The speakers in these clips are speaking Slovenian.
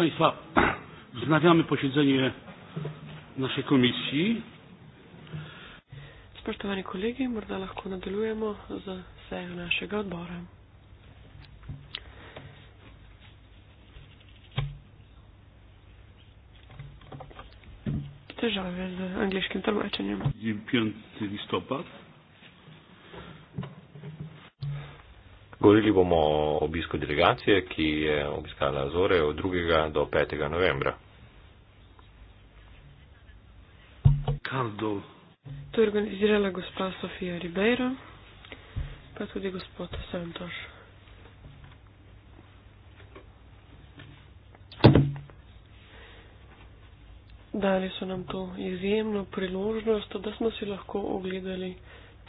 Państwa, wznawiamy posiedzenie naszej komisji. Spoštovani kolegi, morda lahko nadaljujemo z sejo našega odbora. Težave z angliškim tolmačenjem. 5. listopad. Govorili bomo o obisku delegacije, ki je obiskala Azore od 2. do 5. novembra. To je organizirala gospa Sofija Ribeiro, pa tudi gospod Santoš. Dali so nam to izjemno priložnost, da smo si lahko ogledali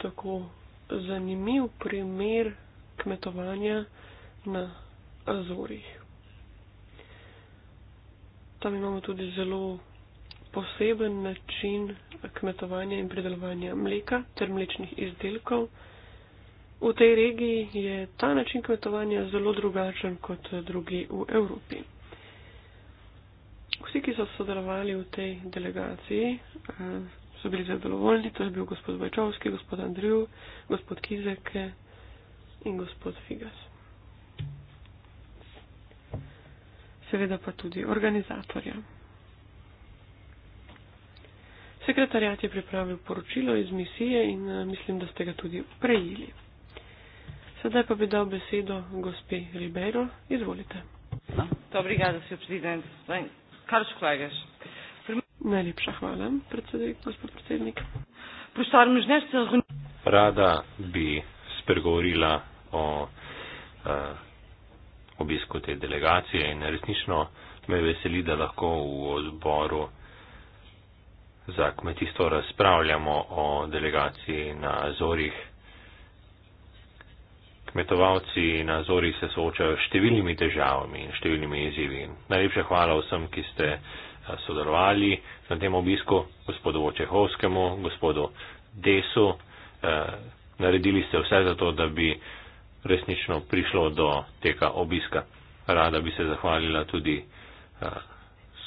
tako zanimiv primer kmetovanja na Azorih. Tam imamo tudi zelo poseben način kmetovanja in pridelovanja mleka ter mlečnih izdelkov. V tej regiji je ta način kmetovanja zelo drugačen kot drugi v Evropi. Vsi, ki so sodelovali v tej delegaciji, eh, so bili zadovoljni. To je bil gospod Vajčovski, gospod Andriu, gospod Kizek, in gospod Figas. Seveda pa tudi organizatorja. Sekretarjat je pripravil poročilo iz misije in eh, mislim, da ste ga tudi prejeli. Sedaj pa bi dal besedo gospe Ribeiro. Izvolite. No, Najlepša hvala, predsednik, gospod predsednik. Rada bi spregovorila o uh, obisku te delegacije in resnično me veseli, da lahko v odboru za kmetijstvo razpravljamo o delegaciji na Azorih. Kmetovalci na Azorih se soočajo s številnimi težavami in številnimi izzivi. Najlepša hvala vsem, ki ste eh, sodelovali na tem obisku, gospodu Očehovskemu, gospodu Desu. Eh, naredili ste vse za to, da bi eh, resnično prišlo do tega obiska. Rada bi se zahvalila tudi eh,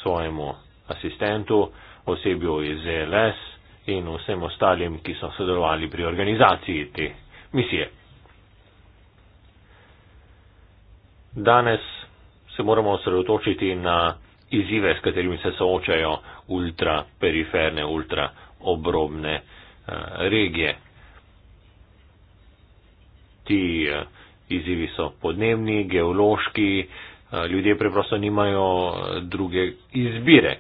svojemu asistentu, osebju iz ZLS e in vsem ostalim, ki so sodelovali pri organizaciji te misije. Danes se moramo osredotočiti na izzive, s katerimi se soočajo ultraperiferne, ultraobrobne eh, regije ti eh, izzivi so podnebni, geološki, eh, ljudje preprosto nimajo eh, druge izbire.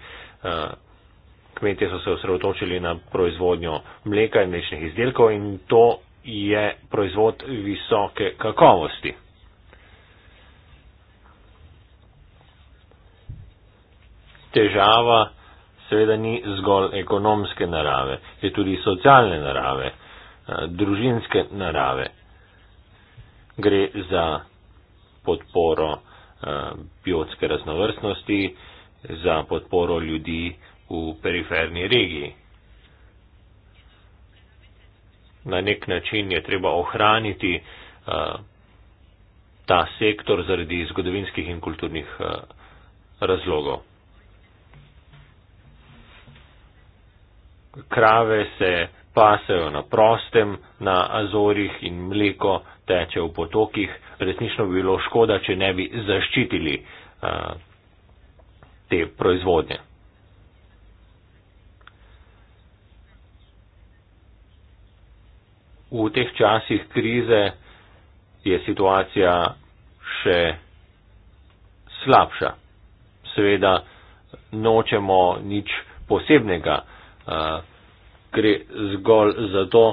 Kmetje so se osredotočili na proizvodnjo mleka in mlečnih izdelkov in to je proizvod visoke kakovosti. Težava seveda ni zgolj ekonomske narave, je tudi socialne narave, družinske narave gre za podporo eh, biotske raznovrstnosti, za podporo ljudi v periferni regiji. Na nek način je treba ohraniti eh, ta sektor zaradi zgodovinskih in kulturnih eh, razlogov. Krave se pasajo na prostem, na Azorih in mleko teče v potokih, resnično bi bilo škoda, če ne bi zaščitili uh, te proizvodnje. V teh časih krize je situacija še slabša. Seveda nočemo nič posebnega. Uh, gre zgolj za to,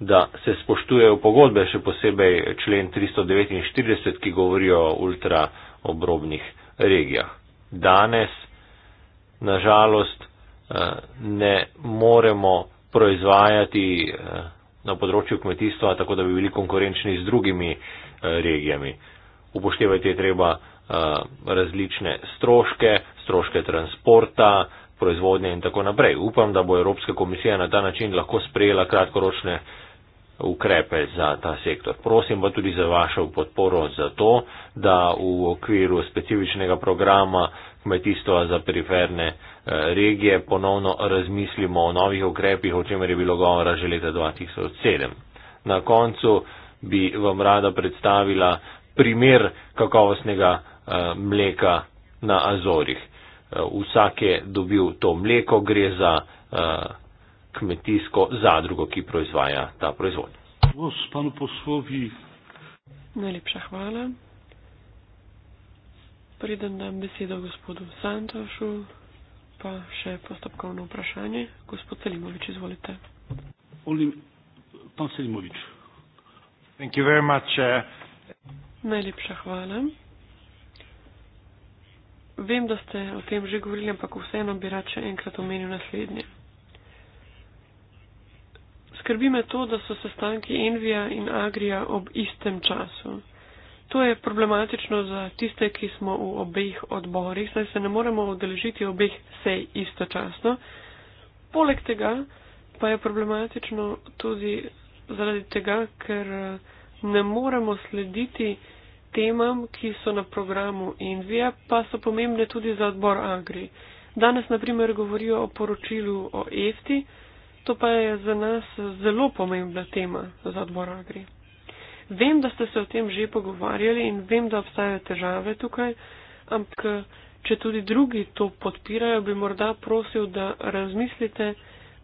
da se spoštujejo pogodbe, še posebej člen 349, ki govori o ultraobrobnih regijah. Danes, nažalost, eh, ne moremo proizvajati eh, na področju kmetijstva, tako da bi bili konkurenčni z drugimi eh, regijami. Upoštevajte je treba različne stroške, stroške transporta, proizvodnje in tako naprej. Upam, da bo Evropska komisija na ta način lahko sprejela kratkoročne ukrepe za ta sektor. Prosim pa tudi za vašo podporo za to, da v okviru specifičnega programa kmetijstva za periferne eh, regije ponovno razmislimo o novih ukrepih, o čemer je bilo govora že leta 2007. Na koncu bi vam rada predstavila primer kakovostnega eh, mleka na Azorih. Eh, vsak je dobil to mleko, gre za kmetijsko zadrugo, ki proizvaja ta proizvod. Najlepša hvala. Preden dam besedo gospodu Santošu, pa še postopkovno vprašanje. Gospod Selimovič, izvolite. Pan Selimovič. Uh, Najlepša hvala. Vem, da ste o tem že govorili, ampak vseeno bi rad še enkrat omenil naslednje skrbi me to, da so sestanki Envija in Agrija ob istem času. To je problematično za tiste, ki smo v obeh odborih, saj se ne moremo udeležiti obeh sej istočasno. Poleg tega pa je problematično tudi zaradi tega, ker eh, ne moremo slediti temam, ki so na programu Envija, pa so pomembne tudi za odbor Agri. Danes, na primer, govorijo o poročilu o EFTI, To pa je za nas zelo pomembna tema za odbor Agri. Vem, da ste se o tem že pogovarjali in vem, da obstajajo težave tukaj, ampak če tudi drugi to podpirajo, bi morda prosil, da razmislite,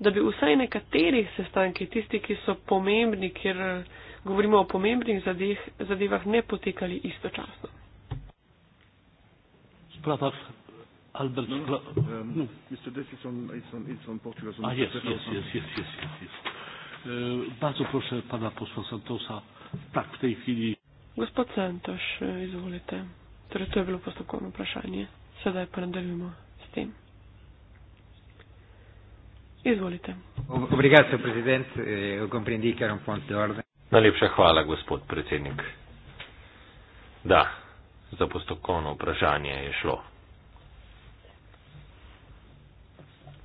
da bi vsaj nekateri sestanki, tisti, ki so pomembni, ker eh, govorimo o pomembnih zadevah, ne potekali istočasno. Splatak. Albert no, no, um, no. Mr. Dess is on, is on, is on Portugal. Ah, on ah, yes, yes, yes, yes, yes, yes, eh, yes. Bardzo proszę pana posła Santosa, tak w tej chwili. Gospodin Santos, eh, izvolite. Torej, to je bilo postopkovno vprašanje, sedaj pa nadaljujemo s tem. Izvolite. Obrigado, predsednik, eh, comprendi, ker je on point de ordine. Najlepša hvala, gospod predsednik. Da, za postopkovno vprašanje je šlo.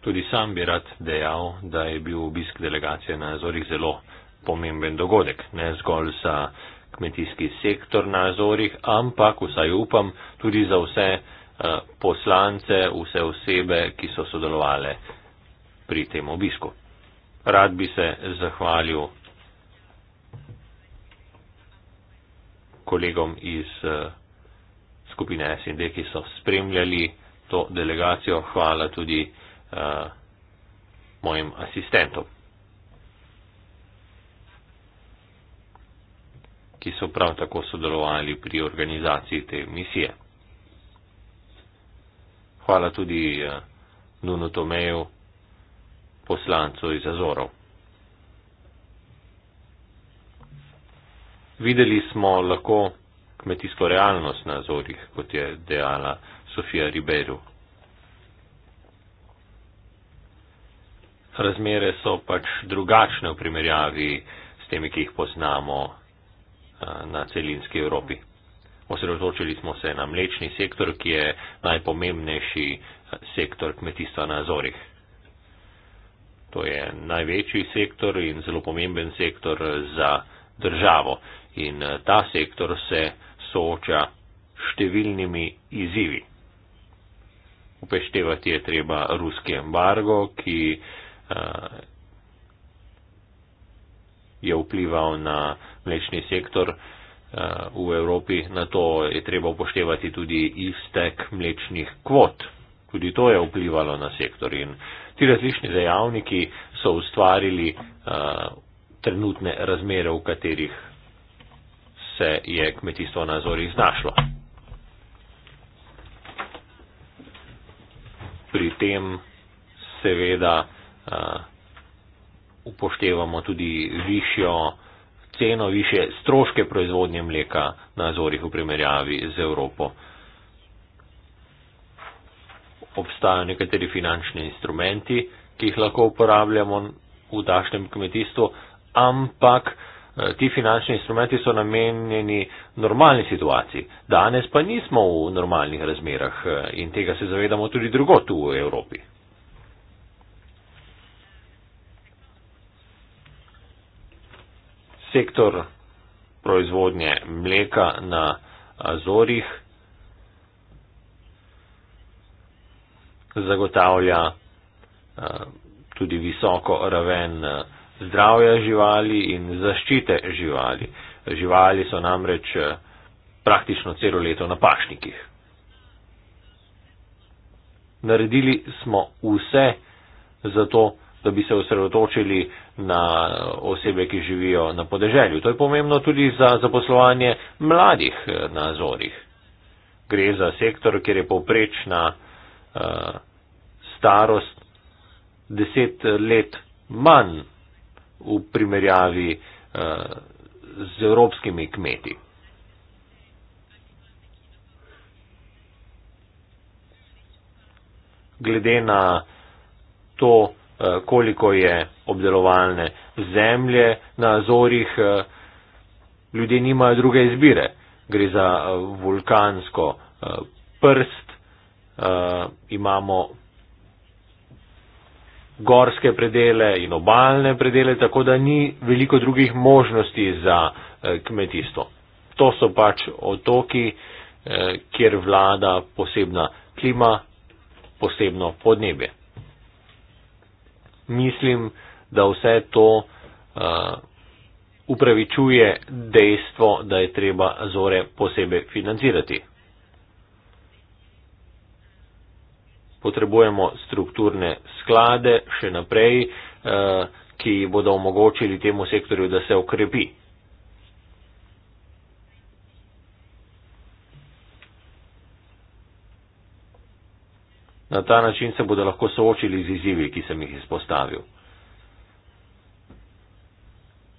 Tudi sam bi rad dejal, da je bil obisk delegacije na Azorih zelo pomemben dogodek, ne zgolj za kmetijski sektor na Azorih, ampak vsaj upam tudi za vse eh, poslance, vse osebe, ki so sodelovali pri tem obisku. Rad bi se zahvalil kolegom iz eh, skupine SND, ki so spremljali to delegacijo. Hvala tudi uh, mojim asistentom, ki so prav tako sodelovali pri organizaciji te misije. Hvala tudi uh, Nuno Tomeju, poslancu iz Azorov. Videli smo lahko kmetijsko realnost na Azorih, kot je dejala Sofija Ribeiro. razmere so pač drugačne v primerjavi s temi, ki jih poznamo eh, na celinski Evropi. Osredotočili smo se na mlečni sektor, ki je najpomembnejši eh, sektor kmetijstva na Azorih. To je največji sektor in zelo pomemben sektor eh, za državo. In ta sektor se sooča številnimi izzivi. Upeštevati je treba ruski embargo, ki je vplival na mlečni sektor eh, v Evropi. Na to je treba upoštevati tudi iztek mlečnih kvot. Tudi to je vplivalo na sektor in ti različni dejavniki so ustvarili eh, trenutne razmere, v katerih se je kmetijstvo na zorih znašlo. Pri tem seveda Eh, upoštevamo tudi višjo ceno, više stroške proizvodnje mleka na zorih v primerjavi z Evropo. Obstajajo nekateri finančni instrumenti, ki jih lahko uporabljamo v dašnem kmetijstvu, ampak eh, ti finančni instrumenti so namenjeni normalni situaciji. Danes pa nismo v normalnih razmerah eh, in tega se zavedamo tudi drugo tu v Evropi. sektor proizvodnje mleka na Azorih zagotavlja eh, tudi visoko raven eh, zdravja živali in zaščite živali. Živali so namreč eh, praktično celo leto na pašnikih. Naredili smo vse za to, da bi se osredotočili na osebe, ki živijo na podeželju. To je pomembno tudi za zaposlovanje mladih eh, na Azorih. Gre za sektor, kjer je povprečna uh, starost deset eh, let manj v primerjavi uh, z evropskimi kmeti. Glede na to, Eh, koliko je obdelovalne zemlje na Azorih, eh, ljudje nimajo druge izbire. Gre za eh, vulkansko prst, imamo gorske predele in obaljne predele, tako da ni veliko drugih možnosti za kmetijstvo. To so pač otoki, kjer vlada posebna klima, posebno podnebje mislim, da vse to uh, upravičuje dejstvo, da je treba zore posebej financirati. Potrebujemo strukturne sklade še naprej, uh, ki bodo omogočili temu sektorju, da se okrepi. Na ta način se bodo lahko soočili z izzivi, ki sem jih izpostavil.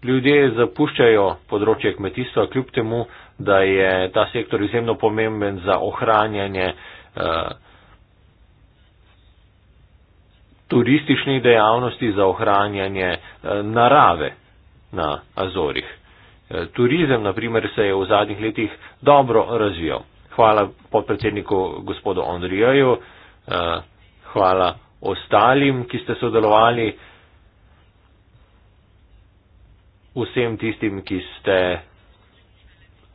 Ljudje zapuščajo področje kmetijstva, kljub temu, da je ta sektor izjemno pomemben za ohranjanje eh, turističnih dejavnosti, za ohranjanje eh, narave na Azorih. Eh, turizem, na primer, se je v zadnjih letih dobro razvijal. Hvala podpredsedniku gospodu Andrijaju. Eh, hvala ostalim, ki ste sodelovali, vsem tistim, ki ste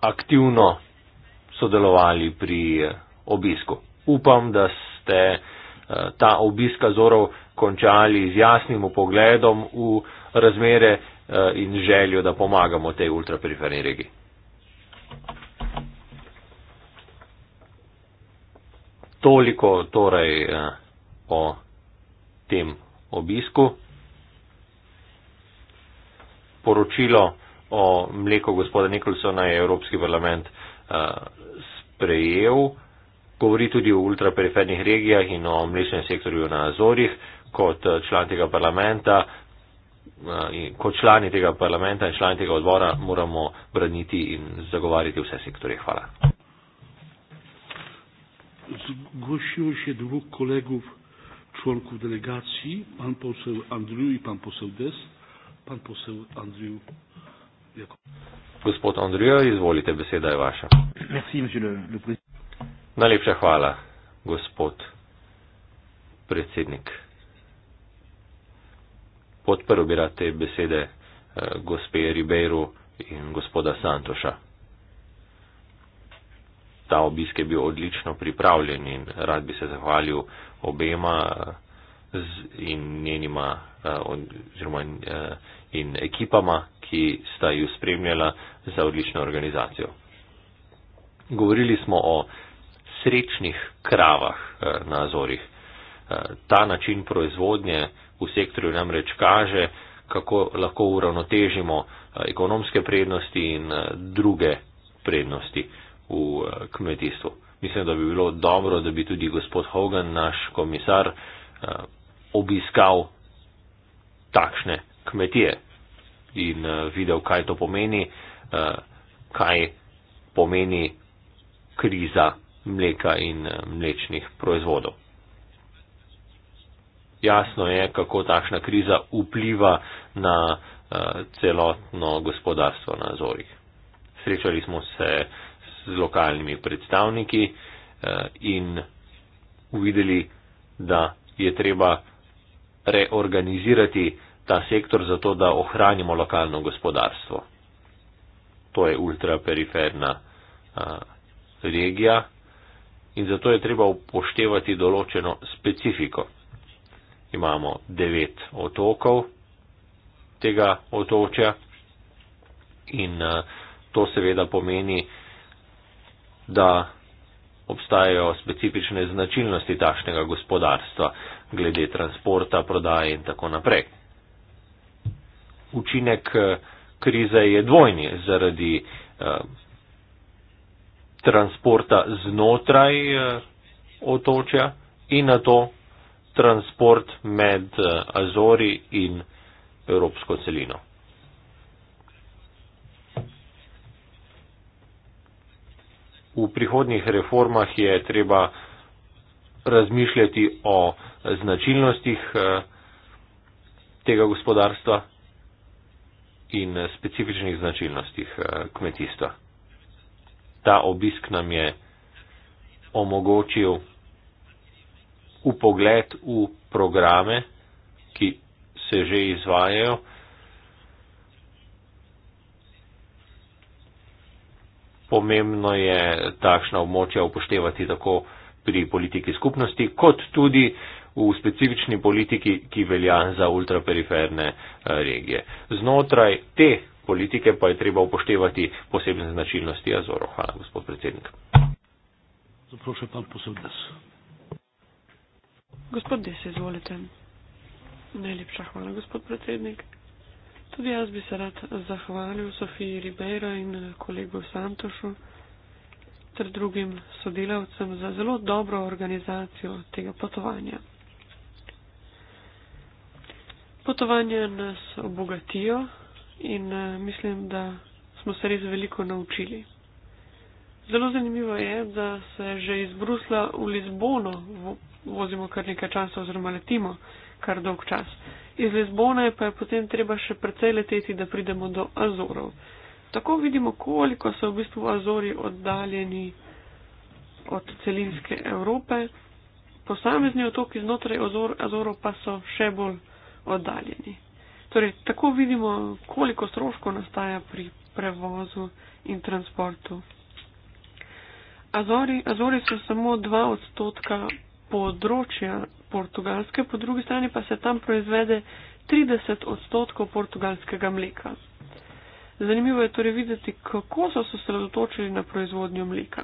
aktivno sodelovali pri eh, obisku. Upam, da ste eh, ta obisk Azorov končali z jasnim pogledom v razmere in željo, da pomagamo tej ultraperiferni regiji. Toliko torej eh, o tem obisku. Poročilo o mleku gospoda Nikolsona je Evropski parlament eh, sprejel. Govori tudi o ultraperifernih regijah in o mlečnem sektorju na Azorih. Kot eh, član tega parlamenta, kot člani tega parlamenta in člani tega odbora moramo braniti in zagovarjati vse sektorje. Hvala zgłosiło się dwóch kolegów członków delegacji, pan poseł Andrew i pan poseł Des. Pan poseł Andrew. Jako... Gospod Andrew, izvolite, beseda je vaša. Merci, monsieur le, le président. Najlepša hvala, gospod predsednik. Podprl bi rad te besede eh, gospe Ribeiro in gospoda Santoša ta obisk je bil odlično pripravljen in rad bi se zahvalil obema in njenima eh, oziroma eh, in ekipama, ki sta ju spremljala za odlično organizacijo. Govorili smo o srečnih kravah eh, na Azorih. Ta način proizvodnje v sektorju namreč kaže, kako lahko uravnotežimo ekonomske prednosti in druge prednosti. Uh, v eh, kmetijstvu. Mislim, da bi bilo dobro, da bi tudi gospod Hogan, naš komisar, eh, obiskal takšne kmetije in eh, videl, kaj to pomeni, kaj pomeni kriza mleka in mlečnih proizvodov. Jasno je, kako takšna kriza vpliva na celotno gospodarstvo na Zorih. Srečali smo se z lokalnimi predstavniki eh, in uvideli, da je treba reorganizirati ta sektor zato, da ohranimo lokalno gospodarstvo. To je ultraperiferna eh, regija in zato je treba upoštevati določeno specifiko. Imamo devet otokov tega otočja in eh, to seveda pomeni, da obstajajo specifične značilnosti takšnega gospodarstva glede transporta, prodaje in tako naprej. Učinek eh, krize je dvojni zaradi eh, transporta znotraj eh, otočja in na to transport med Azori in Evropsko celino. v prihodnih reformah je treba razmišljati o značilnostih eh, tega gospodarstva in specifičnih značilnostih eh, kmetijstva. Ta obisk nam je omogočil upogled v programe, ki se že izvajajo. pomembno je takšna območja upoštevati tako pri politiki skupnosti, kot tudi v specifični politiki, ki velja za ultraperiferne eh, regije. Znotraj te politike pa je treba upoštevati posebne značilnosti Azorov. Hvala, gospod predsednik. Zaprošaj, pan posebnes. Gospod Des, izvolite. Najlepša hvala, gospod predsednik. Tudi jaz bi se rad zahvalil Sofiji Ribeiro in eh, kolegu Santošu ter drugim sodelavcem za zelo dobro organizacijo tega potovanja. Potovanja nas obogatijo in eh, mislim, da smo se res veliko naučili. Zelo zanimivo je, da se že iz Brusla v Lizbono vozimo kar nekaj časa oziroma letimo kar dolg čas iz Lizbone pa je potem treba še precej leteti, da pridemo do Azorov. Tako vidimo, koliko so v bistvu Azori oddaljeni od celinske Evrope, posamezni otoki znotraj Azor, Azorov pa so še bolj oddaljeni. Torej, tako vidimo, koliko stroškov nastaja pri prevozu in transportu. Azori, Azori so samo 2 odstotka področja Portugalske, po drugi strani pa se tam proizvede 30 odstotkov portugalskega mleka. Zanimivo je torej videti, kako so se osredotočili na proizvodnjo mleka.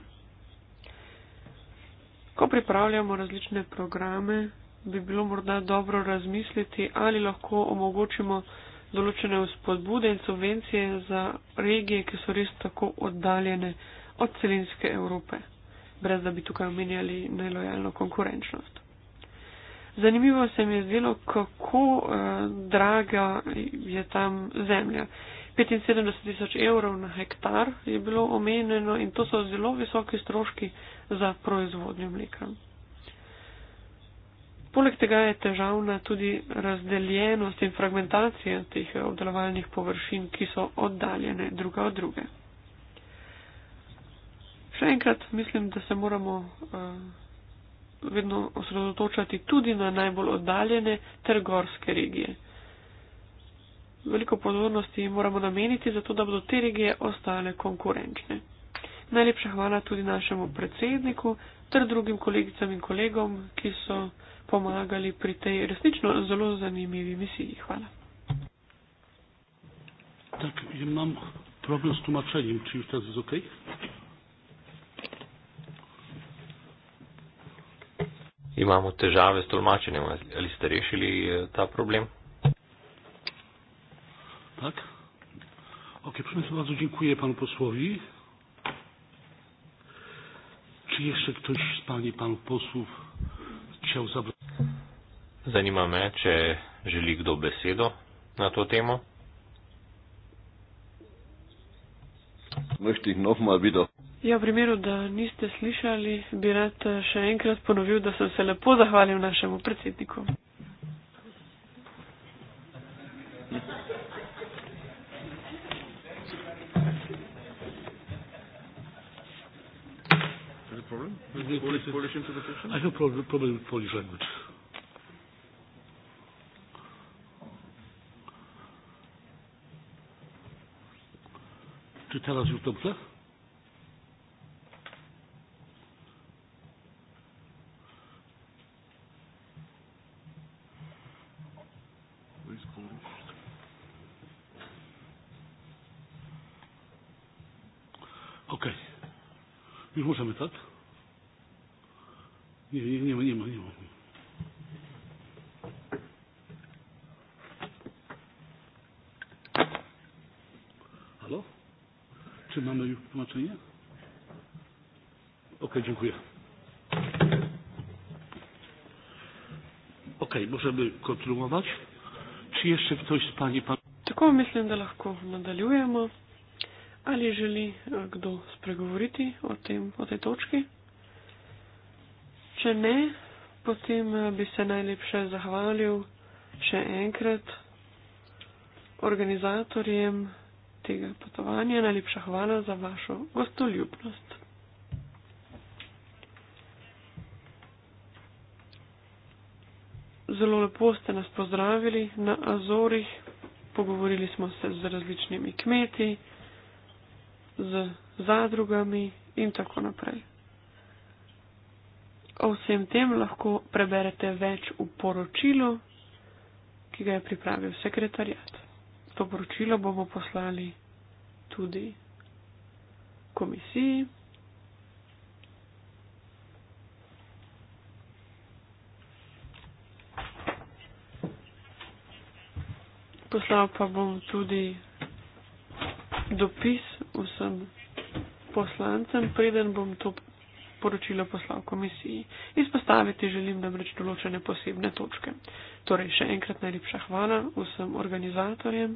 Ko pripravljamo različne programe, bi bilo morda dobro razmisliti, ali lahko omogočimo določene vzpodbude in subvencije za regije, ki so res tako oddaljene od celinske Evrope, brez da bi tukaj omenjali nelojalno konkurenčnost. Zanimivo se mi je zdelo, kako eh, draga je tam zemlja. 75 tisoč evrov na hektar je bilo omenjeno in to so zelo visoki stroški za proizvodnjo mleka. Poleg tega je težavna tudi razdeljenost in fragmentacija teh eh, obdelovalnih površin, ki so oddaljene druga od druge. Še enkrat mislim, da se moramo. Eh, vedno osredotočati tudi na najbolj oddaljene ter gorske regije. Veliko pozornosti moramo nameniti, zato da bodo te regije ostale konkurenčne. Najlepša hvala tudi našemu predsedniku ter drugim kolegicam in kolegom, ki so pomagali pri tej resnično zelo zanimivi misiji. Hvala. Tak, imam ja problem s tłumaczeniem, czy już teraz jest okej? Okay? imamo težave s tolmačenjem. Ali ste rešili eh, ta problem? Tak. Ok, proszę bardzo dziękuję panu posłowi. Czy jeszcze ktoś z pani panów posłów chciał zabrać? Zanima mnie, czy żyli kto besedo na to temat. Möchte ich nochmal wiederholen. Ja, v primeru, da niste slišali, bi rad eh, še enkrat ponovil, da sem se lepo zahvalil našemu predsedniku. To tell us your thumbs up. 什么什么的，你你你们你们你们。Hello，czy mamy już tłumaczenie? OK, dziękuję. OK, możemy kontynuować. Czy jeszcze ktoś z Pani... Pan... Tylko myślę, że lekko nadaliujemy. Ali želi eh, kdo spregovoriti o, tem, o tej točki? Če ne, potem eh, bi se najlepše zahvalil še enkrat organizatorjem tega potovanja. Najlepša hvala za vašo gostoljubnost. Zelo lepo ste nas pozdravili na Azorih, pogovorili smo se z različnimi kmeti z zadrugami in tako naprej. O vsem tem lahko preberete več v poročilu, ki ga je pripravil sekretarjat. To poročilo bomo poslali tudi komisiji. Poslal pa bom tudi dopis vsem poslancem, preden bom to poročilo poslal komisiji. Izpostaviti želim namreč določene posebne točke. Torej, še enkrat najlepša hvala vsem organizatorjem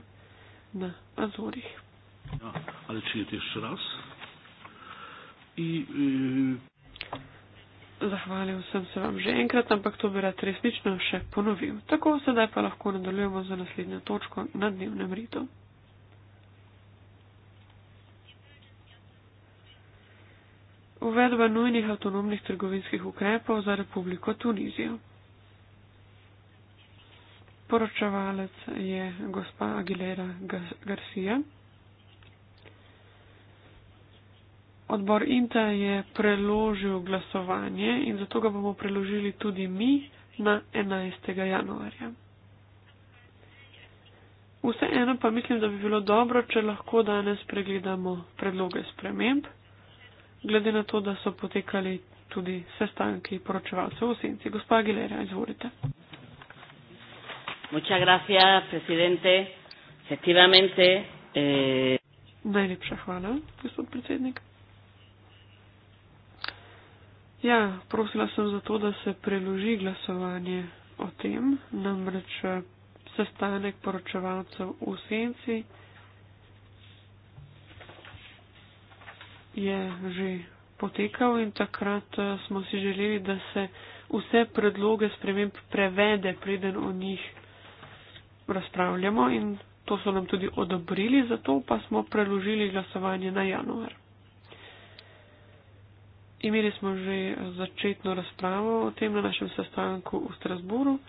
na Azorih. Ja, ali čujete še raz? I, i... Eh, Zahvalil sem se vam že enkrat, ampak to bi rad resnično še ponovil. Tako sedaj pa lahko nadaljujemo za naslednjo točko na dnevnem ritu. uvedba nujnih avtonomnih trgovinskih ukrepov za Republiko Tunizijo. Poročevalec je gospa Aguilera Garcia. Odbor INTA je preložil glasovanje in zato ga bomo preložili tudi mi na 11. januarja. Vseeno pa mislim, da bi bilo dobro, če lahko danes pregledamo predloge sprememb glede na to, da so potekali tudi sestanki poročevalcev v senci. Gospa Gilera, izvolite. Muchas gracias, presidente. Efectivamente. Eh... Najlepša hvala, gospod predsednik. Ja, prosila sem za to, da se preloži glasovanje o tem, namreč eh, sestanek poročevalcev v senci. je že potekal in takrat eh, smo si želeli, da se vse predloge sprememb prevede, preden o njih razpravljamo in to so nam tudi odobrili, zato pa smo preložili glasovanje na januar. Imeli smo že začetno razpravo o tem na našem sestanku v Strasburu.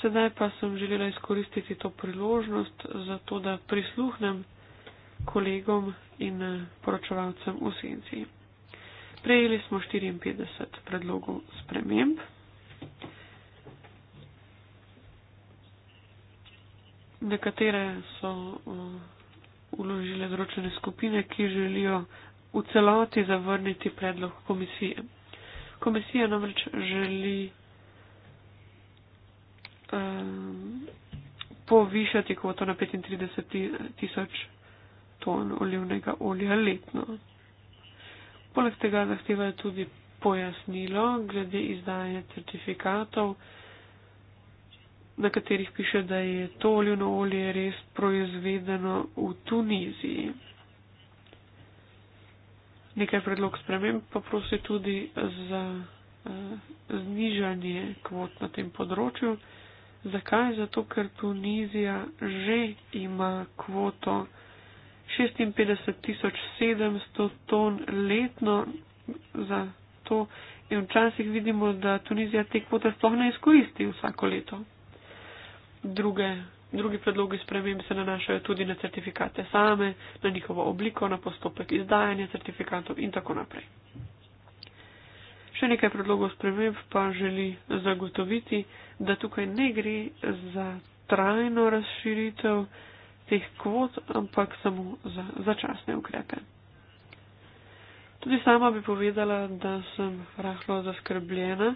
Sedaj pa sem želela izkoristiti to priložnost za to, da prisluhnem kolegom in eh, poročevalcem v senci. Prejeli smo 54 predlogov sprememb. Nekatere so uložile eh, zročene skupine, ki želijo v celoti zavrniti predlog komisije. Komisija namreč želi um, povišati kvoto na 35 tisoč ton olivnega olja letno. Poleg tega zahtevajo tudi pojasnilo glede izdajanja certifikatov, na katerih piše, da je to olivno olje res proizvedeno v Tuniziji. Nekaj predlog sprememb pa prosi tudi za eh, znižanje kvot na tem področju. Zakaj? Zato, ker Tunizija že ima kvoto 700 ton letno za to. In včasih vidimo, da Tunizija te kvote sploh ne izkoristi vsako leto. Druge, drugi predlogi sprememb se nanašajo tudi na certifikate same, na njihovo obliko, na postopek izdajanja certifikatov in tako naprej. Še nekaj predlogov sprememb pa želi zagotoviti, da tukaj ne gre za trajno razširitev teh kvot, ampak samo za začasne ukrepe. Tudi sama bi povedala, da sem rahlo zaskrbljena,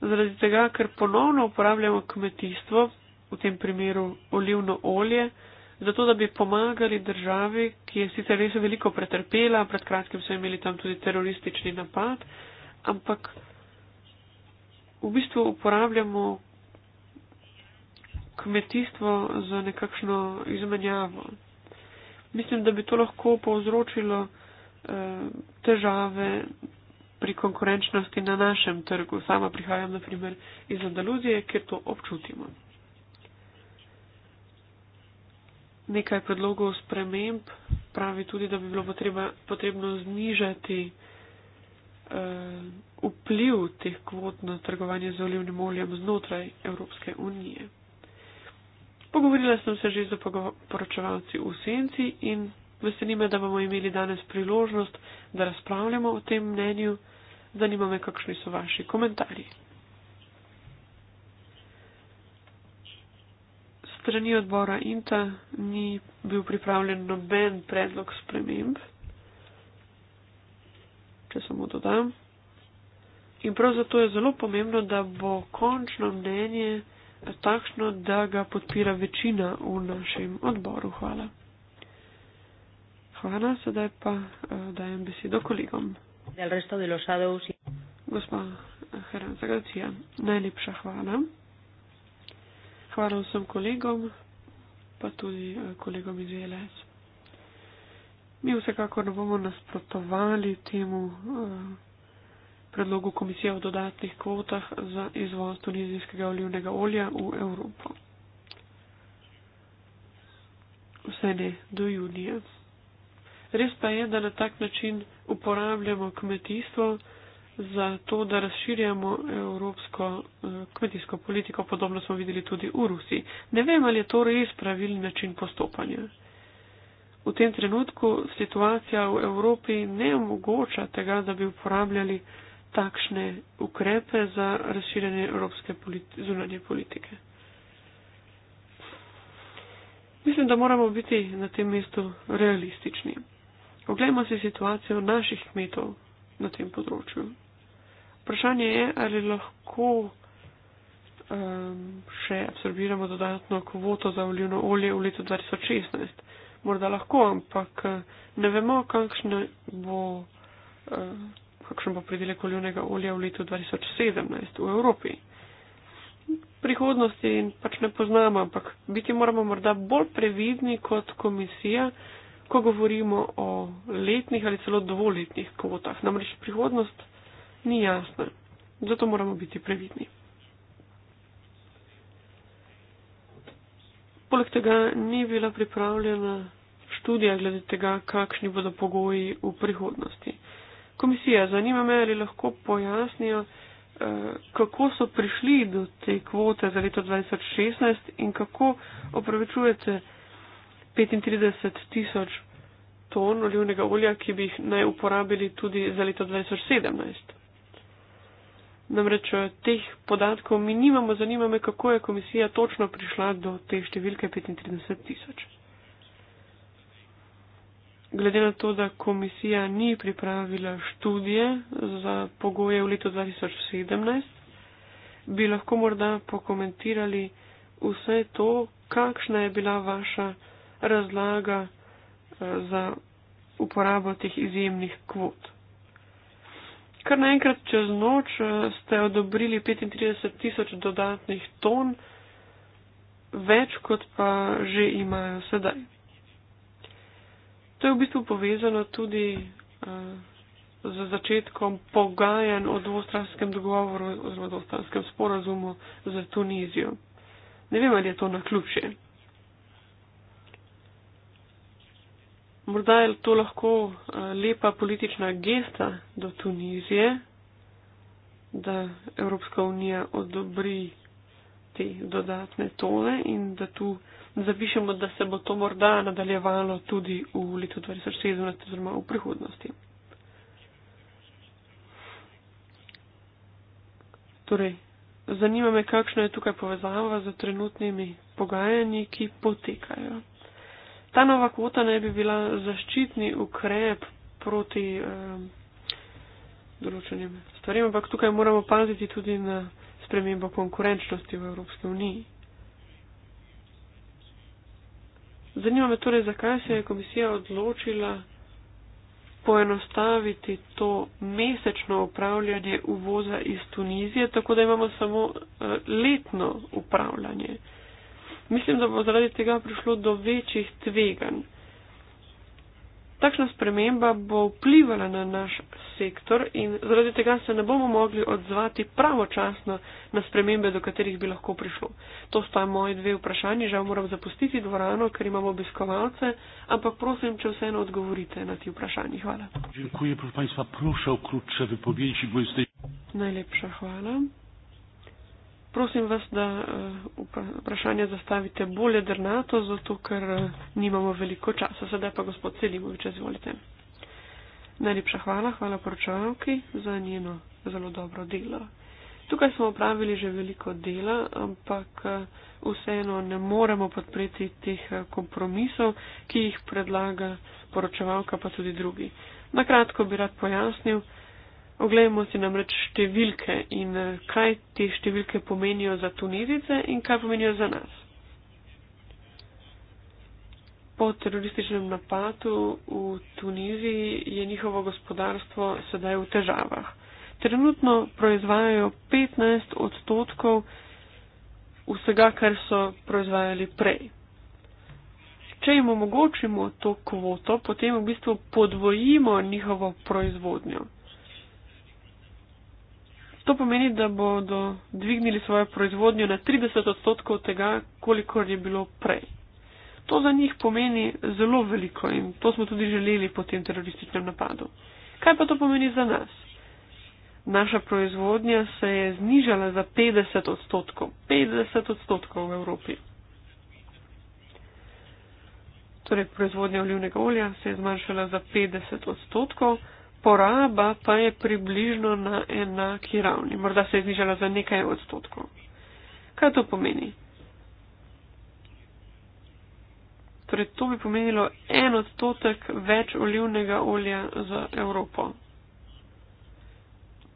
zaradi tega, ker ponovno uporabljamo kmetijstvo, v tem primeru olivno olje, zato da bi pomagali državi, ki je sicer res veliko pretrpela, pred kratkim so imeli tam tudi teroristični napad, ampak v bistvu uporabljamo kmetijstvo za nekakšno izmenjavo. Mislim, da bi to lahko povzročilo eh, težave pri konkurenčnosti na našem trgu. Sama prihajam, na primer, iz Andaluzije, kjer to občutimo. Nekaj predlogov sprememb pravi tudi, da bi bilo potreba, potrebno znižati eh, vpliv teh kvot na trgovanje z olivnim oljem znotraj Evropske unije. Pogovorila sem se že z poročevalci v senci in veseli me, da bomo imeli danes priložnost, da razpravljamo o tem mnenju. Zanima me, kakšni so vaši komentarji. Strani odbora INTA ni bil pripravljen noben predlog sprememb, če samo dodam. In prav zato je zelo pomembno, da bo končno mnenje takšno, da ga podpira večina v našem odboru. Hvala. Hvala, sedaj pa uh, dajem besedo kolegom. Gospa Hrvatska Gracija, najlepša hvala. Hvala vsem kolegom, pa tudi eh, kolegom iz VLS. Mi vsekakor ne bomo nasprotovali temu. Uh, predlogu komisije o dodatnih kvotah za izvoz tunizijskega olivnega olja v Evropo. Vse ne do junija. Res pa je, da na tak način uporabljamo kmetijstvo za to, da razširjamo evropsko eh, kmetijsko politiko, podobno smo videli tudi v Rusiji. Ne vem, ali je to res pravilni način postopanja. V tem trenutku situacija v Evropi ne omogoča tega, da bi uporabljali uh, takšne ukrepe za razširjanje evropske politi zunanje politike. Mislim, da moramo biti na tem mestu realistični. Oglejmo si situacijo naših kmetov na tem področju. Vprašanje je, ali lahko um, še absorbiramo dodatno kvoto za olivno olje v letu 2016. Morda lahko, ampak ne vemo, kakšne bo. Uh, kakšen bo pridelek olivnega olja v letu 2017 v Evropi. Prihodnosti in pač ne poznamo, ampak biti moramo morda bolj previdni kot komisija, ko govorimo o letnih ali celo dovoljetnih kvotah. Namreč prihodnost ni jasna. Zato moramo biti previdni. Poleg tega ni bila pripravljena študija glede tega, kakšni bodo pogoji v prihodnosti komisije. Zanima me, ali lahko pojasnijo, eh, kako so prišli do te kvote za leto 2016 in kako opravičujete 35 tisoč ton olivnega olja, ki bi jih naj uporabili tudi za leto 2017. Namreč eh, teh podatkov mi nimamo, zanima me, kako je komisija točno prišla do te številke 35 tisoč glede na to, da komisija ni pripravila študije za pogoje v letu 2017, bi lahko morda pokomentirali vse to, kakšna je bila vaša razlaga eh, za uporabo teh izjemnih kvot. Kar naenkrat čez noč eh, ste odobrili 35 tisoč dodatnih ton, več kot pa že imajo sedaj. To je v bistvu povezano tudi uh, z začetkom pogajanj o dvostranskem dogovoru oziroma dvostranskem sporazumu z Tunizijo. Ne vem, ali je to na ključe. Morda je to lahko eh, lepa politična gesta do Tunizije, da Evropska unija odobri te dodatne tole in da tu zapišemo, da se bo to morda nadaljevalo tudi v letu 2017 oziroma v prihodnosti. Torej, zanima me, kakšna je tukaj povezava z trenutnimi pogajanji, ki potekajo. Ta nova kvota naj bi bila zaščitni ukrep proti eh, določenim stvarem, ampak tukaj moramo paziti tudi na spremembo konkurenčnosti v Evropski uniji. Zanima me torej, zakaj se je komisija odločila poenostaviti to mesečno upravljanje uvoza iz Tunizije, tako da imamo samo eh, letno upravljanje. Mislim, da bo zaradi tega prišlo do večjih tveganj. Takšna sprememba bo vplivala na naš sektor in zaradi tega se ne bomo mogli odzvati pravočasno na spremembe, do katerih bi lahko prišlo. To sta moje dve vprašanje. Žal moram zapustiti dvorano, ker imamo obiskovalce, ampak prosim, če vseeno odgovorite na ti vprašanje. Hvala. Najlepša hvala. Prosim vas, da eh, vprašanje zastavite bolj drnato, zato ker eh, nimamo veliko časa. Sedaj pa gospod Selimovič, izvolite. Najlepša hvala, hvala poročavki za njeno zelo dobro delo. Tukaj smo opravili že veliko dela, ampak eh, vseeno ne moremo podpreti teh kompromisov, ki jih predlaga poročevalka, pa tudi drugi. Nakratko bi rad pojasnil, Oglejmo si namreč številke in eh, kaj te številke pomenijo za Tunizice in kaj pomenijo za nas. Po terorističnem napadu v Tuniziji je njihovo gospodarstvo sedaj v težavah. Trenutno proizvajajo 15 odstotkov vsega, kar so proizvajali prej. Če jim omogočimo to kvoto, potem v bistvu podvojimo njihovo proizvodnjo. To pomeni, da bodo dvignili svojo proizvodnjo na 30 odstotkov tega, kolikor je bilo prej. To za njih pomeni zelo veliko in to smo tudi želeli po tem terorističnem napadu. Kaj pa to pomeni za nas? Naša proizvodnja se je znižala za 50 odstotkov. 50 odstotkov v Evropi. Torej, proizvodnja olivnega olja se je zmanjšala za 50 odstotkov poraba pa je približno na enaki ravni, morda se je znižala za nekaj odstotkov. Kaj to pomeni? Torej, to bi pomenilo en odstotek več olivnega olja za Evropo.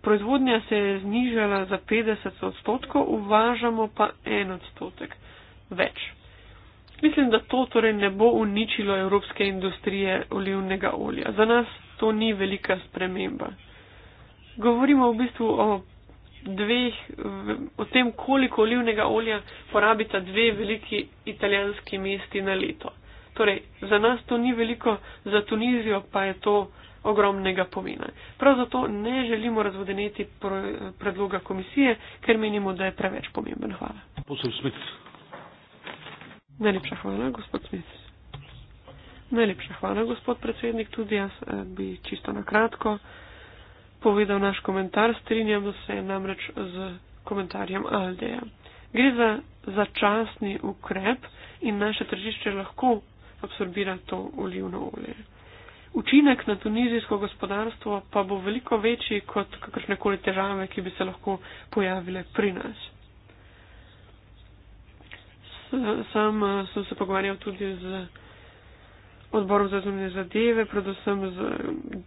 Proizvodnja se je znižala za 50 odstotkov, uvažamo pa en odstotek več. Mislim, da to torej ne bo uničilo evropske industrije olivnega olja. Za nas to ni velika sprememba. Govorimo v bistvu o dveh, o tem, koliko olivnega olja porabita dve veliki italijanski mesti na leto. Torej, za nas to ni veliko, za Tunizijo pa je to ogromnega pomena. Prav zato ne želimo razvodeneti predloga komisije, ker menimo, da je preveč pomemben. Hvala. Najlepša hvala, gospod Smith. Najlepša hvala, gospod predsednik. Tudi jaz eh, bi čisto na kratko povedal naš komentar. Strinjam se namreč z komentarjem Aldeja. Gre za začasni ukrep in naše tržišče lahko absorbira to olivno olje. Učinek na tunizijsko gospodarstvo pa bo veliko večji kot kakršnekoli težave, ki bi se lahko pojavile pri nas. Sam sem se pogovarjal tudi z odborom za zunanje zadeve, predvsem z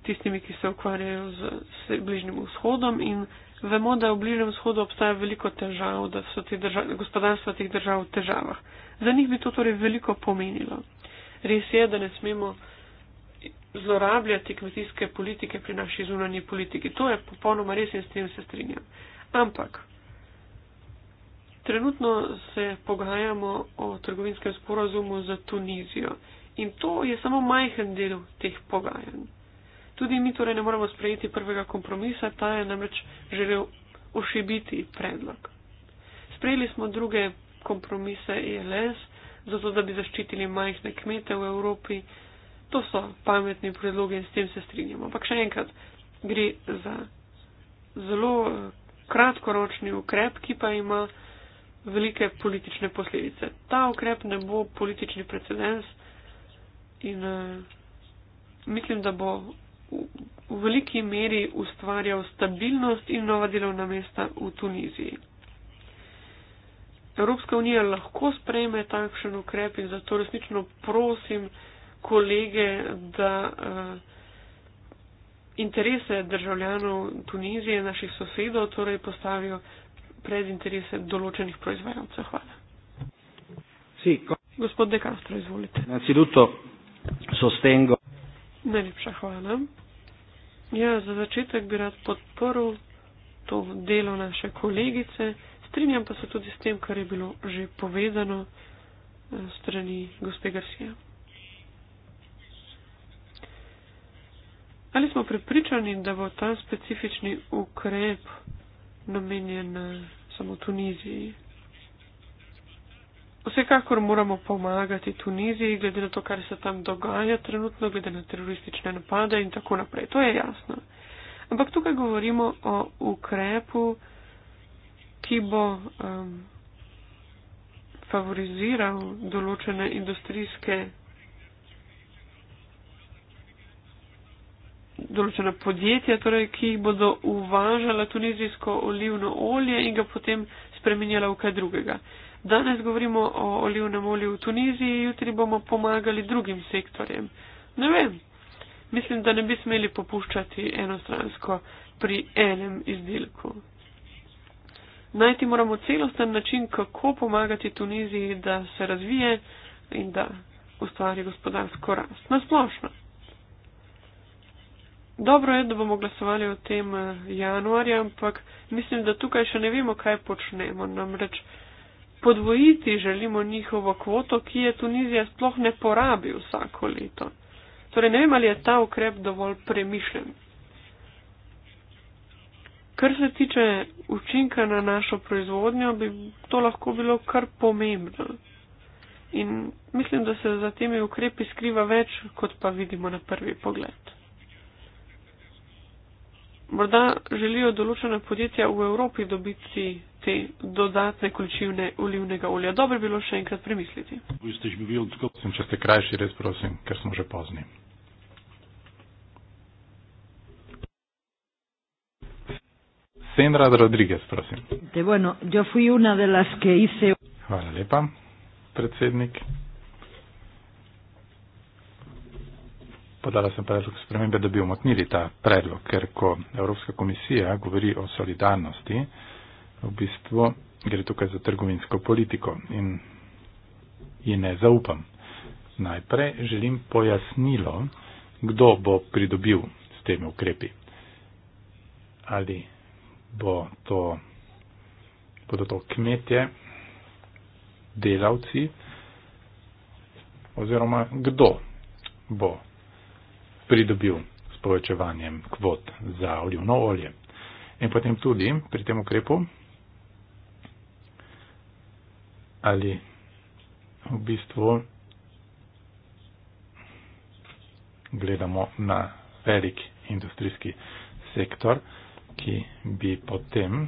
tistimi, ki se ukvarjajo z bližnjim vzhodom in vemo, da v bližnjem vzhodu obstaja veliko težav, da so te držav, gospodarstva teh držav v težavah. Za njih bi to torej veliko pomenilo. Res je, da ne smemo zlorabljati kmetijske politike pri naši zunanji politiki. To je popolnoma res in s tem se strinjam. Ampak. Trenutno se pogajamo o trgovinskem sporazumu za Tunizijo. In to je samo majhen del teh pogajanj. Tudi mi torej ne moremo sprejeti prvega kompromisa, ta je namreč želel ošibiti predlog. Sprejeli smo druge kompromise ELS, zato da bi zaščitili majhne kmete v Evropi. To so pametni predloge in s tem se strinjamo. Ampak še enkrat, gre za zelo eh, kratkoročni ukrep, ki pa ima velike politične posledice. Ta ukrep ne bo politični precedens. In uh, mislim, da bo v, v veliki meri ustvarjal stabilnost in nova delovna mesta v Tuniziji. Evropska unija lahko sprejme takšen ukrep in zato resnično prosim kolege, da uh, interese državljanov Tunizije, naših sosedov, torej postavijo pred interese določenih proizvajalcev. Hvala. Si, ko... Gospod De Castro, izvolite. Na celuto sostengo. Najlepša hvala. Ja, za začetek bi rad podporil to delo naše kolegice. Strinjam pa se tudi s tem, kar je bilo že povedano eh, strani gospe Garcia. Ali smo prepričani, da bo ta specifični ukrep namenjen eh, samo Tuniziji? Vsekakor moramo pomagati Tuniziji, glede na to, kar se tam dogaja trenutno, glede na teroristične napade in tako naprej. To je jasno. Ampak tukaj govorimo o ukrepu, ki bo um, favoriziral določene industrijske, določena podjetja, torej, ki bodo uvažala tunizijsko olivno olje in ga potem spremenjala v kaj drugega. Danes govorimo o olivnem olju v Tuniziji, jutri bomo pomagali drugim sektorjem. Ne vem, mislim, da ne bi smeli popuščati enostransko pri enem izdelku. Najti moramo celosten način, kako pomagati Tuniziji, da se razvije in da ustvari gospodarsko rast. Nasplošno. Dobro je, da bomo glasovali o tem eh, januarja, ampak mislim, da tukaj še ne vemo, kaj počnemo. Namreč podvojiti želimo njihovo kvoto, ki je Tunizija sploh ne porabi vsako leto. Torej, ne vem, ali je ta ukrep dovolj premišljen. Kar se tiče učinka na našo proizvodnjo, bi to lahko bilo kar pomembno. In mislim, da se za temi ukrepi skriva več, kot pa vidimo na prvi pogled. Morda želijo določena podjetja v Evropi dobiti uporabiti dodatne količine olivnega olja. Dobro bi bilo še enkrat premisliti. Če ste krajši, res prosim, ker smo že pozni. Senrad Rodriguez, prosim. Hvala lepa, predsednik. Podala sem predlog spremembe, da bi omotnili ta predlog, ker ko Evropska komisija govori o solidarnosti, v bistvu gre tukaj za trgovinsko politiko in ji ne zaupam. Najprej želim pojasnilo, kdo bo pridobil s temi ukrepi. Ali bo to, bodo to kmetje, delavci, oziroma kdo bo pridobil s povečevanjem kvot za olivno olje. In potem tudi pri tem ukrepu ali v bistvu gledamo na velik industrijski sektor, ki bi potem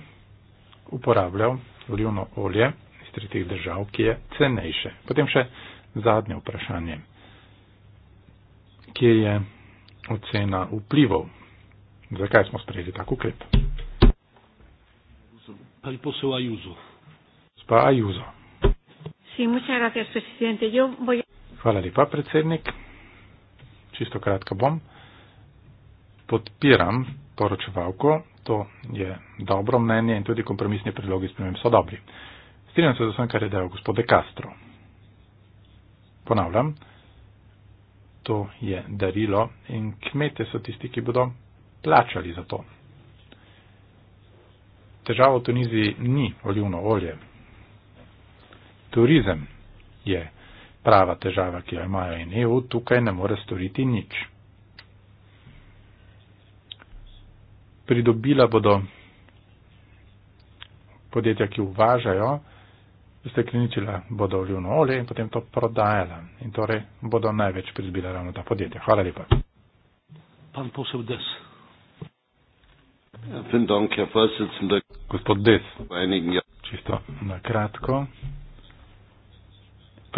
uporabljal olivno olje iz tretjih držav, ki je cenejše. Potem še zadnje vprašanje, kje je ocena vplivov, zakaj smo sprejeli tak ukrep. Pa Ajuzo. Sí, muchas gracias, presidente. Yo voy a... Hvala lepa, predsednik. Čisto kratka bom. Podpiram poročevalko, to je dobro mnenje in tudi kompromisni predlogi s so dobri. Strinjam se z vsem, kar je dejal gospod De Castro. Ponavljam, to je darilo in kmete so tisti, ki bodo plačali za to. Težava v Tuniziji ni olivno olje, turizem je prava težava, ki jo imajo in EU tukaj ne more storiti nič. Pridobila bodo podjetja, ki uvažajo, stekleničila bodo olivno olje in potem to prodajala. In torej bodo največ pridobila ravno ta podjetja. Hvala lepa. Pan posel des. Ja, Gospod des. Čisto na kratko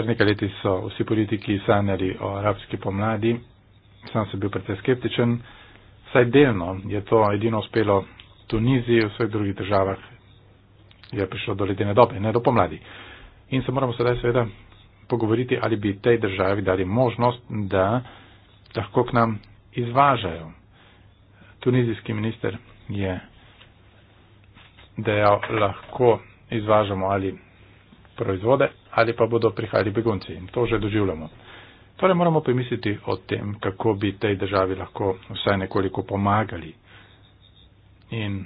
pred nekaj leti so vsi politiki sanjali o arabski pomladi, sam sem bil precej skeptičen, saj delno je to edino uspelo Tuniziji, v vseh drugih državah je prišlo do ledene dobe, ne do pomladi. In se moramo sedaj seveda pogovoriti, ali bi tej državi dali možnost, da lahko k nam izvažajo. Tunizijski minister je dejal, lahko izvažamo ali proizvode ali pa bodo prihajali begunci in to že doživljamo. Torej moramo premisliti o tem, kako bi tej državi lahko vsaj nekoliko pomagali. In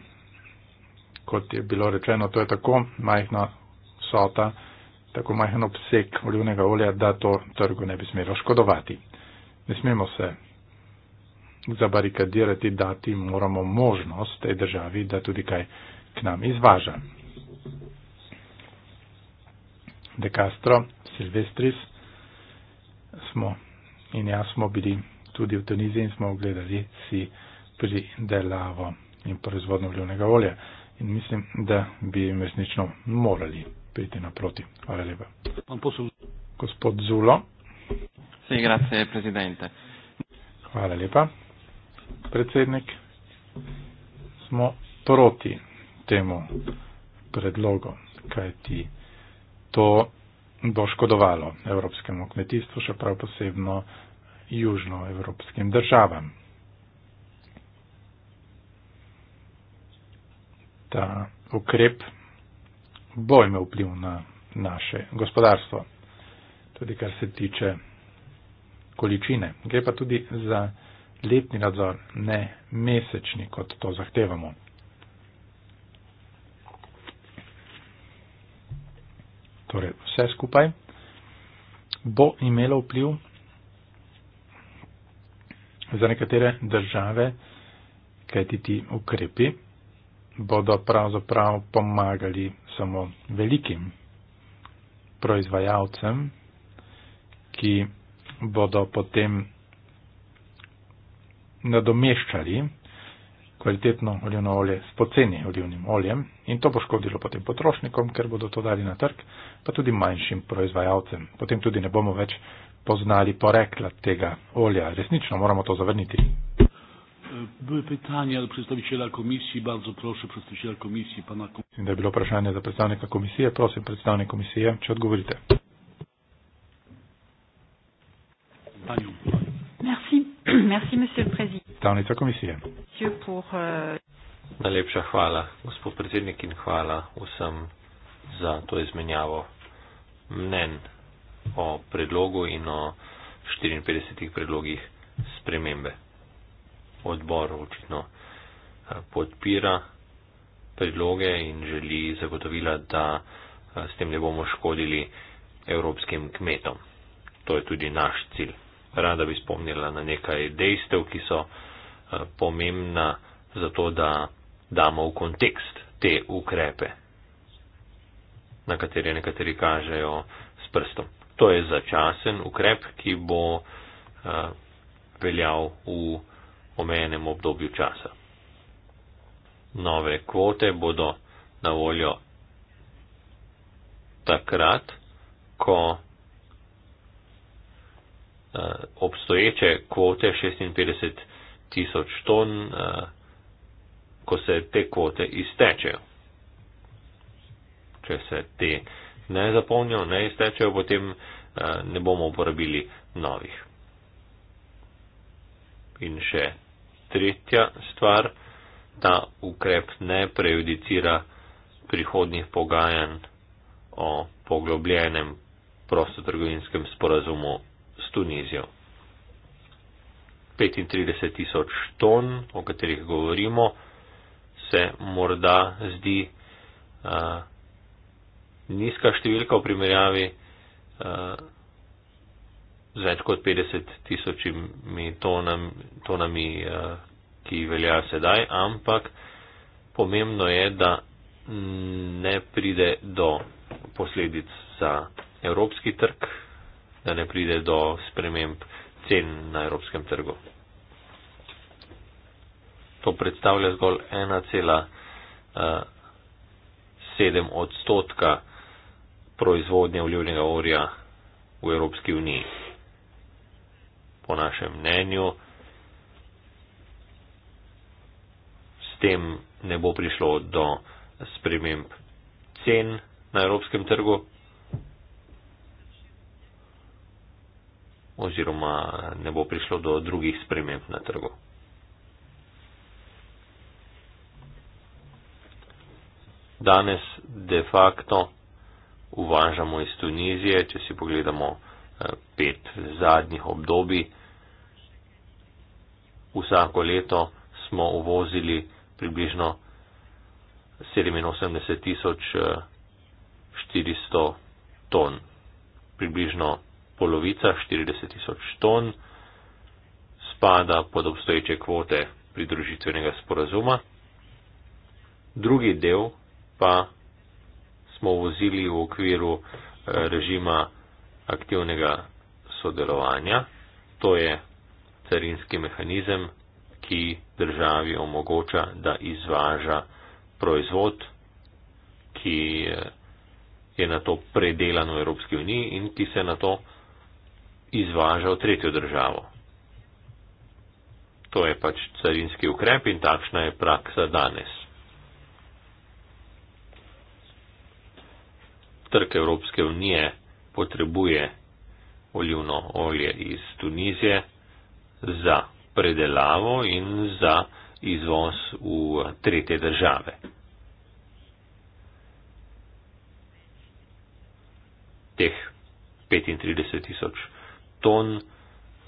kot je bilo rečeno, to je tako majhna sota, tako majhen obseg olivnega olja, da to trgu ne bi smelo škodovati. Ne smemo se zabarikadirati, dati moramo možnost tej državi, da tudi kaj k nam izvaža. De Castro, Silvestris, smo in jaz smo bili tudi v Tuniziji in smo ogledali si pridelavo in proizvodno vljivnega olja. In mislim, da bi jim resnično morali priti naproti. Hvala lepa. Gospod Zulo. Sej, grazie, prezidente. Hvala lepa. Predsednik, smo proti temu predlogu, kaj ti to bo škodovalo evropskemu kmetijstvu, še prav posebno južnoevropskim državam. Ta ukrep bo imel vpliv na naše gospodarstvo, tudi kar se tiče količine. Gre pa tudi za letni nadzor, ne mesečni, kot to zahtevamo. torej vse skupaj, bo imelo vpliv za nekatere države, kajti ti ukrepi bodo pravzaprav pomagali samo velikim proizvajalcem, ki bodo potem nadomeščali kvalitetno olivno olje s poceni olivnim oljem in to bo škodilo potem potrošnikom, ker bodo to dali na trg, pa tudi manjšim proizvajalcem. Potem tudi ne bomo več poznali porekla tega olja. Resnično moramo to zavrniti. Bilo je vprašanje za predstavitelja komisije, bardzo prosim predstavitelja komisije. Mislim, da je bilo vprašanje za predstavnika komisije. Prosim predstavnika komisije, če odgovorite. Panju. Merci, monsieur le président. Komisije. Monsieur pour, euh... Najlepša hvala, gospod predsednik, in hvala vsem za to izmenjavo mnen o predlogu in o 54 predlogih spremembe. Odbor očitno eh, podpira predloge in želi zagotovila, da eh, s tem ne bomo škodili evropskim kmetom. To je tudi naš cilj rada bi spomnila na nekaj dejstev, ki so eh, pomembna za to, da damo v kontekst te ukrepe, na katere nekateri kažejo s prstom. To je začasen ukrep, ki bo eh, veljal v omejenem obdobju časa. Nove kvote bodo na voljo takrat, ko Eh, obstoječe kvote 56 tisoč ton, eh, ko se te kvote iztečejo. Če se te ne zapolnijo, ne iztečejo, potem eh, ne bomo uporabili novih. In še tretja stvar, ta ukrep ne prejudicira prihodnih pogajanj o poglobljenem prostotrgovinskem sporazumu Tunizijo. 35 tisoč ton, o katerih govorimo, se morda zdi uh, nizka številka v primerjavi uh, z več kot 50 tisočimi tonami, tonami uh, ki velja sedaj, ampak pomembno je, da ne pride do posledic za evropski trg, da ne pride do sprememb cen na evropskem trgu. To predstavlja zgolj 1,7 eh, odstotka proizvodnje olivnega orja v Evropski uniji. Po našem mnenju s tem ne bo prišlo do sprememb cen na evropskem trgu, oziroma ne bo prišlo do drugih sprememb na trgu. Danes de facto uvažamo iz Tunizije, če si pogledamo eh, pet zadnjih obdobij, vsako leto smo uvozili približno 87 tisoč 400 eh, ton, približno polovica 40 tisoč ton spada pod obstoječe kvote pridružitvenega sporazuma. Drugi del pa smo vozili v okviru eh, režima aktivnega sodelovanja. To je carinski mehanizem, ki državi omogoča, da izvaža proizvod, ki eh, je na to predelan v Evropski uniji in ki se na to izvaža v tretjo državo. To je pač carinski ukrep in takšna je praksa danes. Trg Evropske unije potrebuje olivno olje iz Tunizije za predelavo in za izvoz v tretje države. Teh 35 tisoč ton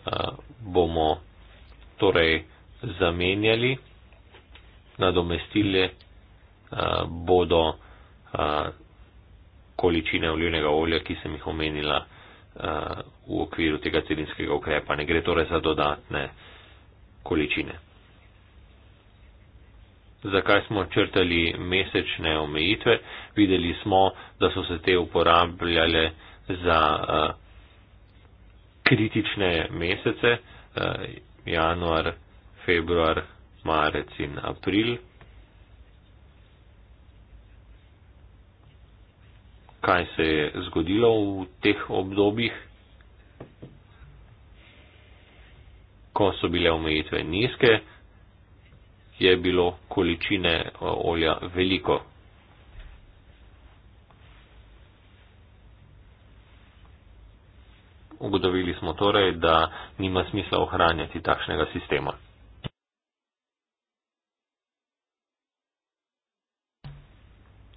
eh, bomo torej zamenjali, nadomestili eh, bodo eh, količine olivnega olja, ki sem jih omenila v okviru tega celinskega ukrepa. Ne gre torej za dodatne količine. Zakaj smo črtali mesečne omejitve? Videli smo, da so se te uporabljale za uh, kritične mesece, uh, januar, februar, marec in april. Kaj se je zgodilo v teh obdobjih, ko so bile omejitve nizke, je bilo količine eh, olja veliko. Ugotovili smo torej, da nima smisla ohranjati takšnega sistema.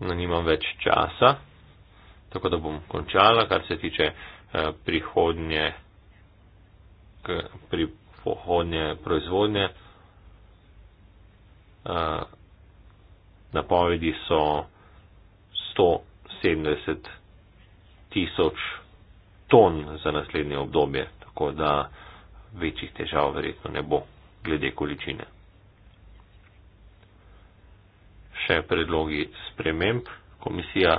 No, nimam več časa, tako da bom končala, kar se tiče eh, prihodnje, prihodnje proizvodnje. Eh, napovedi so 170 tisoč ton za naslednje obdobje, tako da večjih težav verjetno ne bo glede količine. Še predlogi sprememb. Komisija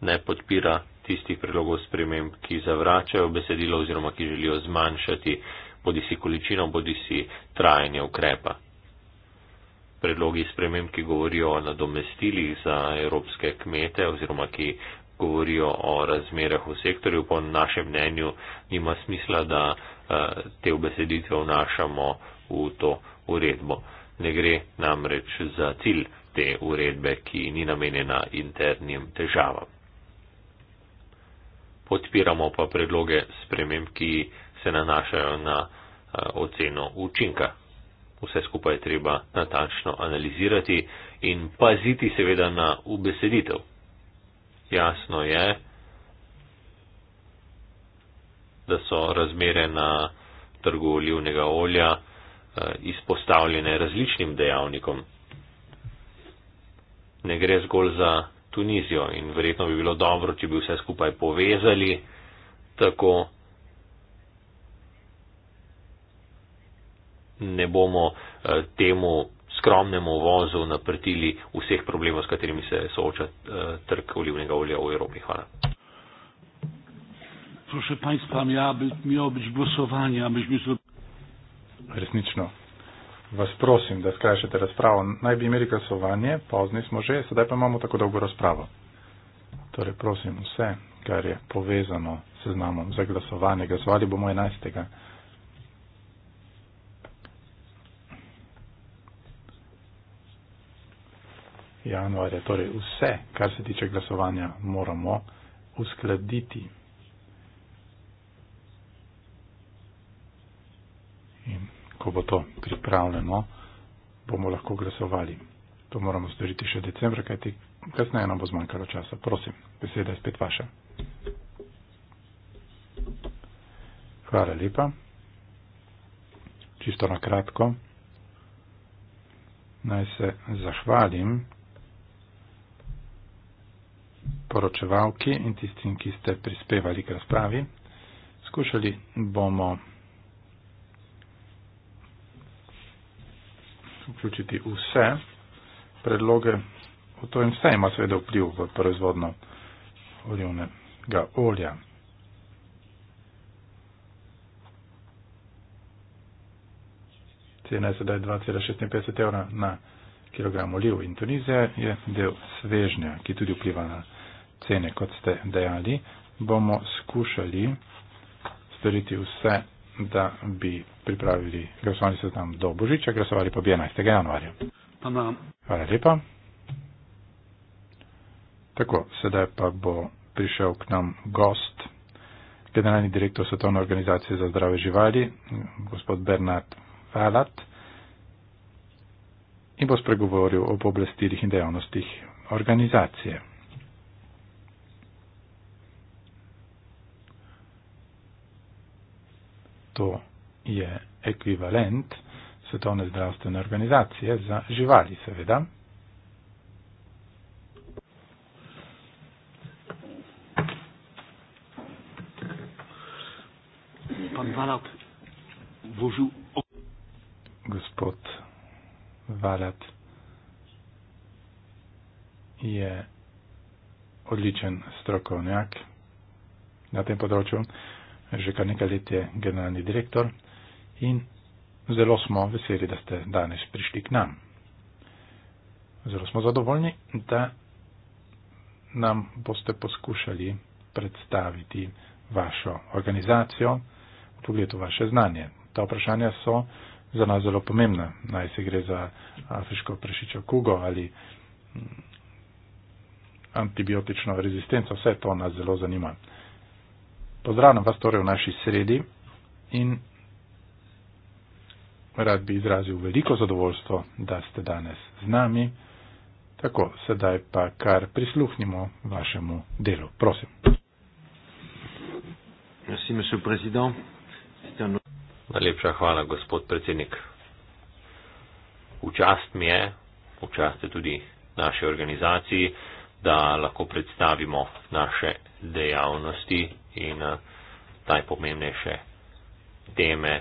ne podpira tistih predlogov sprememb, ki zavračajo besedilo oziroma ki želijo zmanjšati bodi si količino, bodi si trajanje ukrepa. Predlogi sprememb, ki govorijo o nadomestilih za evropske kmete oziroma ki govorijo o razmerah v sektorju. Po našem mnenju nima smisla, da eh, te obeseditve vnašamo v to uredbo. Ne gre namreč za cilj te uredbe, ki ni namenjena internim težavam. Podpiramo pa predloge sprememb, ki se nanašajo na eh, oceno učinka. Vse skupaj je treba natančno analizirati in paziti seveda na ubeseditev jasno je, da so razmere na trgu olivnega olja eh, izpostavljene različnim dejavnikom. Ne gre zgolj za Tunizijo in verjetno bi bilo dobro, če bi vse skupaj povezali tako. Ne bomo eh, temu skromnemu uvozu naprtili vseh problemov, s katerimi se sooča eh, trg olivnega olja v Evropi. Hvala. Proszę Państwa, miało być głosowanie, abyśmy zrobili. Resnično. Was prosim, da skrajšate razpravo. Naj bi imeli glasovanje, pozni smo že, sedaj pa imamo tako dolgo razpravo. Torej, prosim, vse, kar je povezano s seznamom za glasovanje, glasovali bomo 11. januarja. Torej vse, kar se tiče glasovanja, moramo uskladiti. In ko bo to pripravljeno, bomo lahko glasovali. To moramo storiti še decembra, kajti kasneje nam bo zmanjkalo časa. Prosim, beseda je spet vaša. Hvala lepa. Čisto na kratko. Naj se zahvalim poročevalki in tistim, ki ste prispevali k razpravi. Skušali bomo vključiti vse predloge. V to in vse ima seveda vpliv v proizvodno olivnega olja. Cena je sedaj 2,56 evra na kilogram oliv in Tunizija je del svežnja, ki tudi vpliva na cene, kot ste dejali, bomo skušali storiti vse, da bi pripravili glasovni seznam do Božiča, glasovali pa bi 11. januarja. Hvala lepa. Tako, sedaj pa bo prišel k nam gost, generalni direktor Svetovne organizacije za zdrave živali, gospod Bernard Valat, in bo spregovoril o pooblastilih in dejavnostih organizacije. to je ekvivalent Svetovne zdravstvene organizacije za živali, seveda. Gospod Valat je odličen strokovnjak na tem področju že kar nekaj let je generalni direktor in zelo smo veseli, da ste danes prišli k nam. Zelo smo zadovoljni, da nam boste poskušali predstaviti vašo organizacijo, v pogledu vaše znanje. Ta vprašanja so za nas zelo pomembna, naj se gre za afriško prašičjo kugo ali mm, antibiotično rezistenco, vse to nas zelo zanima. Pozdravljam vas torej v naši sredi in rad bi izrazil veliko zadovoljstvo, da ste danes z nami. Tako, sedaj pa kar prisluhnimo vašemu delu. Prosim. Najlepša hvala, gospod predsednik. Včast mi je, včast je tudi naši organizaciji, da lahko predstavimo naše dejavnosti in eh, najpomembnejše teme,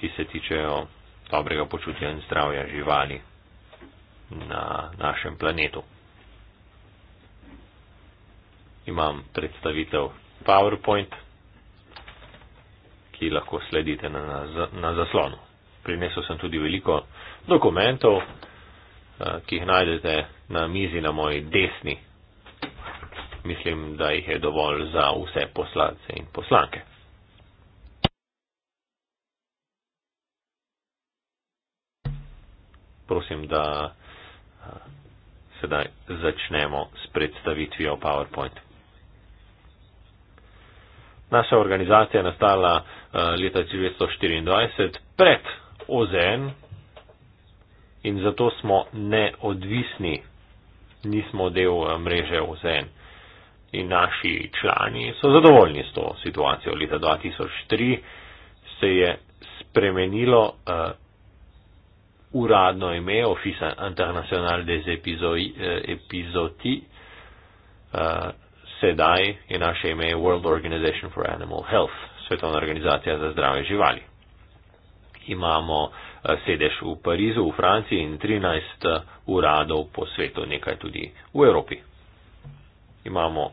ki se tičejo dobrega počutja in zdravja živali na našem planetu. Imam predstavitev PowerPoint, ki lahko sledite na, na zaslonu. Prinesel sem tudi veliko dokumentov, eh, ki jih najdete na mizi na moji desni mislim, da jih je dovolj za vse poslance in poslanke. Prosim, da sedaj začnemo s predstavitvijo PowerPoint. Naša organizacija je nastala leta 1924 pred OZN in zato smo neodvisni, nismo del mreže OZN in naši člani so zadovoljni s to situacijo. Leta 2003 se je spremenilo uh, uradno ime Office International des Epizoti. Eh, uh, eh, sedaj je naše ime World Organization for Animal Health, svetovna organizacija za zdrave živali. Imamo uh, sedež v Parizu, v Franciji in 13 uh, uradov po svetu, nekaj tudi v Evropi. Imamo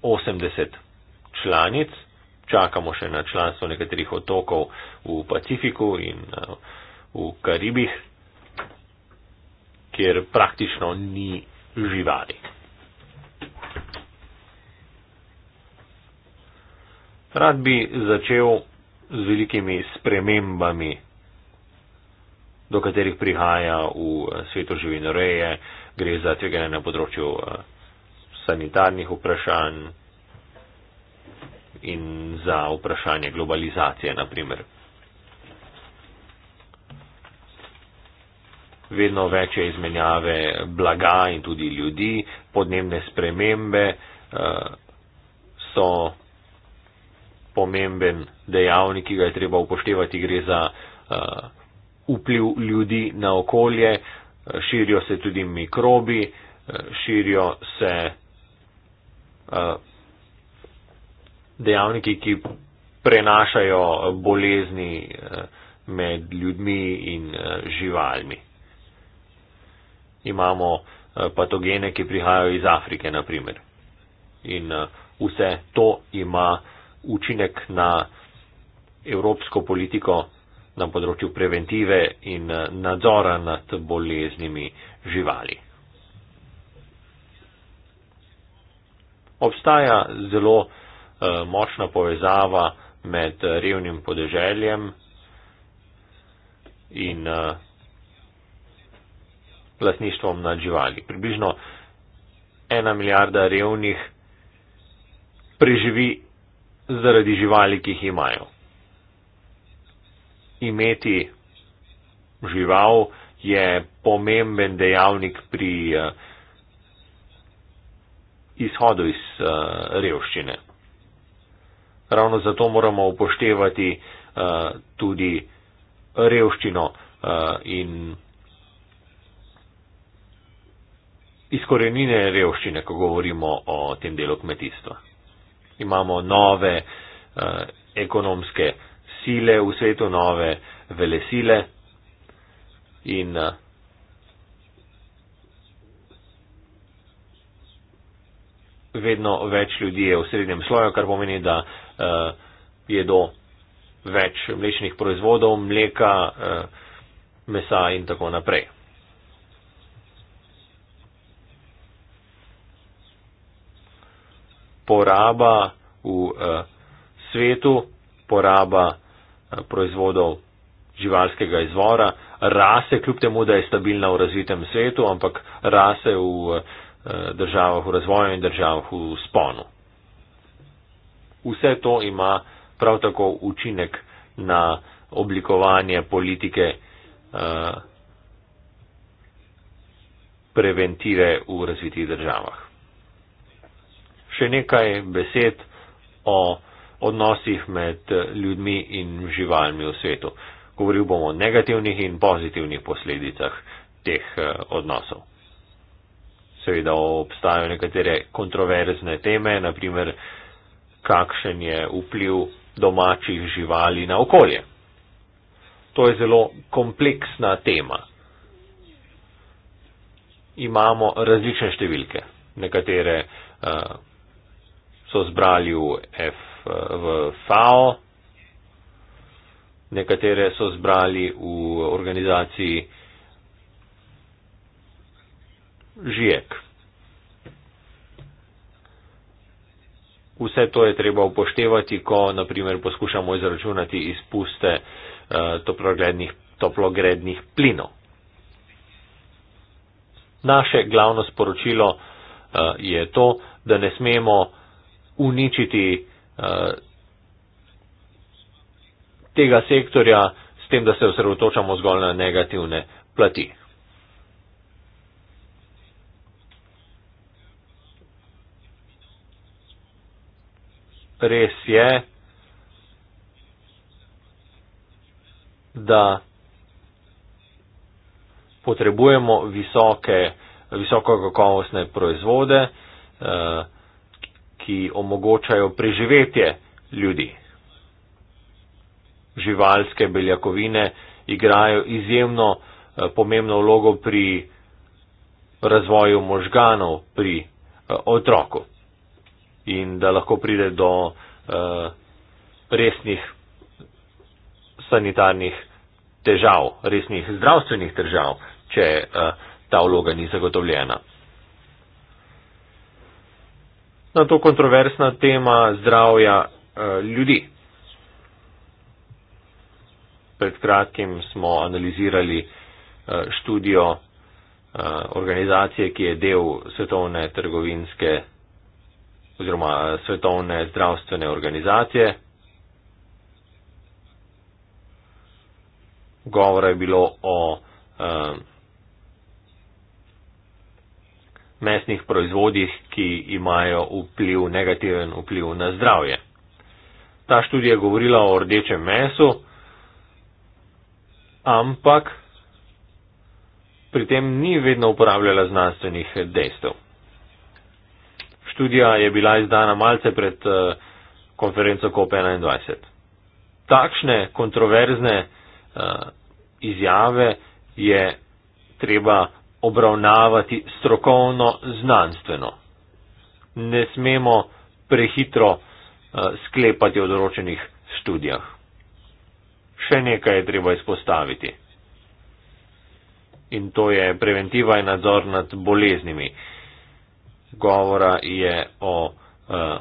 180 eh, članic, čakamo še na članstvo nekaterih otokov v Pacifiku in eh, v Karibih, kjer praktično ni živali. Rad bi začel z velikimi spremembami, do katerih prihaja v eh, svetu živinoreje, gre za tveganje na področju sanitarnih vprašanj in za vprašanje globalizacije, naprimer. Vedno večje izmenjave blaga in tudi ljudi, podnebne spremembe uh, so pomemben dejavnik, ki ga je treba upoštevati, gre za uh, vpliv ljudi na okolje, uh, širijo se tudi mikrobi, uh, širijo se uh, Eh, dejavniki, ki prenašajo bolezni eh, med ljudmi in eh, živalmi. Imamo patogene, ki prihajajo iz Afrike, naprimer. In vse to ima učinek na evropsko politiko na področju preventive in nadzora nad boleznimi živali. Obstaja zelo uh, močna povezava med uh, revnim podeželjem in uh, eh, lasništvom nad živali. Približno ena milijarda revnih preživi zaradi živali, ki jih imajo. Imeti žival je pomemben dejavnik pri uh, izhodu iz uh, revščine. Ravno zato moramo upoštevati uh, tudi revščino uh, in izkorenine revščine, ko govorimo o tem delu kmetijstva. Imamo nove uh, ekonomske sile v svetu, nove velesile in uh, vedno več ljudi je v srednjem sloju, kar pomeni, da uh, jedo več mlečnih proizvodov, mleka, uh, mesa in tako naprej. Poraba v uh, svetu, poraba uh, proizvodov živalskega izvora, rase kljub temu, da je stabilna v razvitem svetu, ampak rase v uh, Eh, državah v razvoju in državah v sponu. Vse to ima prav tako učinek na oblikovanje politike eh, preventive v razvitih državah. Še nekaj besed o odnosih med ljudmi in živalmi v svetu. Govoril bom o negativnih in pozitivnih posledicah teh eh, odnosov seveda obstajajo nekatere kontroverzne teme, naprimer kakšen je vpliv domačih živali na okolje. To je zelo kompleksna tema. Imamo različne številke. Nekatere uh, so zbrali v, F, v FAO, nekatere so zbrali v organizaciji žijek. Vse to je treba upoštevati, ko naprimer poskušamo izračunati izpuste uh, toplogrednih plinov. Naše glavno sporočilo uh, je to, da ne smemo uničiti uh, tega sektorja s tem, da se osredotočamo zgolj na negativne plati. res je, da potrebujemo visoke, visoko kakovostne proizvode, eh, ki omogočajo preživetje ljudi. Živalske beljakovine igrajo izjemno eh, pomembno vlogo pri razvoju možganov pri eh, otroku in da lahko pride do uh, resnih sanitarnih težav, resnih zdravstvenih težav, če uh, ta vloga ni zagotovljena. Na to kontroversna tema zdravja uh, ljudi. Pred kratkim smo analizirali uh, študijo uh, organizacije, ki je del Svetovne trgovinske oziroma svetovne zdravstvene organizacije. Govora je bilo o eh, mesnih proizvodih, ki imajo vpliv, negativen vpliv na zdravje. Ta študija je govorila o rdečem mesu, ampak pri tem ni vedno uporabljala znanstvenih dejstev študija je bila izdana malce pred eh, konferenco COP21. Takšne kontroverzne eh, izjave je treba obravnavati strokovno znanstveno. Ne smemo prehitro eh, sklepati o določenih študijah. Še nekaj je treba izpostaviti. In to je preventiva in nadzor nad boleznimi. Uh, govora je o uh,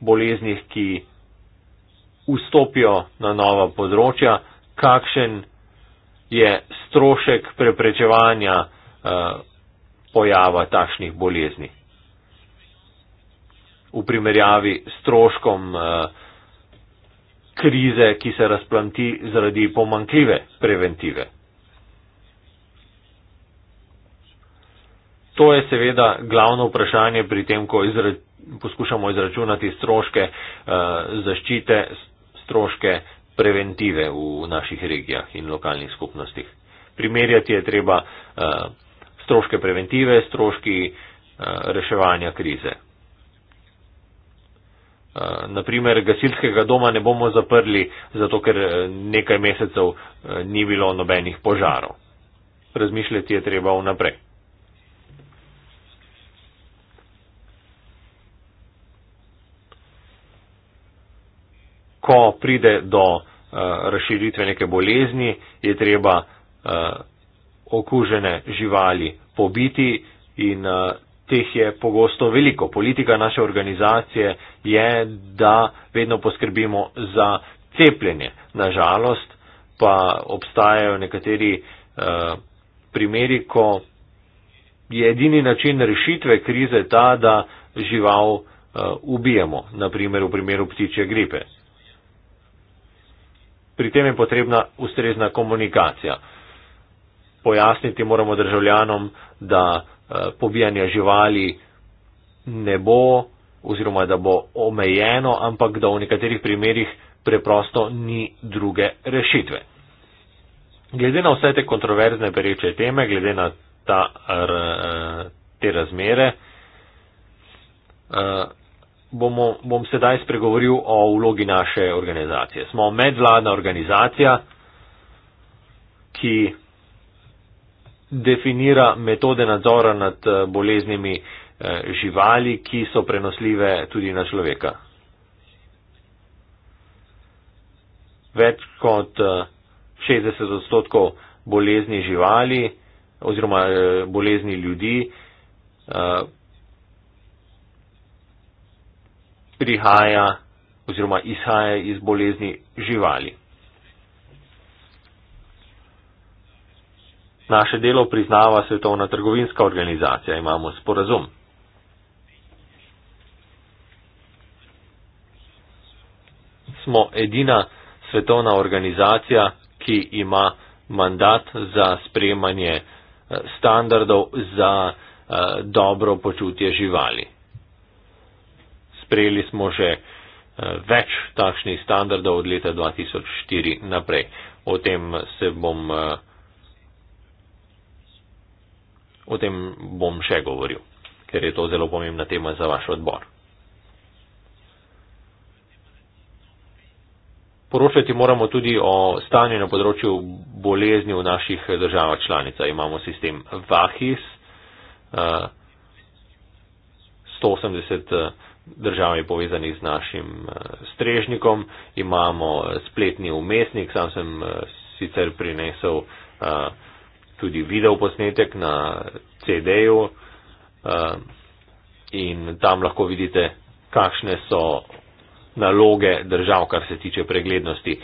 boleznih, ki vstopijo na nova področja, kakšen je strošek preprečevanja uh, pojava takšnih bolezni. V primerjavi s stroškom uh, krize, ki se razplanti zaradi pomankljive preventive. To je seveda glavno vprašanje pri tem, ko izra poskušamo izračunati stroške uh, zaščite, stroške preventive v naših regijah in lokalnih skupnostih. Primerjati je treba uh, stroške preventive, stroški uh, reševanja krize. Naprimer, gasilskega doma ne bomo zaprli, zato ker nekaj mesecev ni bilo nobenih požarov. Razmišljati je treba vnaprej. ko pride do eh, razširitve neke bolezni, je treba eh, okužene živali pobiti in eh, teh je pogosto veliko. Politika naše organizacije je, da vedno poskrbimo za cepljenje. Nažalost pa obstajajo nekateri primeri, ko je edini način rešitve krize ta, da žival ubijemo, naprimer v primeru ptičje gripe pri tem je potrebna ustrezna komunikacija. Pojasniti moramo državljanom, da eh, pobijanje živali ne bo oziroma da bo omejeno, ampak da v nekaterih primerjih preprosto ni druge rešitve. Glede na vse te kontroverzne pereče teme, glede na ta, eh, te razmere, eh, bomo, bom sedaj spregovoril o vlogi naše organizacije. Smo medvladna organizacija, ki definira metode nadzora nad eh, boleznimi eh, živali, ki so prenosljive tudi na človeka. Več kot 60 eh, odstotkov bolezni živali oziroma bolezni ljudi prihaja oziroma izhaja iz bolezni živali. Naše delo priznava Svetovna trgovinska organizacija, imamo sporazum. Smo edina svetovna organizacija, ki ima mandat za sprejemanje eh, standardov za eh, dobro počutje živali sprejeli smo že eh, več takšnih standardov od leta 2004 naprej. O tem se bom, eh, o tem bom še govoril, ker je to zelo pomembna tema za vaš odbor. Poročati moramo tudi o stanju na področju bolezni v naših državah članica. Imamo sistem VAHIS, 180 eh, državami povezanih z našim eh, strežnikom, imamo eh, spletni umestnik, sam sem eh, sicer prinesel tudi video posnetek na CD-ju in tam lahko vidite, kakšne so naloge držav, kar se tiče preglednosti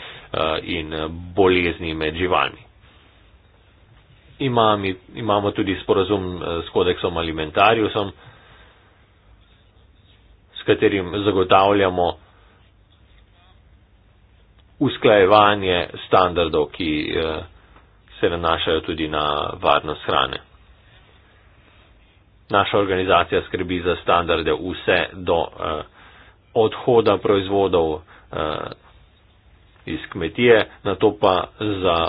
in bolezni med živalmi. Imamo tudi sporazum s kodeksom alimentarijusom, katerim zagotavljamo usklajevanje standardov, ki eh, se nanašajo tudi na varnost hrane. Naša organizacija skrbi za standarde vse do eh, odhoda proizvodov eh, iz kmetije, na to pa za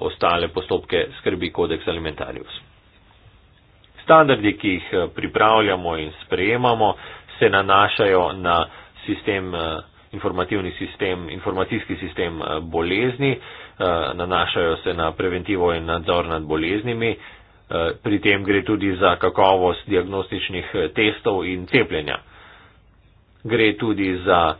ostale postopke skrbi kodeks alimentarius. Standardi, ki jih eh, pripravljamo in sprejemamo, se nanašajo na sistem, eh, informativni sistem, informacijski sistem eh, bolezni, nanašajo se na preventivo in nadzor nad boleznimi, pri tem gre tudi za kakovost diagnostičnih testov in cepljenja. Gre tudi za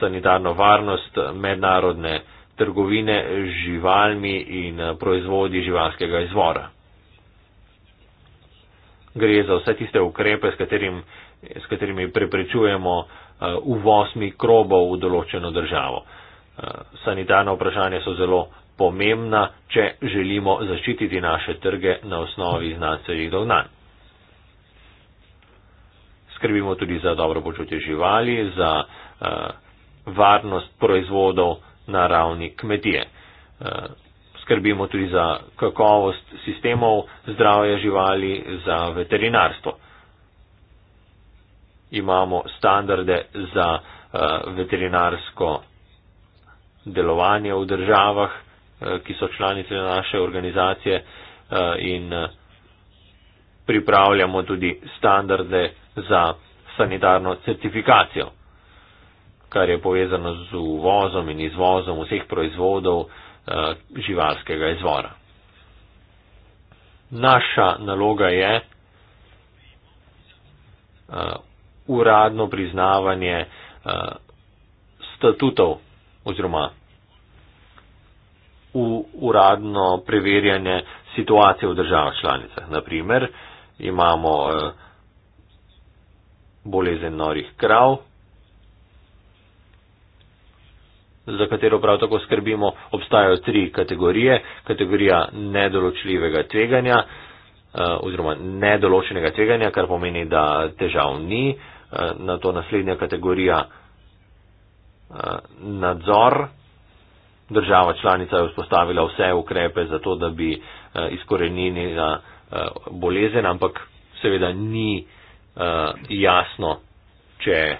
sanitarno varnost mednarodne trgovine z živalmi in proizvodi živalskega izvora gre za vse tiste ukrepe, s, katerim, s katerimi preprečujemo uh, uvoz mikrobov v določeno državo. Uh, sanitarna vprašanja so zelo pomembna, če želimo zaščititi naše trge na osnovi znanstvenih dognanj. Skrbimo tudi za dobro počutje živali, za uh, varnost proizvodov na ravni kmetije. Uh, skrbimo tudi za kakovost sistemov zdravja živali, za veterinarstvo. Imamo standarde za eh, veterinarsko delovanje v državah, eh, ki so članice naše organizacije eh, in pripravljamo tudi standarde za sanitarno certifikacijo, kar je povezano z uvozom in izvozom vseh proizvodov, Eh, živalskega izvora. Naša naloga je eh, uradno priznavanje eh, statutov oziroma uradno preverjanje situacije v državah članicah. Naprimer, imamo bolezen norih krav, za katero prav tako skrbimo, obstajajo tri kategorije. Kategorija nedoločljivega tveganja eh, oziroma nedoločenega tveganja, kar pomeni, da težav ni. Eh, Na to naslednja kategorija eh, nadzor. Država članica je vzpostavila vse ukrepe za to, da bi izkorenila bolezen, ampak seveda ni jasno, če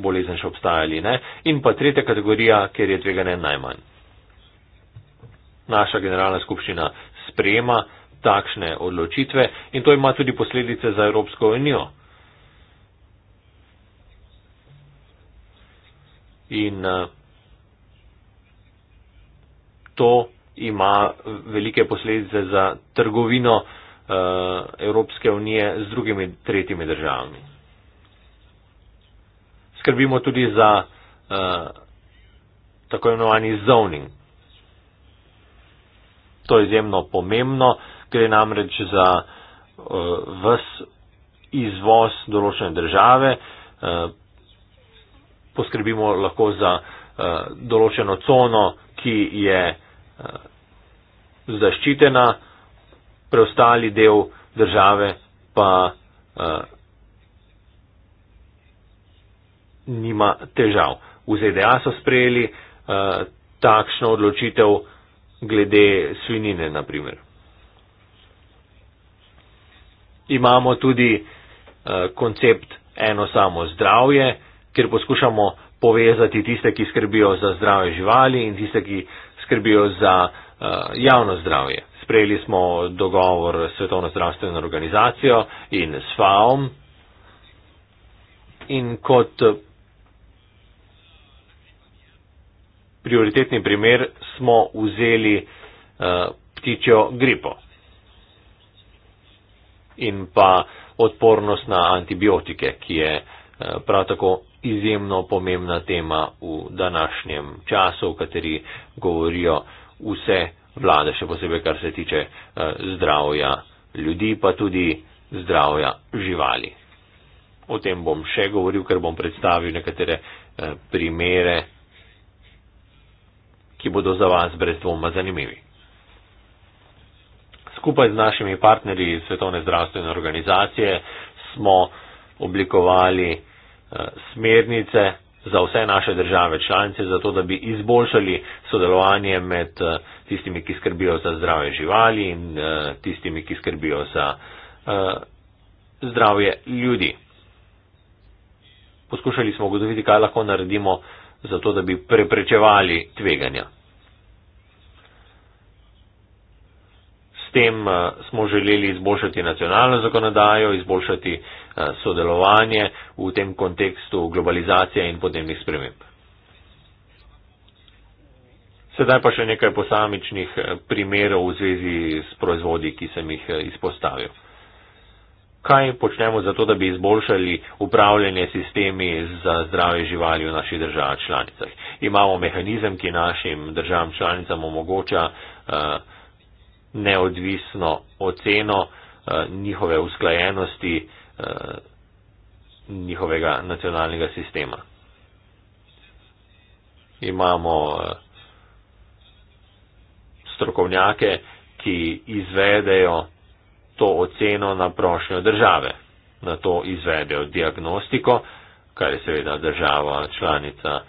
bolezen še obstaja ali ne, in pa tretja kategorija, kjer je tveganje najmanj. Naša generalna skupščina sprejema takšne odločitve in to ima tudi posledice za Evropsko unijo. In eh, to ima velike posledice za trgovino eh, Evropske unije z drugimi tretjimi državami skrbimo tudi za uh, tako imenovani zoning. To je izjemno pomembno, gre namreč za uh, eh, vs izvoz določene države, uh, poskrbimo lahko za uh, določeno cono, ki je uh, zaščitena, preostali del države pa uh, nima težav. V ZDA so sprejeli uh, takšno odločitev glede svinine, na primer. Imamo tudi uh, koncept eno samo zdravje, kjer poskušamo povezati tiste, ki skrbijo za zdrave živali in tiste, ki skrbijo za uh, javno zdravje. Sprejeli smo dogovor s Svetovno zdravstveno organizacijo in s FAOM. In kot prioritetni primer smo vzeli uh, ptičjo gripo in pa odpornost na antibiotike, ki je uh, prav tako izjemno pomembna tema v današnjem času, v kateri govorijo vse vlade, še posebej kar se tiče uh, zdravja ljudi, pa tudi zdravja živali. O tem bom še govoril, ker bom predstavil nekatere eh, primere ki bodo za vas brez dvoma zanimivi. Skupaj z našimi partnerji Svetovne zdravstvene organizacije smo oblikovali eh, smernice za vse naše države članice, zato da bi izboljšali sodelovanje med eh, tistimi, ki skrbijo za zdrave živali in eh, tistimi, ki skrbijo za zdravje ljudi. Poskušali smo ugotoviti, kaj lahko naredimo, zato da bi preprečevali tveganja. tem eh, smo želeli izboljšati nacionalno zakonodajo, izboljšati eh, sodelovanje v tem kontekstu globalizacije in podnebnih sprememb. Sedaj pa še nekaj posamičnih eh, primerov v zvezi s proizvodi, ki sem jih izpostavil. Kaj počnemo za to, da bi izboljšali upravljanje sistemi za zdrave živali v naših državah članicah? Imamo mehanizem, ki našim državam članicam omogoča uh, neodvisno oceno eh, njihove usklajenosti eh, njihovega nacionalnega sistema. Imamo eh, strokovnjake, ki izvedejo to oceno na prošnjo države. Na to izvedejo diagnostiko, kar je seveda država članica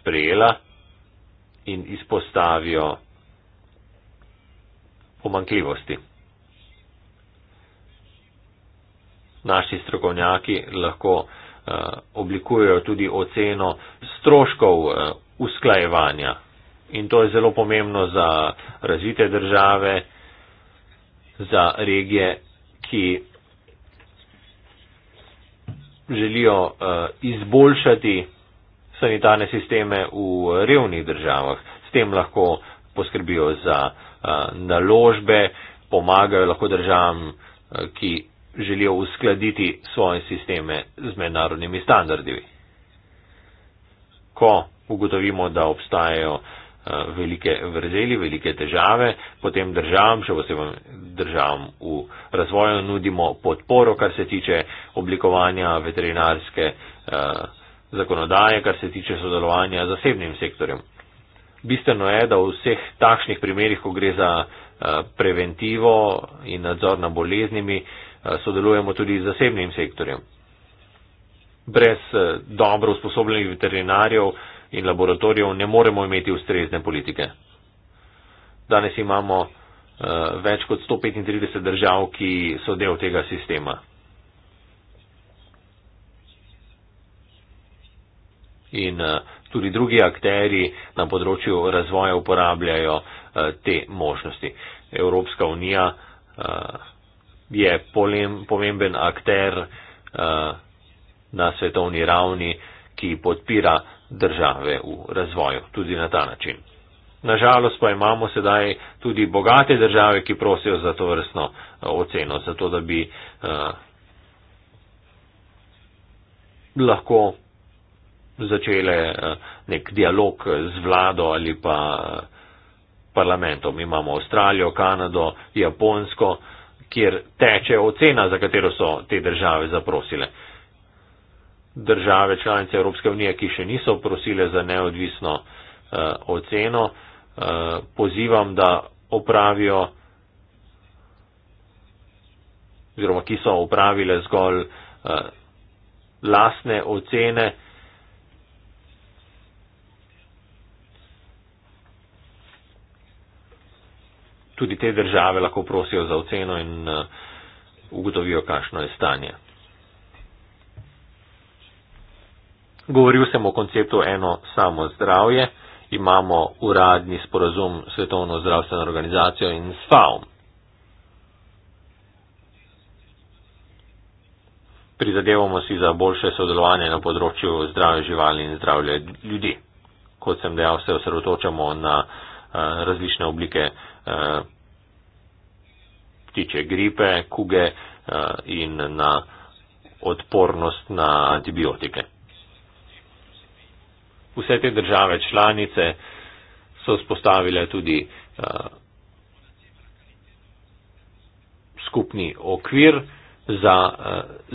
sprejela in izpostavijo pomankljivosti. Naši strokovnjaki lahko eh, oblikujejo tudi oceno stroškov eh, usklajevanja in to je zelo pomembno za razvite države, za regije, ki želijo eh, izboljšati sanitarne sisteme v revnih državah. S tem lahko poskrbijo za eh, naložbe, pomagajo lahko državam, ki želijo uskladiti svoje sisteme z mednarodnimi standardi. Ko ugotovimo, da obstajajo velike vrzeli, velike težave, potem državam, še posebej državam v razvoju, nudimo podporo, kar se tiče oblikovanja veterinarske zakonodaje, kar se tiče sodelovanja z zasebnim sektorjem. Bistveno je, da v vseh takšnih primerjih, ko gre za eh, preventivo in nadzor nad boleznimi, eh, sodelujemo tudi z zasebnim sektorjem. Brez eh, dobro usposobljenih veterinarjev in laboratorijev ne moremo imeti ustrezne politike. Danes imamo več kot 135 držav, ki so del tega sistema. In uh, tudi drugi akteri na področju razvoja uporabljajo eh, te možnosti. Evropska unija eh, je pomemben akter eh, na svetovni ravni, ki podpira države v razvoju tudi na ta način. Nažalost pa imamo sedaj tudi bogate države, ki prosijo za to vrstno oceno, zato da bi eh, lahko začele eh, nek dialog z vlado ali pa eh, parlamentom. Imamo Avstralijo, Kanado, Japonsko, kjer teče ocena, za katero so te države zaprosile. Države članice Evropske unije, ki še niso prosile za neodvisno uh, oceno, uh, pozivam, da opravijo oziroma ki so upravile zgolj uh, lasne ocene, tudi te države lahko prosijo za oceno in eh, ugotovijo, kakšno je stanje. Govoril sem o konceptu eno samo zdravje. Imamo uradni sporazum Svetovno zdravstveno organizacijo in s FAO. Prizadevamo si za boljše sodelovanje na področju zdrave živali in zdravlja ljudi. Kot sem dejal, se osredotočamo na uh, različne oblike uh, Eh, ptiče gripe, kuge eh, in na odpornost na antibiotike. Vse te države članice so spostavile tudi eh, skupni okvir za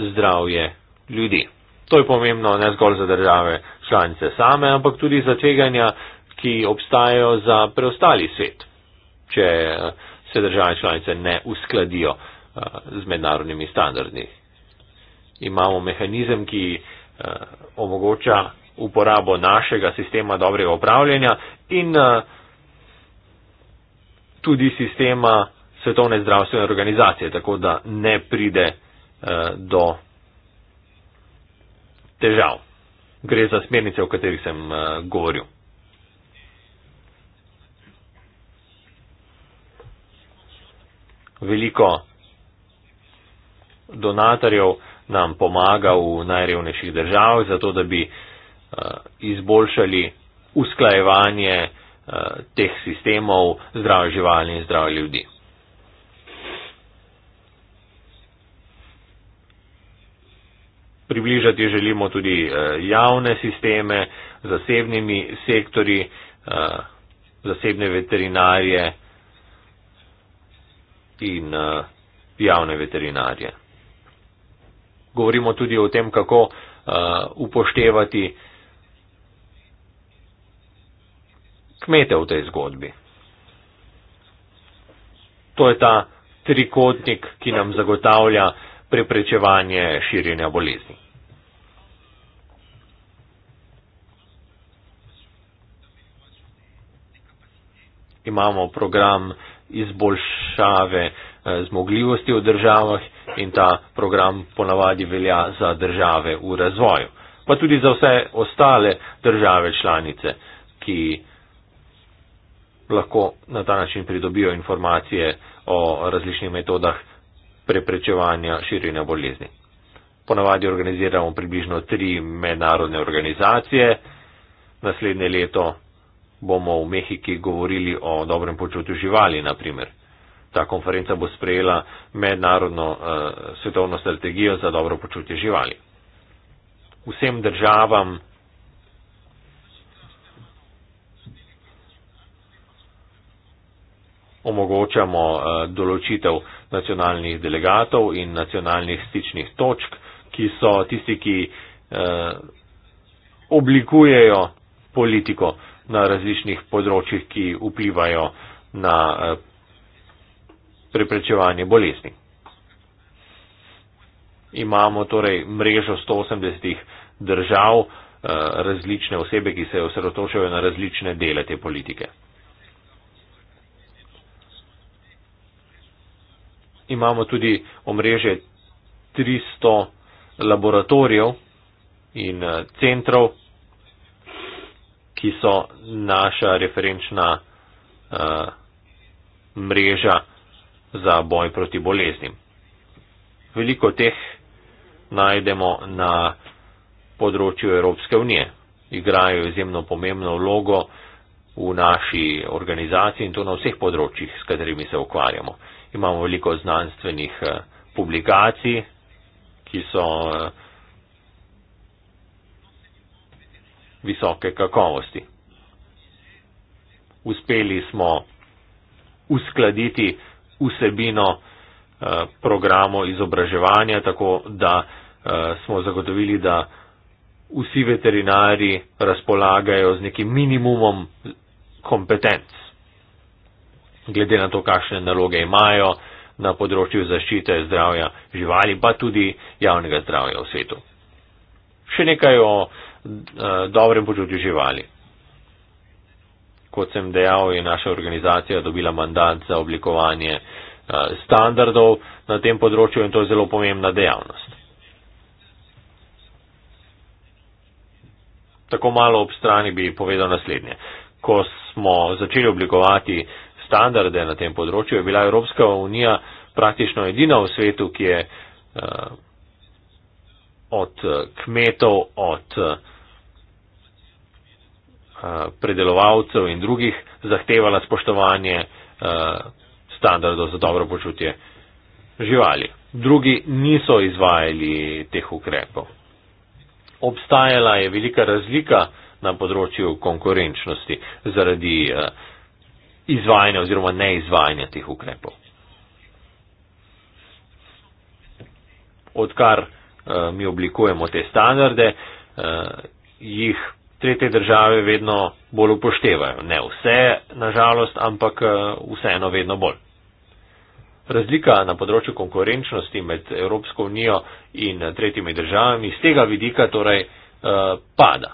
zdravje ljudi. To je pomembno ne zgolj za države članice same, ampak tudi za tveganja, ki obstajajo za preostali svet če eh, se države članice ne uskladijo eh, z mednarodnimi standardi. Imamo mehanizem, ki eh, omogoča uporabo našega sistema dobrega upravljanja in tudi sistema Svetovne zdravstvene organizacije, tako da ne pride do težav. Gre za smernice, o katerih sem govoril. veliko donatorjev nam pomaga v najrevnejših državah, zato da bi eh, izboljšali usklajevanje eh, teh sistemov zdrav živali in zdrav ljudi. Približati želimo tudi eh, javne sisteme, zasebnimi sektori, zasebne veterinarije in eh, javne veterinarje. Govorimo tudi o tem, kako uh, upoštevati kmete v tej zgodbi. To je ta trikotnik, ki nam zagotavlja preprečevanje širjenja bolezni. Imamo program uh, izboljšave eh, zmogljivosti v državah in ta program ponavadi velja za države v razvoju, pa tudi za vse ostale države članice, ki lahko na ta način pridobijo informacije o različnih metodah preprečevanja širjenja bolezni. Ponavadi organiziramo približno tri mednarodne organizacije, naslednje leto bomo v Mehiki govorili o dobrem počutju živali, naprimer. Ta konferenca bo sprejela mednarodno uh, svetovno strategijo za dobro počutje živali. Vsem državam omogočamo uh, določitev nacionalnih delegatov in nacionalnih stičnih točk, ki so tisti, ki uh, oblikujejo politiko uh, na različnih področjih, ki vplivajo na eh, preprečevanje bolezni. Imamo torej mrežo 180 držav, eh, različne osebe, ki se osredotočajo na različne dele te politike. Imamo tudi omrežje 300 laboratorijev in eh, centrov, ki so naša referenčna uh, mreža za boj proti boleznim. Veliko teh najdemo na področju Evropske unije. Igrajo izjemno pomembno vlogo v naši organizaciji in to na vseh področjih, s katerimi se ukvarjamo. Imamo veliko znanstvenih eh, publikacij, ki so uh, visoke kakovosti. Uspeli smo uskladiti vsebino eh, programov izobraževanja, tako da eh, smo zagotovili, da vsi veterinari razpolagajo z nekim minimumom kompetenc. Glede na to, kakšne naloge imajo na področju zaščite zdravja živali, pa tudi javnega zdravja v svetu. Še nekaj o Eh, dobrem počutju živali. Kot sem dejal, je naša organizacija dobila mandat za oblikovanje eh, standardov na tem področju in to je zelo pomembna dejavnost. Tako malo ob strani bi povedal naslednje. Ko smo začeli oblikovati standarde na tem področju, je bila Evropska unija praktično edina v svetu, ki je eh, od kmetov, od Eh, predelovalcev in drugih zahtevala spoštovanje eh, standardov za dobro počutje živali. Drugi niso izvajali teh ukrepov. Obstajala je velika razlika na področju konkurenčnosti zaradi eh, izvajanja oziroma neizvajanja teh ukrepov. Odkar mi oblikujemo te standarde, jih tretje države vedno bolj upoštevajo. Ne vse, nažalost, ampak eh, vseeno vedno bolj. Razlika na področju konkurenčnosti med Evropsko unijo in eh, tretjimi državami z tega vidika torej eh, pada.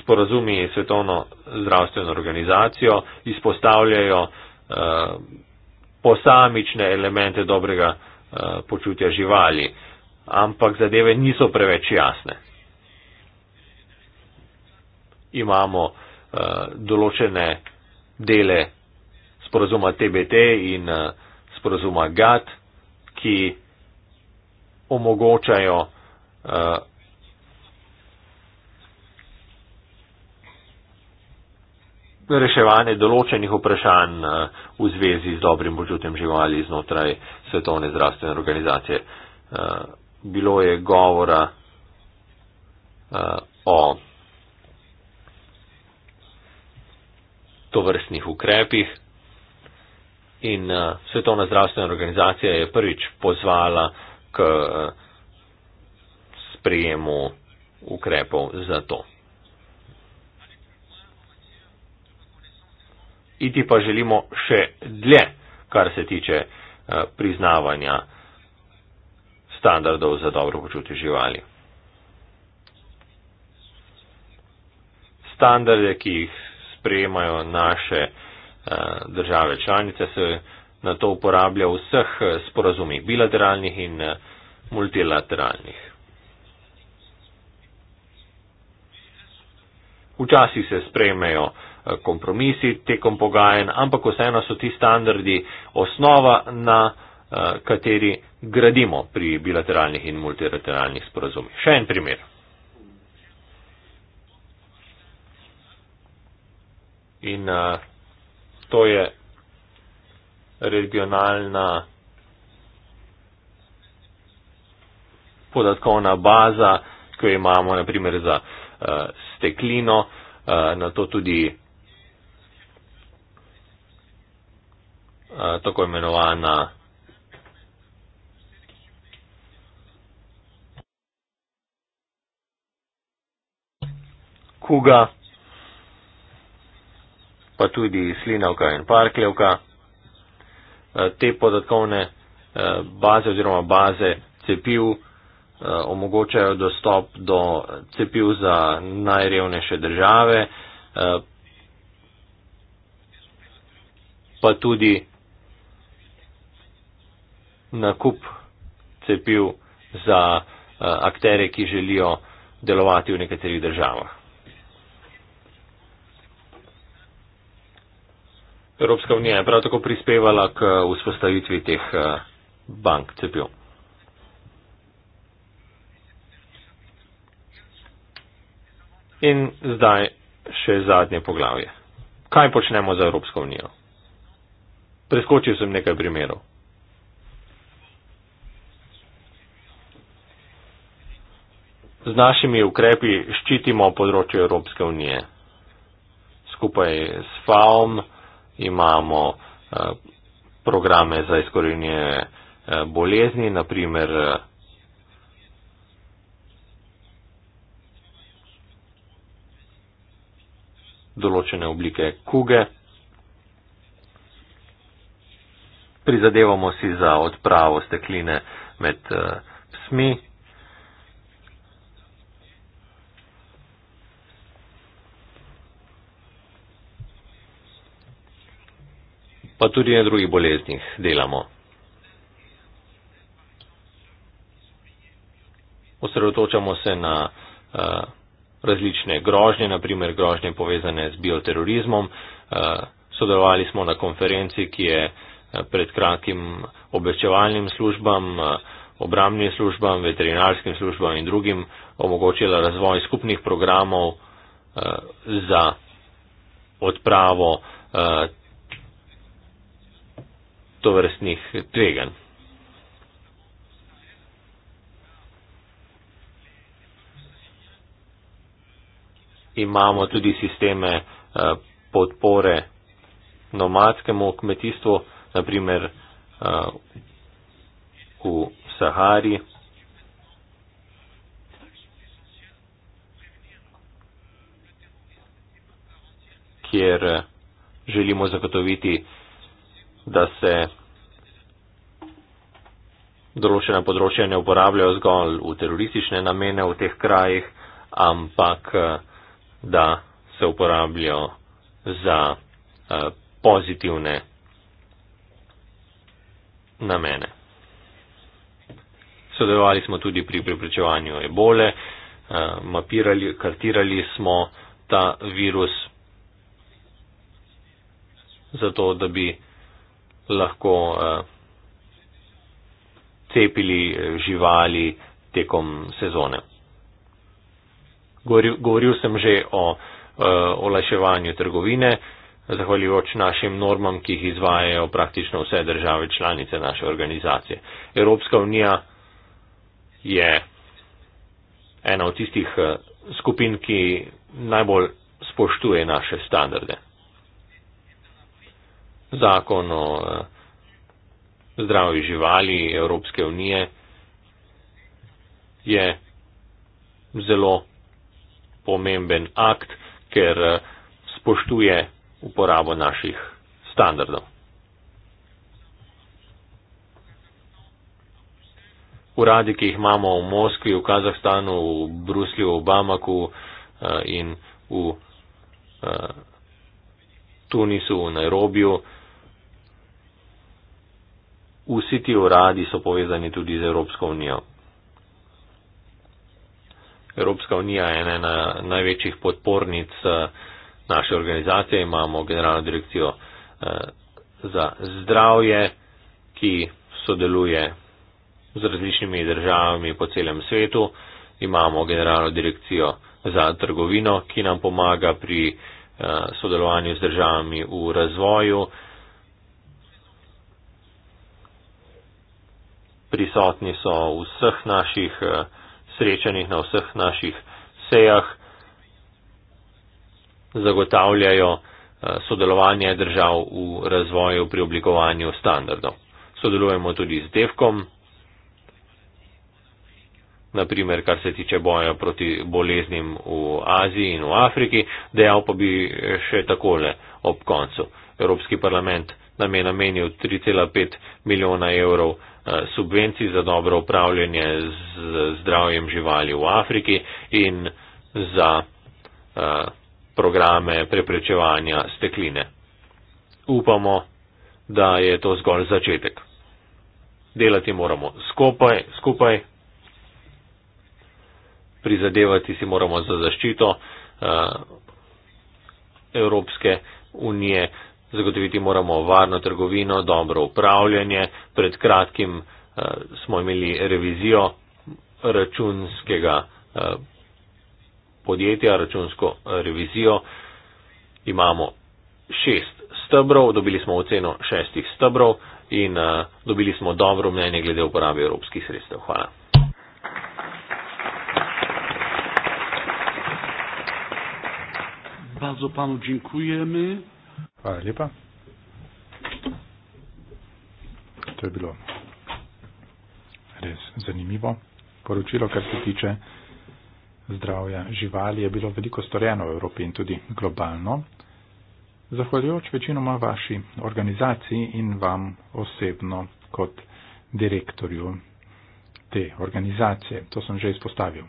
Sporazumi Svetovno zdravstveno organizacijo izpostavljajo posamične elemente dobrega počutja živali ampak zadeve niso preveč jasne. Imamo uh, določene dele sporozuma TBT in uh, eh, sporozuma GAT, ki omogočajo uh, reševanje določenih vprašanj uh, v zvezi z dobrim počutjem živali znotraj Svetovne zdravstvene organizacije. Uh, bilo je govora uh, o tovrstnih ukrepih. In uh, Svetovna zdravstvena organizacija je prvič pozvala k uh, sprejemu ukrepov za to. Iti pa želimo še dlje, kar se tiče uh, priznavanja uh, standardov za dobro počutje živali. Standarde, ki jih sprejemajo naše eh, države članice, se na to uporablja v vseh eh, sporazumih, bilateralnih in eh, multilateralnih. Včasih se sprejmejo kompromisi tekom pogajanj, ampak vseeno so ti standardi osnova na Eh, kateri gradimo pri bilateralnih in multilateralnih sporazumih. Še en primer. In eh, to je regionalna podatkovna baza, ki jo imamo naprimer za eh, steklino, na to tudi tako imenovana kuga, pa tudi slinavka in parkljevka. Eh, te podatkovne eh, baze oziroma baze cepiv eh, omogočajo dostop do cepiv za najrevnejše države, pa tudi nakup cepiv za akterje, ki želijo delovati v nekaterih državah. Evropska unija je prav tako prispevala k eh, vzpostavitvi teh eh, bank cepiv. In zdaj še zadnje poglavje. Kaj počnemo za Evropsko unijo? Preskočil sem nekaj primerov. Z našimi ukrepi ščitimo področje Evropske unije. Skupaj s FAOM imamo eh, programe za izkorenje eh, bolezni, naprimer eh, določene oblike kuge. Prizadevamo si za odpravo stekline med psmi. Uh, pa tudi na drugih boleznih delamo. Osredotočamo se na uh, različne grožnje, naprimer grožnje povezane z bioterorizmom. Uh, sodelovali smo na konferenci, ki je eh, pred kratkim obveščevalnim službam, uh, obramnim službam, veterinarskim službam in drugim omogočila razvoj skupnih programov uh, za odpravo uh, to vrstnih tveganj. Imamo tudi sisteme eh, podpore nomadskemu kmetijstvu, naprimer eh, v Sahari. kjer eh, želimo zagotoviti da se določena področja ne uporabljajo zgolj v teroristične namene v teh krajih, ampak eh, da se uporabljajo za eh, pozitivne namene. Sodelovali smo tudi pri preprečevanju ebole, eh, mapirali, kartirali smo ta virus zato, da bi lahko eh, cepili eh, živali tekom sezone. Govoril, govoril sem že o eh, olaševanju trgovine, zahvaljujoč našim normam, ki jih izvajajo praktično vse države članice naše organizacije. Evropska unija je ena od tistih skupin, ki najbolj spoštuje naše standarde zakon o eh, zdravju živali Evropske unije je zelo pomemben akt, ker eh, spoštuje uporabo naših standardov. Uradi, ki jih imamo v Moskvi, v Kazahstanu, v Bruslju, v Bamaku eh, in v Tunisu, v Nairobiju, Vsi ti uradi so povezani tudi z Evropsko unijo. Evropska unija je ena največjih podpornic eh, naše organizacije. Imamo generalno direkcijo eh, za zdravje, ki sodeluje z različnimi državami po celem svetu. Imamo generalno direkcijo za trgovino, ki nam pomaga pri eh, sodelovanju z državami v razvoju. prisotni so v vseh naših eh, srečanjih, na vseh naših sejah, zagotavljajo eh, sodelovanje držav v razvoju pri oblikovanju standardov. Sodelujemo tudi z DEVKOM, naprimer kar se tiče boja proti boleznim v Aziji in v Afriki, dejal pa bi še takole ob koncu. Evropski parlament nam je namenil 3,5 milijona evrov Eh, subvencij za dobro upravljanje z zdravjem živali v Afriki in za eh, programe preprečevanja stekline. Upamo, da je to zgolj začetek. Delati moramo skupaj, skupaj. prizadevati si moramo za zaščito uh, Evropske unije, uh, Zagotoviti moramo varno trgovino, dobro upravljanje. Pred kratkim eh, smo imeli revizijo računskega eh, podjetja, računsko eh, revizijo. Imamo šest stebrov, dobili smo oceno šestih stebrov in eh, dobili smo dobro mnenje glede uporabe evropskih sredstev. Hvala. Bardzo panu dziękujemy. Hvala lepa. To je bilo res zanimivo poročilo, kar se tiče zdravja živali. Je bilo veliko storjeno v Evropi in tudi globalno. Zahvaljujoč večinoma vaši organizaciji in vam osebno kot direktorju te organizacije. To sem že izpostavil.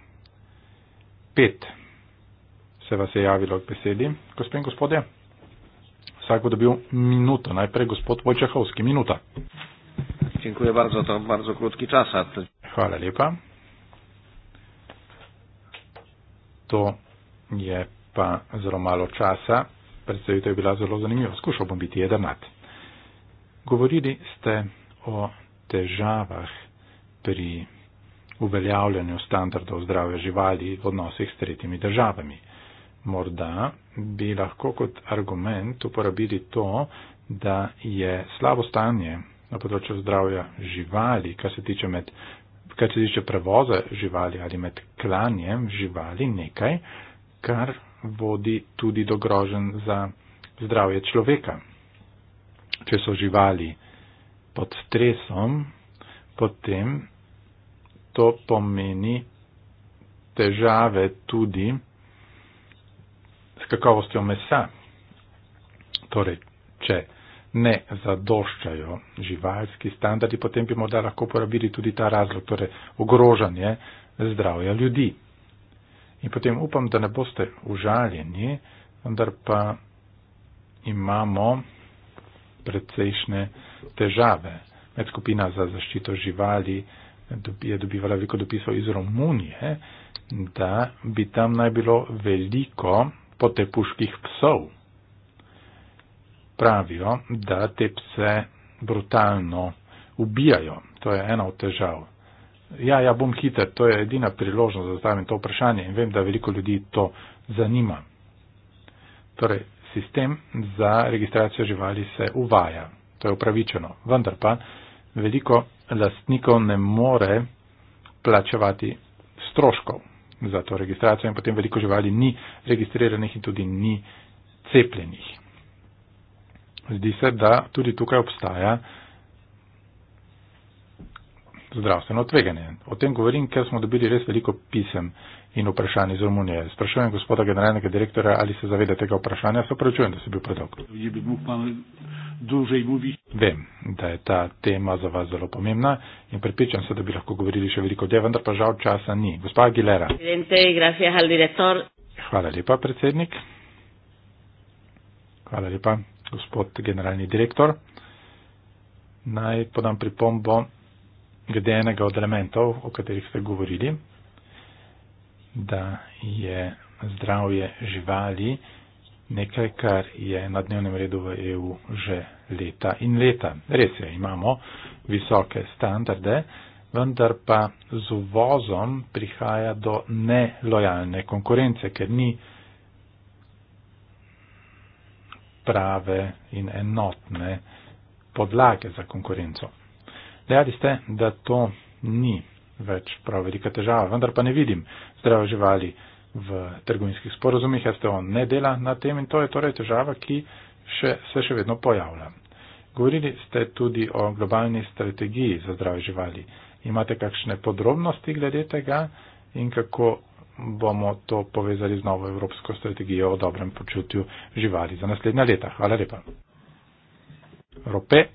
Pet se vas je javilo k besedi. Gospod in gospodje vsak bo dobil minuto. Najprej gospod Vojčehovski, minuta. Dziękuję bardzo, to bardzo krótki czas. Hvala lepa. To je pa zelo malo časa. Predstavitev je bila zelo zanimiva. Skušal bom biti jedrnat. Govorili ste o težavah pri uveljavljanju standardov zdrave živali v odnosih s tretjimi državami morda bi lahko kot argument uporabili to, da je slabo stanje na področju zdravja živali, kar se tiče, med, kar se tiče prevoza živali ali med klanjem živali nekaj, kar vodi tudi do grožen za zdravje človeka. Če so živali pod stresom, potem to pomeni težave tudi, kakovostjo mesa. Torej, če ne zadoščajo živalski standardi, potem bi morda lahko uporabili tudi ta razlog, torej ogrožanje zdravja ljudi. In potem upam, da ne boste užaljeni, vendar pa imamo precejšne težave. Medskupina za zaščito živali je dobivala veliko dopisov iz Romunije, da bi tam naj bilo veliko potepuških psov. Pravijo, da te pse brutalno ubijajo. To je ena od težav. Ja, ja bom hiter, to je edina priložnost, da zastavim to vprašanje in vem, da veliko ljudi to zanima. Torej, sistem za registracijo živali se uvaja. To je upravičeno. Vendar pa veliko lastnikov ne more plačevati stroškov za to registracijo in potem veliko živali ni registriranih in tudi ni cepljenih. Zdi se, da tudi tukaj obstaja uh, zdravstveno tveganje. O tem govorim, ker smo dobili res veliko pisem in vprašanj iz Romunije. Sprašujem gospoda generalnega direktora, ali se zavede tega vprašanja. Se pravičujem, da se bi predolg. Vem, da je ta tema za vas zelo pomembna in pripričam se, da bi lahko govorili še veliko dlje, vendar pa žal časa ni. Gospa Aguilera. Hvala lepa, predsednik. Hvala lepa, gospod generalni direktor. Naj podam pripombo glede enega od elementov, o katerih ste govorili, da je zdravje živali nekaj, kar je na dnevnem redu v EU že leta in leta. Res je, imamo visoke standarde, vendar pa z uvozom prihaja do nelojalne konkurence, ker ni prave in enotne podlage za konkurenco. Dejali ste, da to ni več prav velika težava, vendar pa ne vidim zdrave živali v trgovinskih sporozumih, jaz te on ne dela na tem in to je torej težava, ki še, se še vedno pojavlja. Govorili ste tudi o globalni strategiji za zdrave živali. Imate kakšne podrobnosti glede tega in kako bomo to povezali z novo evropsko strategijo o dobrem počutju živali za naslednja leta? Hvala lepa. Rope.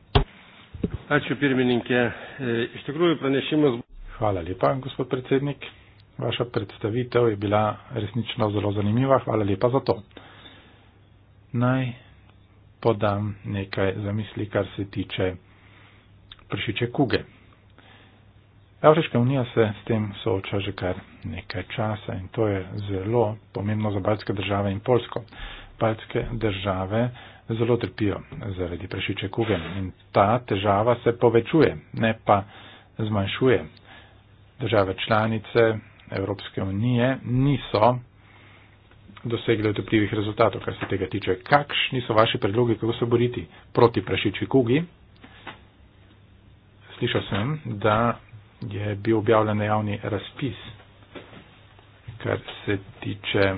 Ačiū pirmininkė. E, iš tikrųjų pranešimas. Hvala lepa, gospod predsednik. Vaša predstavitev je bila resnično zelo zanimiva. Hvala lepa za to. Naj podam nekaj zamisli, kar se tiče pršiče kuge. Evropska unija se s tem sooča že kar nekaj časa in to je zelo pomembno za baltske države in polsko. Baltske države zelo trpijo zaradi prašiče kuge in ta težava se povečuje, ne pa zmanjšuje. Države članice Evropske unije niso dosegle utopljivih rezultatov, kar se tega tiče. Kakšni so vaši predlogi, kako se boriti proti prašiči kugi? Slišal sem, da je bil objavljen javni razpis, kar se tiče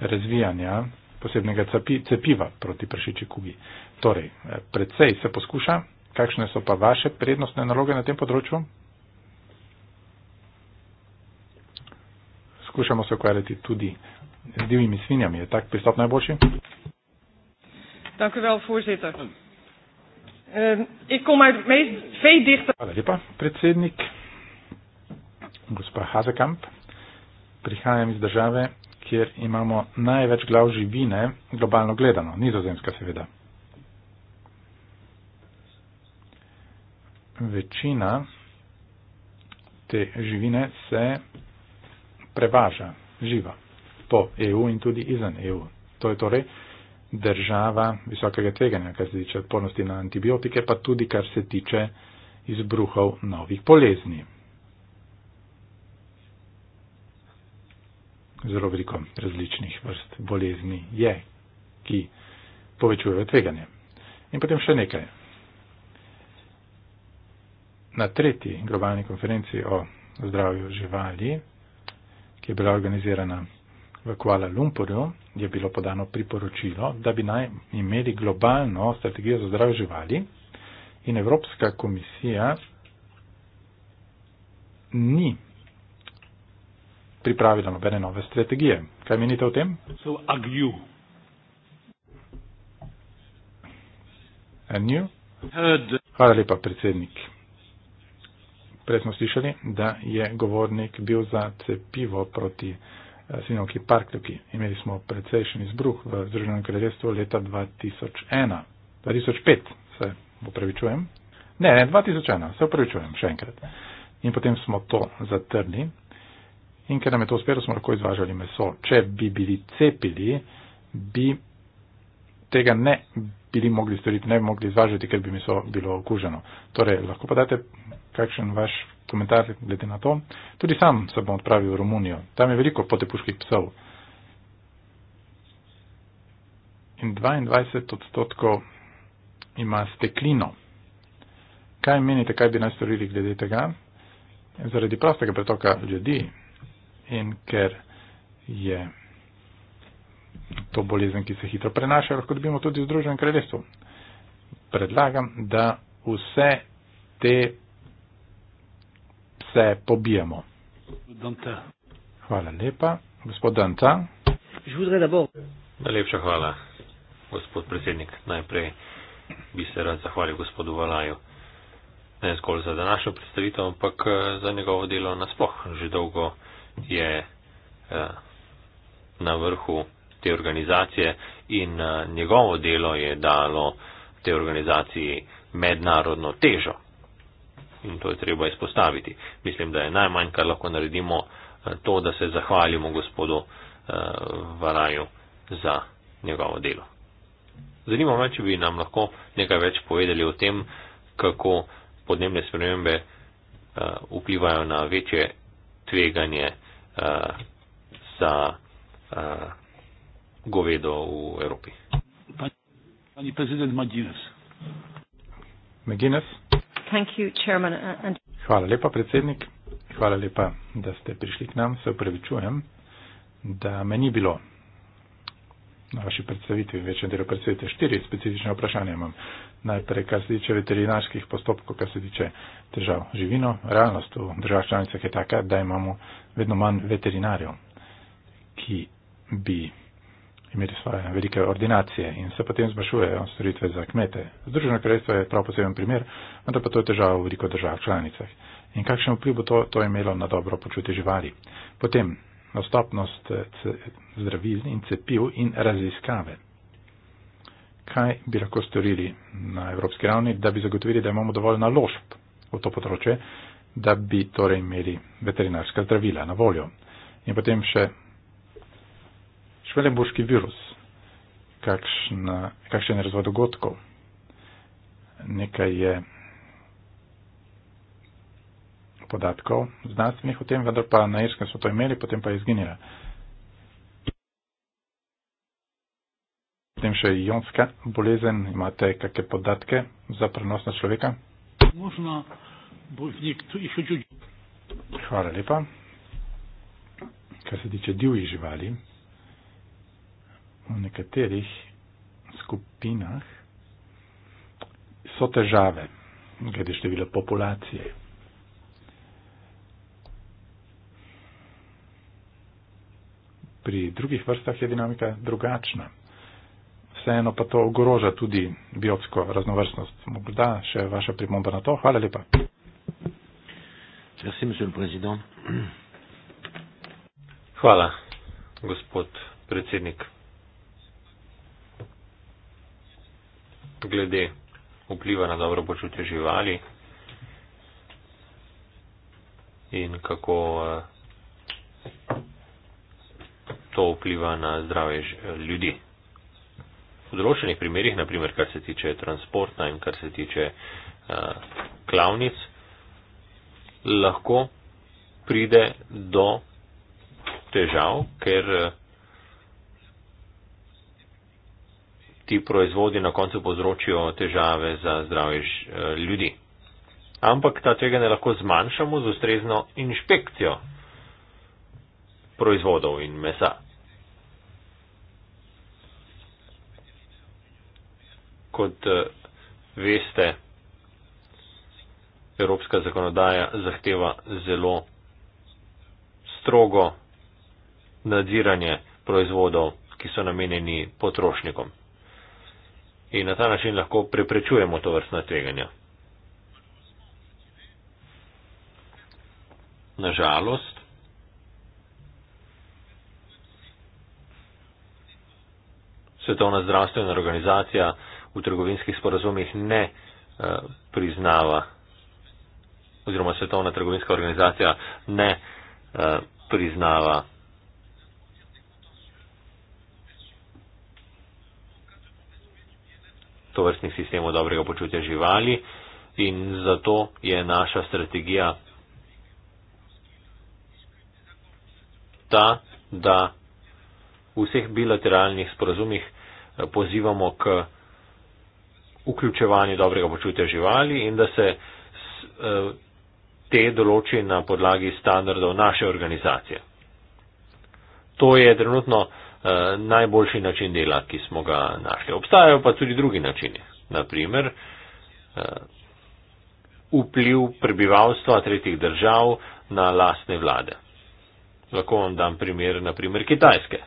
razvijanja posebnega cepiva proti pršiči kugi. Torej, eh, predvsej se poskuša, kakšne so pa vaše prednostne naloge na tem področju? Skušamo se ukvarjati tudi z divjimi svinjami. Je tak pristop najboljši? Dank u wel, voorzitter. Uh, ik kom uit meest veedichte... Hvala lepa, predsednik. Gospa Hazekamp. Prihajam iz države, kjer imamo največ glav živine, globalno gledano, nizozemska seveda. Večina te živine se prevaža živa po EU in tudi izven EU. To je torej država visokega tveganja, kar se tiče odpornosti na antibiotike, pa tudi kar se tiče izbruhov novih bolezni. zelo veliko različnih vrst bolezni je, ki povečujejo tveganje. In potem še nekaj. Na tretji globalni konferenci o zdravju živali, ki je bila organizirana v Kuala Lumpurju, je bilo podano priporočilo, da bi naj imeli globalno strategijo za zdravje živali in Evropska komisija ni pripravila nobene nove strategije. Kaj menite o tem? So agiju. Hvala lepa, predsednik. Prej smo slišali, da je govornik bil za cepivo proti eh, sinovki parkljuki. Imeli smo precejšen izbruh v Združenem kraljestvu leta 2001. 2005 se upravičujem. Ne, ne, 2001 se upravičujem še enkrat. In potem smo to zatrli in ker nam je to uspelo, smo lahko izvažali meso. Če bi bili cepili, bi tega ne bili mogli storiti, ne bi mogli izvažati, ker bi meso bilo okuženo. Torej, lahko pa date kakšen vaš komentar glede na to. Tudi sam se bom odpravil v Romunijo. Tam je veliko potepuških psov. In 22 odstotkov ima steklino. Kaj menite, kaj bi naj storili glede tega? Zaradi prostega pretoka ljudi, in ker je to bolezen, ki se hitro prenaša, lahko dobimo tudi v Združenem kraljestvu. Predlagam, da vse te pse pobijemo. Dante. Hvala lepa, gospod Danta. Najlepša hvala, gospod predsednik. Najprej bi se rad zahvalil gospodu Valaju. Ne zgolj za današnjo predstavitev, ampak eh, za njegovo delo nasploh. Že dolgo je eh, na vrhu te organizacije in eh, njegovo delo je dalo te organizaciji mednarodno težo. In to je treba izpostaviti. Mislim, da je najmanj, kar lahko naredimo, eh, to, da se zahvalimo gospodu Varaju za njegovo delo. Zanima me, če bi nam lahko nekaj več povedali o tem, kako podnebne spremembe vplivajo na večje tveganje Eh, za uh, govedo v Evropi. Pani prezident Maginas. Maginas. Uh, Hvala lepa, predsednik. Hvala lepa, da ste prišli k nam. Se upravičujem, da me ni bilo na vaši predstavitvi, večjem delu predstavitve. Štiri specifične vprašanja imam najprej, kar se tiče veterinarskih postopkov, kar se tiče težav živino. Realnost v državah članicah je taka, da imamo vedno manj veterinarjev, ki bi imeli svoje velike ordinacije in se potem zmašujejo storitve za kmete. Združeno kraljestvo je prav poseben primer, vendar pa to je težava v veliko državah članicah. In kakšen vpliv bo to, to imelo na dobro počutje živali? Potem, dostopnost eh, zdravil in cepiv in raziskave kaj bi lahko storili na evropski ravni, da bi zagotovili, da imamo dovolj naložb v to področje, da bi torej imeli veterinarska zdravila na voljo. In potem še švelenburški virus, kakšna, kakšen je razvoj dogodkov. Nekaj je podatkov znanstvenih o tem, vendar pa na Irskem so to imeli, potem pa je izginila. Potem še ionska bolezen. Imate kakšne podatke za prenos na človeka? Možno bolznik tudi še čudi. Hvala lepa. Kar se tiče divjih živali, v nekaterih skupinah so težave glede števila populacije. Pri drugih vrstah je dinamika drugačna vseeno pa to ogroža tudi biotsko raznovrstnost. Morda še vaša primomba na to. Hvala lepa. Hvala, gospod predsednik. Glede vpliva na dobro počutje živali in kako eh, to vpliva na zdravje ljudi določenih primerjih, naprimer kar se tiče transporta in kar se tiče uh, klavnic, lahko pride do težav, ker eh, ti proizvodi na koncu povzročijo težave za zdravje uh, ljudi. Ampak ta tveganja lahko zmanjšamo z ustrezno inšpekcijo proizvodov in mesa. kot eh, veste, evropska zakonodaja zahteva zelo strogo nadziranje proizvodov, ki so namenjeni potrošnikom. In na ta način lahko preprečujemo to vrstna tveganja. Nažalost, Svetovna zdravstvena organizacija v trgovinskih sporazumih ne eh, priznava oziroma Svetovna trgovinska organizacija ne eh, priznava tovrstnih sistemov dobrega počutja živali in zato je naša strategija ta, da v vseh bilateralnih sporazumih eh, pozivamo k vključevanje dobrega počutja živali in da se eh, te določi na podlagi standardov naše organizacije. To je trenutno eh, najboljši način dela, ki smo ga našli. Obstajajo pa tudi drugi načini. Naprimer, eh, vpliv prebivalstva tretjih držav na lastne vlade. Lahko vam dam primer, naprimer, Kitajske.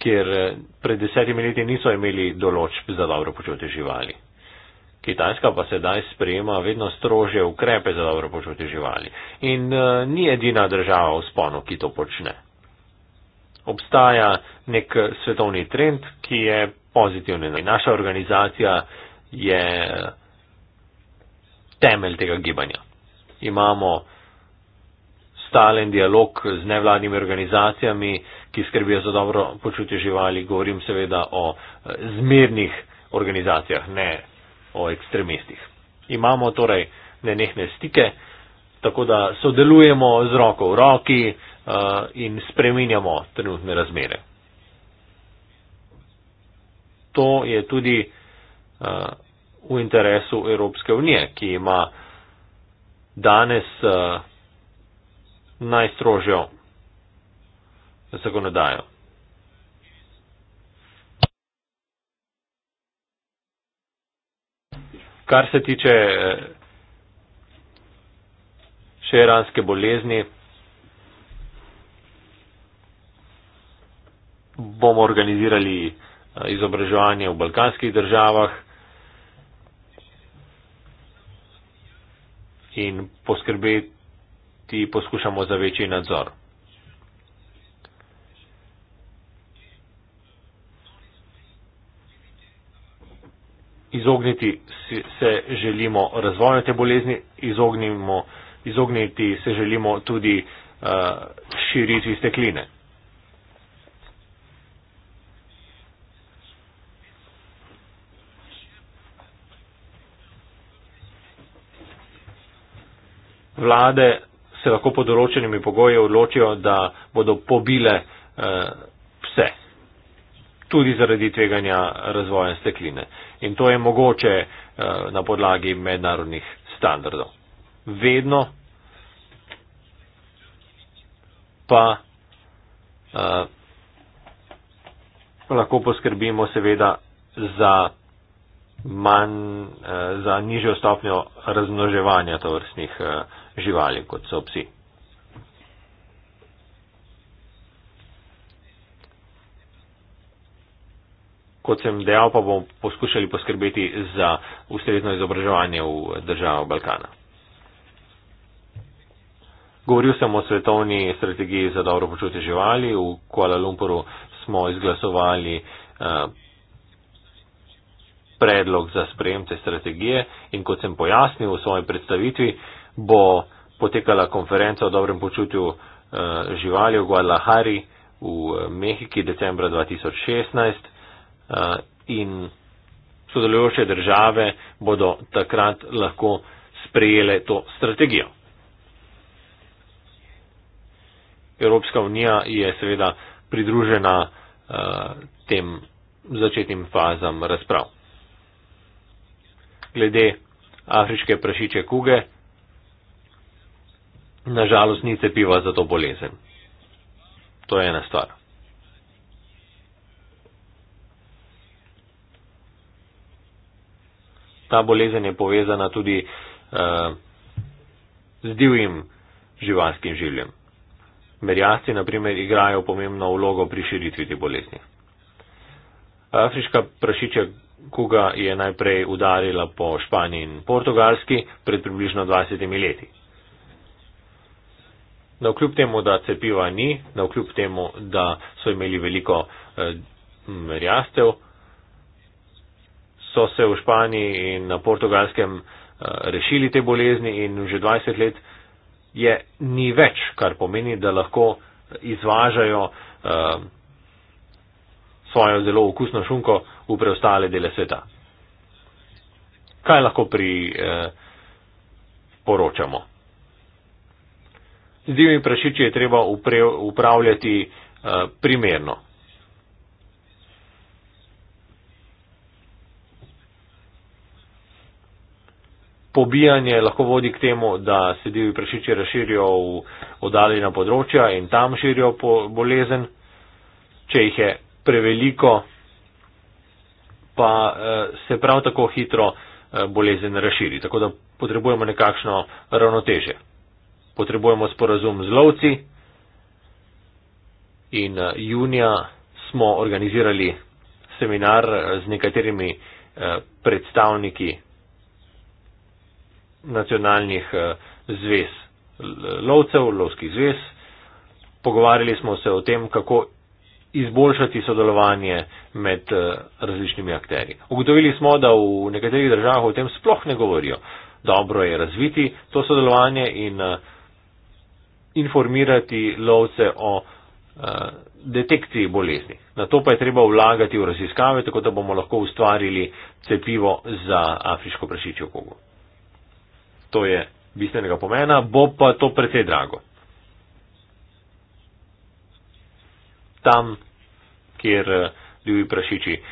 kjer eh, pred desetimi leti niso imeli določb za dobro počutje živali. Kitajska pa sedaj sprejema vedno strožje ukrepe za dobro počutje živali in uh, ni edina država v sponu, ki to počne. Obstaja nek eh, svetovni trend, ki je pozitivni. Naša organizacija je temelj tega gibanja. Imamo stalen dialog z nevladnimi organizacijami, uh, ki skrbijo za dobro počutje živali. Govorim seveda o eh, zmernih organizacijah, ne o ekstremistih. Imamo torej nenehne stike, tako da sodelujemo z roko v roki eh, in spreminjamo trenutne razmere. To je tudi eh, v interesu Evropske unije, ki ima danes najstrožjo zakonodajo. Kar se tiče eh, še iranske bolezni, bomo organizirali eh, izobraževanje v balkanskih državah in poskrbeti poskušamo za večji nadzor. izogniti se želimo razvoju te bolezni, izognimo, izogniti se želimo tudi uh, širitvi stekline. Vlade se lahko pod določenimi pogoji odločijo, da bodo pobile uh, pse tudi zaradi tveganja razvoja stekline. In to je mogoče eh, na podlagi mednarodnih standardov. Vedno pa uh, lahko poskrbimo seveda za, manj, uh, za nižjo stopnjo razmnoževanja tovrstnih uh, živali, kot so psi. kot sem dejal, pa bomo poskušali poskrbeti za ustrezno izobraževanje v državah Balkana. Govoril sem o svetovni strategiji za dobro počutje živali. V Kuala Lumpuru smo izglasovali eh, predlog za sprejem te strategije in kot sem pojasnil v svoji predstavitvi, bo potekala konferenca o dobrem počutju eh, živali v Guadalajari v eh, Mehiki decembra 2016. Eh, in sodelujoče države bodo takrat lahko sprejele to strategijo. Evropska unija je seveda pridružena eh, tem začetnim fazam razprav. Glede afriške prašiče kuge, nažalost ni cepiva za to bolezen. To je ena stvar. ta bolezen je povezana tudi uh, z divjim živalskim življem. Merjasci, na primer, igrajo pomembno vlogo pri širitvi te bolezni. Afriška prašiča kuga je najprej udarila po Španiji in Portugalski pred približno 20 leti. Na vkljub temu, da cepiva ni, na vkljub temu, da so imeli veliko eh, merjastev, so se v Španiji in na portugalskem eh, rešili te bolezni in že 20 let je ni več, kar pomeni, da lahko izvažajo eh, svojo zelo okusno šunko v preostale dele sveta. Kaj lahko priporočamo? Eh, Z divjimi prašiči je treba upravljati primerno. pobijanje lahko vodi k temu, da se divji prašiči razširijo v oddaljena področja in tam širijo bolezen, če jih je preveliko, pa eh, se prav tako hitro eh, bolezen razširi. Tako da potrebujemo nekakšno ravnoteže. Potrebujemo sporazum z lovci in eh, junija smo organizirali seminar z nekaterimi predstavniki nacionalnih eh, zvez lovcev, lovskih zvez. Pogovarjali smo se o tem, kako izboljšati sodelovanje med eh, različnimi akteri. Ugotovili smo, da v nekaterih državah o tem sploh ne govorijo. Dobro je razviti to sodelovanje in eh, informirati lovce o detekciji bolezni. Na to pa je treba vlagati v raziskave, tako da bomo lahko ustvarili cepivo za afriško prašičjo kugo to je bistvenega pomena, bo pa to precej drago. Tam, kjer divji eh, prašiči eh,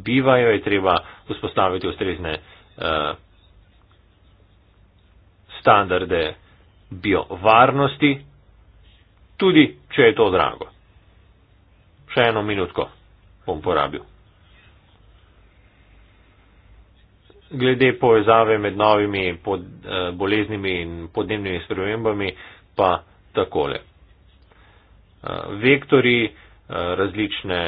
bivajo, je treba vzpostaviti ustrezne eh, standarde biovarnosti, tudi če je to drago. Še eno minutko bom porabil. glede povezave med novimi pod, eh, boleznimi in podnebnimi spremembami pa takole. Eh, vektori, eh, različne,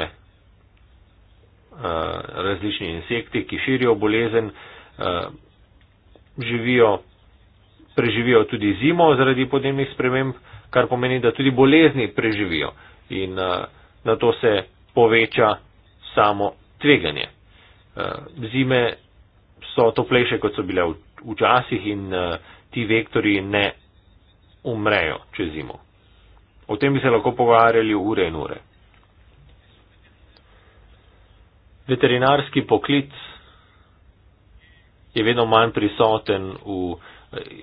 eh, različni insekti, ki širijo bolezen, eh, živijo, preživijo tudi zimo zaradi podnebnih sprememb, kar pomeni, da tudi bolezni preživijo in eh, na to se poveča samo tveganje. Eh, zime so toplejše, kot so bile v, včasih in uh, ti vektori ne umrejo čez zimo. O tem bi se lahko pogovarjali ure in ure. Veterinarski poklic je vedno manj prisoten v eh,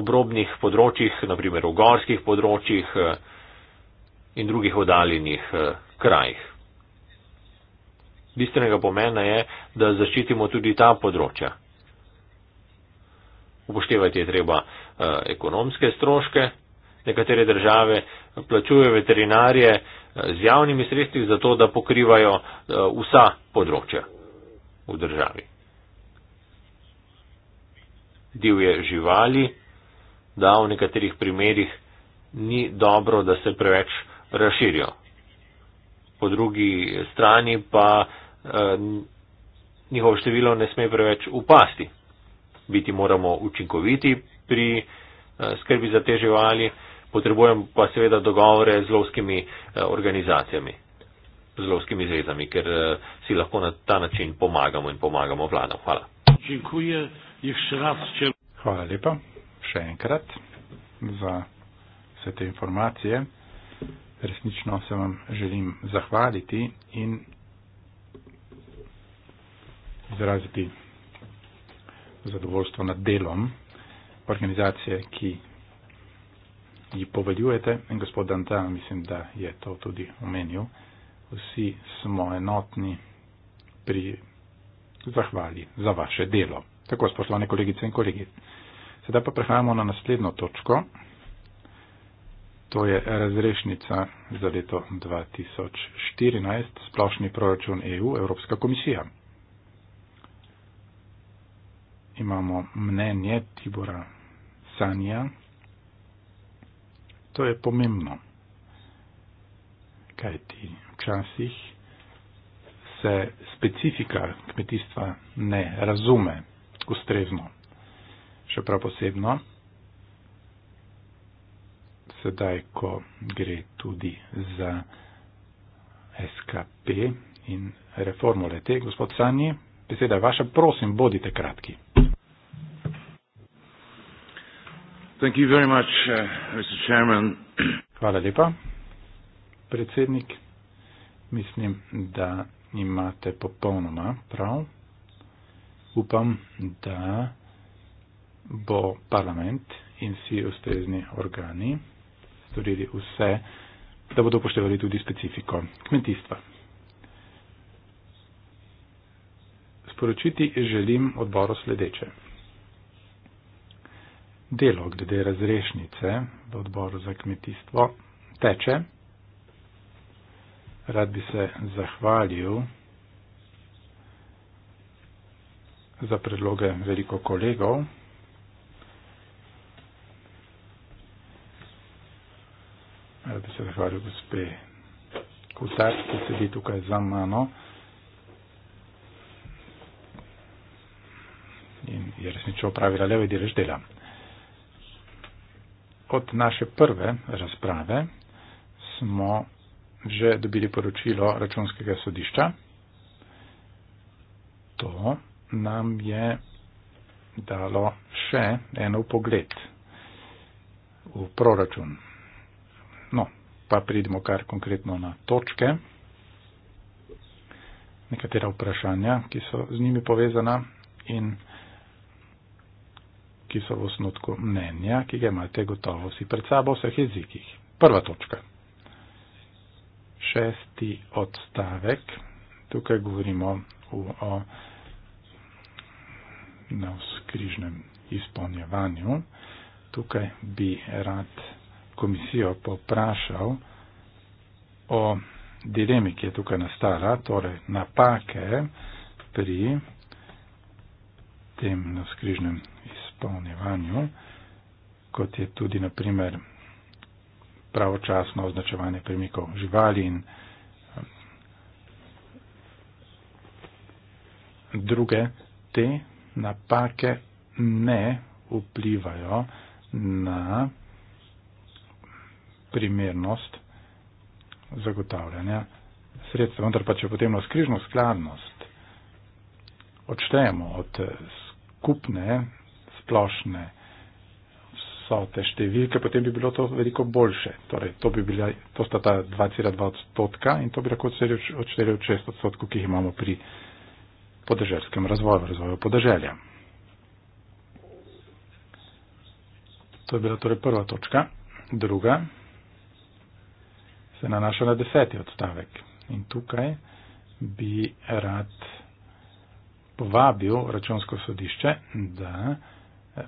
obrobnih področjih, naprimer v gorskih področjih eh, in drugih odaljenih krajih. Bistvenega pomena je, da zaščitimo tudi ta področja. Upoštevati je treba eh, ekonomske stroške. Nekatere države plačujejo veterinarje eh, z javnimi sredstvi za to, da pokrivajo eh, vsa področja v državi. Divje živali, da v nekaterih primerjih ni dobro, da se preveč razširijo. Po drugi strani pa Eh, njihovo število ne sme preveč upasti. Biti moramo učinkoviti pri eh, skrbi za te živali, potrebujem pa seveda dogovore z lovskimi eh, organizacijami, z lovskimi zvezami, ker si lahko na ta način pomagamo in pomagamo vladam. Hvala. Hvala lepa še enkrat za vse te informacije. Resnično se vam želim zahvaliti in izraziti zadovoljstvo nad delom organizacije, ki ji poveljujete. In gospod Dantan, mislim, da je to tudi omenil. Vsi smo enotni pri zahvali za vaše delo. Tako, spoštovane kolegice in kolegi. Sedaj pa prehajamo na naslednjo točko. To je razrešnica za leto 2014, splošni proračun EU, Evropska komisija imamo mnenje Tibora Sanja. To je pomembno, kaj ti včasih se specifika kmetijstva ne razume ustrezno. Še prav posebno, sedaj, ko gre tudi za SKP in reformo lete, gospod Sanji, beseda je vaša, prosim, bodite kratki. Thank you very much, uh, Mr. Chairman. Hvala lepa, predsednik. Mislim, da imate popolnoma prav. Upam, da bo parlament in vsi ustrezni organi storili vse, da bodo upoštevali tudi specifiko kmetijstva. Sporočiti želim odboru sledeče delo glede razrešnice v odboru za kmetijstvo teče. Rad bi se zahvalil za predloge veliko kolegov. Rad bi se zahvalil gospe Kutar, ki sedi tukaj za mano. In je resnično opravila levi delež dela od naše prve razprave smo že dobili poročilo računskega sodišča. To nam je dalo še eno pogled v proračun. No, pa pridemo kar konkretno na točke, nekatera vprašanja, ki so z njimi povezana in ki so v osnutku mnenja, ki ga imate gotovo si pred sabo v vseh jezikih. Prva točka. Šesti odstavek. Tukaj govorimo v, o navskrižnem izpolnjevanju. Tukaj bi rad komisijo poprašal o dilemi, ki je tukaj nastala, torej napake pri tem navskrižnem izpolnjevanju izpolnjevanju, kot je tudi naprimer pravočasno označevanje premikov živali in um, druge te napake ne vplivajo na primernost zagotavljanja sredstva. Vendar pa, če potem na skrižno skladnost odštejemo od uh, skupne splošne vsote številke, potem bi bilo to veliko boljše. Torej, to, bi bila, to sta ta 2,2 odstotka in to bi lahko odšteli od 6 odstotkov, ki jih imamo pri podeželskem razvoju, razvoju podeželja. To je bila torej prva točka. Druga se nanaša na deseti odstavek. In tukaj bi rad povabil računsko sodišče, da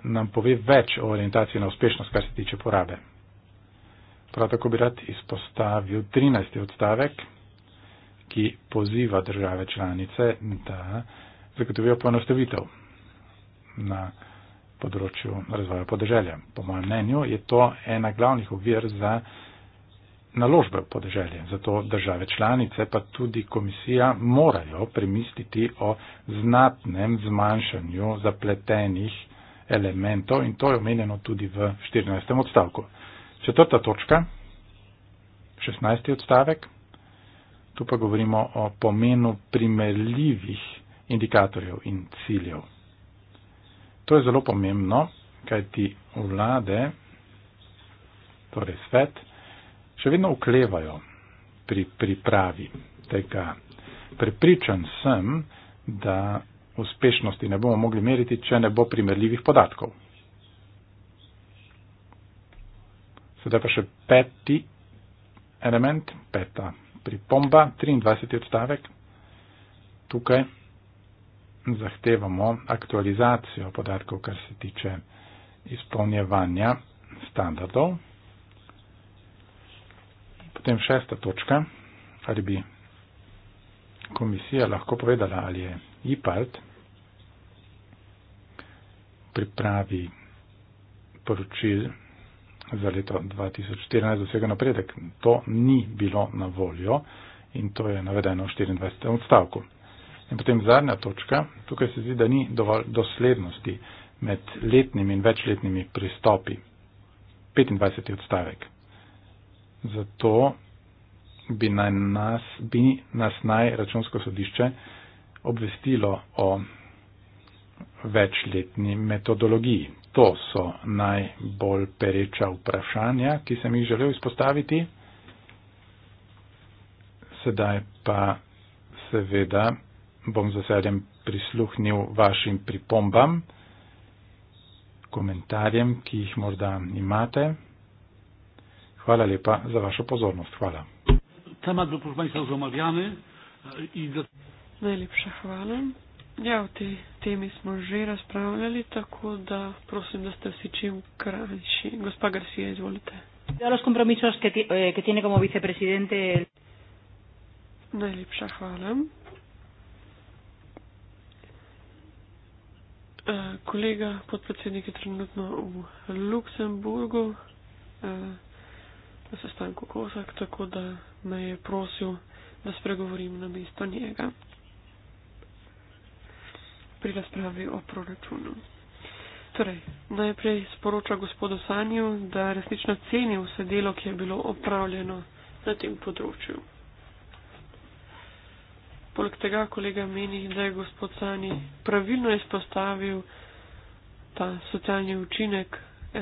nam pove več o orientaciji na uspešnost, kar se tiče porabe. Prav tako bi rad izpostavil 13. odstavek, ki poziva države članice, da zagotovijo poenostavitev na področju razvoja podeželja. Po mojem mnenju je to ena glavnih ovir za naložbe v podeželje. Zato države članice, pa tudi komisija, morajo premisliti o znatnem zmanjšanju zapletenih elementov in to je omenjeno tudi v 14. odstavku. Četrta točka, 16. odstavek, tu pa govorimo o pomenu primerljivih indikatorjev in ciljev. To je zelo pomembno, kajti vlade, torej svet, še vedno uklevajo pri pripravi tega. Prepričan sem, da uspešnosti ne bomo mogli meriti, če ne bo primerljivih podatkov. Sedaj pa še peti element, peta pripomba, 23. odstavek. Tukaj zahtevamo aktualizacijo podatkov, kar se tiče izpolnjevanja standardov. Potem šesta točka, ali bi komisija lahko povedala, ali je IPART pripravi poročil za leto 2014 vsega napredek. To ni bilo na voljo in to je navedeno v 24. odstavku. In potem zadnja točka, tukaj se zdi, da ni dovolj doslednosti med letnimi in večletnimi pristopi. 25. odstavek. Zato bi, naj nas, bi nas naj računsko sodišče obvestilo o večletni metodologiji. To so najbolj pereča vprašanja, ki sem jih želel izpostaviti. Sedaj pa seveda bom z veseljem prisluhnil vašim pripombam, komentarjem, ki jih morda imate. Hvala lepa za vašo pozornost. Hvala. Najlepša hvala. Ja, o tej temi smo že razpravljali, tako da prosim, da ste vsi čim krajši. Gospa Garcia, izvolite. Eh, Najlepša hvala. Eh, kolega podpredsednik je trenutno v Luksemburgu eh, na sestanku Kosak, tako da me je prosil, da spregovorim na mesto njega pri razpravi o proračunu. Torej, najprej sporoča gospodu Sanju, da resnično ceni vse delo, ki je bilo opravljeno na tem področju. Poleg tega kolega meni, da je gospod Sani pravilno izpostavil ta socialni učinek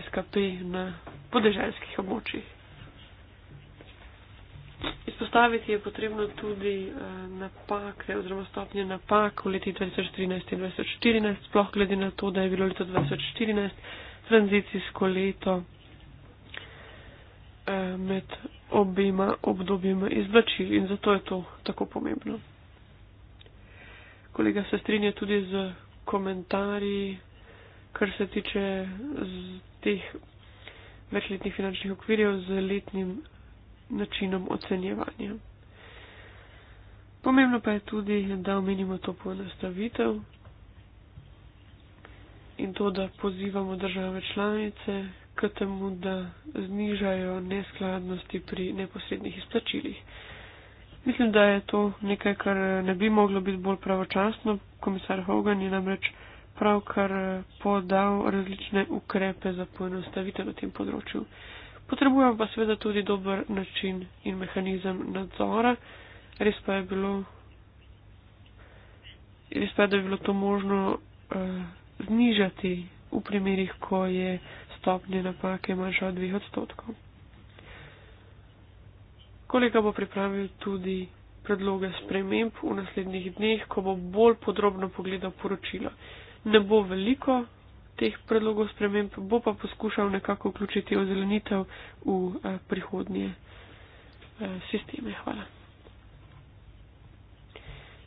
SKP na podeželskih območjih. Izpostaviti je potrebno tudi eh, napake oziroma stopnje napak v letih 2013 in 2014, sploh glede na to, da je bilo leto 2014 tranzicijsko leto eh, med obima obdobjima izplačil in zato je to tako pomembno. Kolega se strinja tudi z komentarji, kar se tiče teh večletnih finančnih okvirjev z letnim načinom ocenjevanja. Pomembno pa je tudi, da omenimo to poenostavitev in to, da pozivamo države članice k temu, da znižajo neskladnosti pri neposrednih izplačilih. Mislim, da je to nekaj, kar ne bi moglo biti bolj pravočasno. Komisar Hogan je namreč pravkar podal različne ukrepe za poenostavitev na tem področju. Potrebujemo pa seveda tudi dober način in mehanizem nadzora. Res pa je bilo, res pa je, da je bilo to možno uh, znižati v primerih, ko je stopnje napake manjša od dveh odstotkov. Kolega bo pripravil tudi predloge sprememb v naslednjih dneh, ko bo bolj podrobno pogledal poročilo. Ne bo veliko, teh predlogov sprememb, bo pa poskušal nekako vključiti ozelenitev v eh, prihodnje eh, sisteme. Hvala.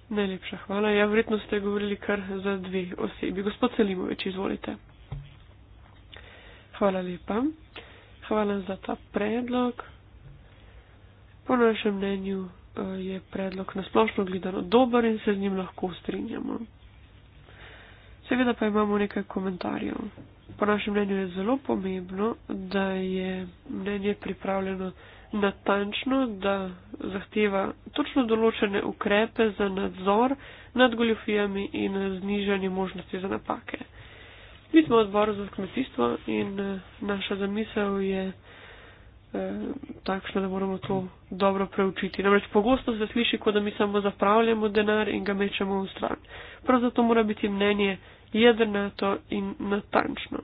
Najlepša hvala. Ja, vredno ste govorili kar za dve osebi. Gospod Selimovič, izvolite. Hvala lepa. Hvala za ta predlog. Po našem mnenju eh, je predlog nasplošno gledano dober in se z njim lahko strinjamo. Seveda pa imamo nekaj komentarjev. Po našem mnenju je zelo pomembno, da je mnenje pripravljeno natančno, da zahteva točno določene ukrepe za nadzor nad goljofijami in znižanje možnosti za napake. Mi smo odbor za kmetijstvo in eh, naša zamisel je eh, takšna, da moramo to dobro preučiti. Namreč pogosto se sliši, kot da mi samo zapravljamo denar in ga mečemo v stran. Prav zato mora biti mnenje jedrnato in natančno.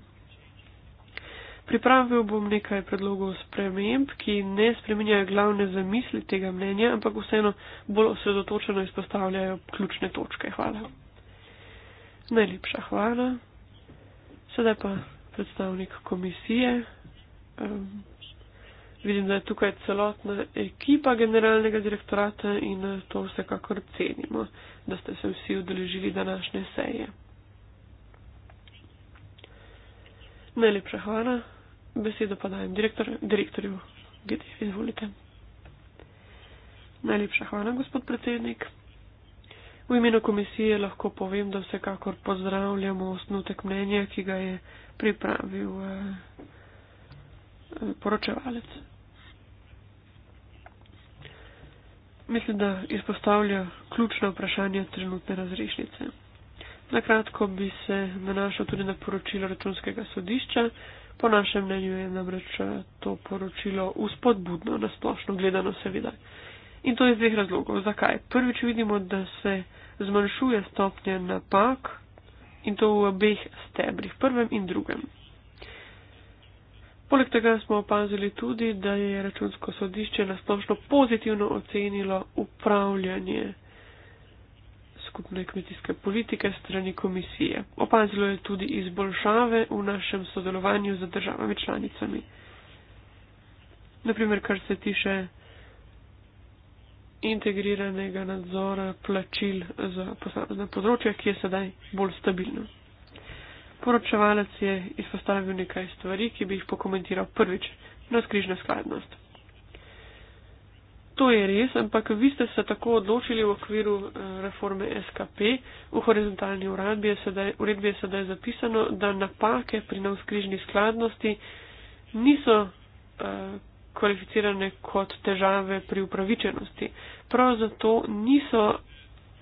Pripravil bom nekaj predlogov sprememb, ki ne spreminjajo glavne zamisli tega mnenja, ampak vseeno bolj osredotočeno izpostavljajo ključne točke. Hvala. Najlepša hvala. Sedaj pa predstavnik komisije. Um, vidim, da je tukaj celotna ekipa generalnega direktorata in to vsekakor cenimo, da ste se vsi udeležili današnje seje. Najlepša hvala. Besedo pa dajem direktor, direktorju GDF. Izvolite. Najlepša hvala, gospod predsednik. V imenu komisije lahko povem, da vsekakor pozdravljamo osnutek mnenja, ki ga je pripravil eh, poročevalec. Mislim, da izpostavlja ključna vprašanja trenutne razrešnice. Nakratko bi se nanašal tudi na poročilo računskega sodišča. Po našem mnenju je namreč eh, to poročilo uspodbudno, nasplošno gledano seveda. In to iz dveh razlogov. Zakaj? Prvič vidimo, da se zmanjšuje stopnje napak in to v obeh stebrih, prvem in drugem. Poleg tega smo opazili tudi, da je računsko sodišče nasplošno pozitivno ocenilo upravljanje skupne kmetijske politike strani komisije. Opazilo je tudi izboljšave v našem sodelovanju z državami članicami. Naprimer, kar se tiše integriranega nadzora plačil za posamezna področja, ki je sedaj bolj stabilno. Poročevalec je izpostavil nekaj stvari, ki bi jih pokomentiral prvič, razkrižna skladnost. To je res, ampak vi ste se tako odločili v okviru eh, reforme SKP. V horizontalni uradbi je sedaj, uredbi je sedaj zapisano, da napake pri navskrižni skladnosti niso uh, kvalificirane kot težave pri upravičenosti. Prav zato niso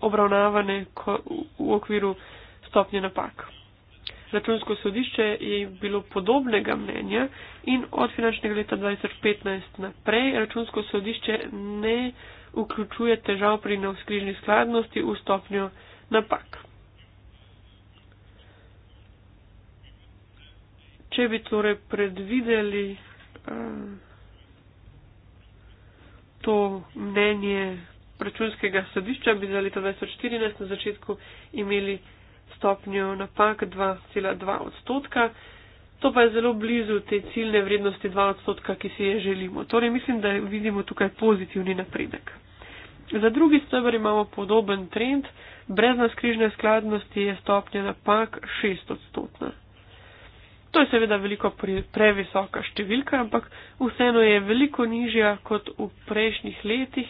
obravnavane ko, v, v okviru stopnje napak. Računsko sodišče je bilo podobnega mnenja in od finančnega leta 2015 naprej računsko sodišče ne vključuje težav pri navskrižni skladnosti v stopnjo napak. Če bi torej predvideli um, to mnenje računskega sodišča, bi za leto 2014 na začetku imeli stopnjo napak 2,2 odstotka. To pa je zelo blizu te ciljne vrednosti 2 odstotka, ki si je želimo. Torej mislim, da vidimo tukaj pozitivni napredek. Za drugi stebr imamo podoben trend, brez naskrižne skladnosti je stopnja napak 6 odstotna. To je seveda veliko pre, previsoka številka, ampak vseeno je veliko nižja kot v prejšnjih letih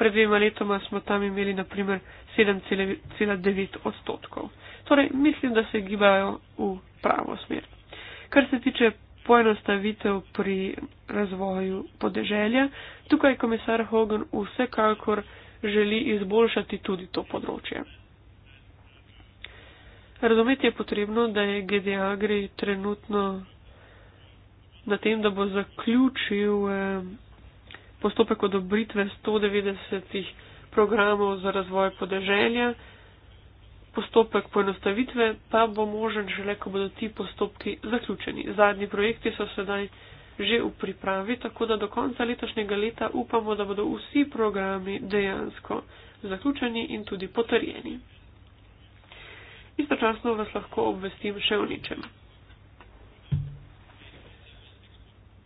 pred dvema letoma smo tam imeli naprimer 7,9 odstotkov. Torej, mislim, da se gibajo v pravo smer. Kar se tiče poenostavitev pri razvoju podeželja, tukaj komisar Hogan vsekakor želi izboljšati tudi to področje. Razumeti je potrebno, da je GDA gre trenutno na tem, da bo zaključil eh, postopek odobritve 190 programov za razvoj podeželja. Postopek poenostavitve pa bo možen šele, ko bodo ti postopki zaključeni. Zadnji projekti so sedaj že v pripravi, tako da do konca letošnjega leta upamo, da bodo vsi programi dejansko zaključeni in tudi potrjeni. Istočasno vas lahko obvestim še o ničem.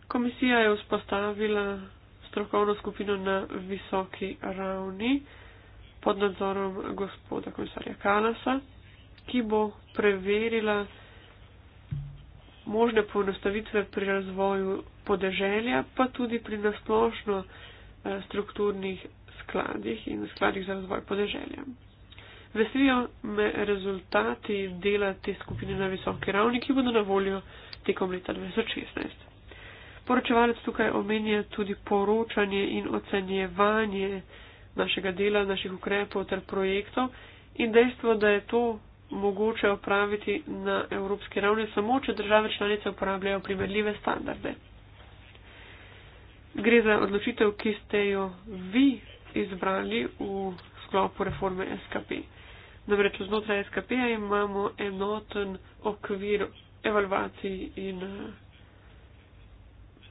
Komisija je vzpostavila strokovno skupino na visoki ravni pod nadzorom gospoda komisarja Kalasa, ki bo preverila možne poenostavitve pri razvoju podeželja, pa tudi pri nasplošno eh, strukturnih skladih in skladih za razvoj podeželja. Veselijo me rezultati dela te skupine na visoki ravni, ki bodo na voljo tekom leta 2016. Poročevalec tukaj omenja tudi poročanje in ocenjevanje našega dela, naših ukrepov ter projektov in dejstvo, da je to mogoče opraviti na evropski ravni samo, če države članice uporabljajo primerljive standarde. Gre za odločitev, ki ste jo vi izbrali v sklopu reforme SKP. Namreč znotraj SKP-ja imamo enoten okvir evalvacij in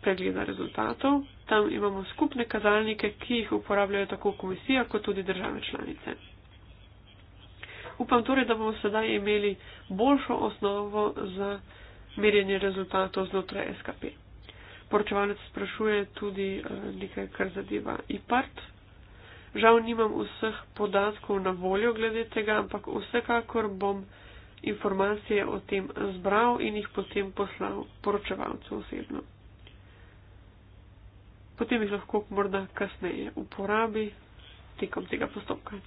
pregleda rezultatov. Tam imamo skupne kazalnike, ki jih uporabljajo tako komisija, kot tudi države članice. Upam torej, da bomo sedaj imeli boljšo osnovo za merjenje rezultatov znotraj SKP. Poročevalec sprašuje tudi eh, nekaj, kar zadeva IPART. Žal nimam vseh podatkov na voljo glede tega, ampak vsekakor bom informacije o tem zbral in jih potem poslal poročevalcu osebno potem jih lahko morda kasneje uporabi tekom tega postopka.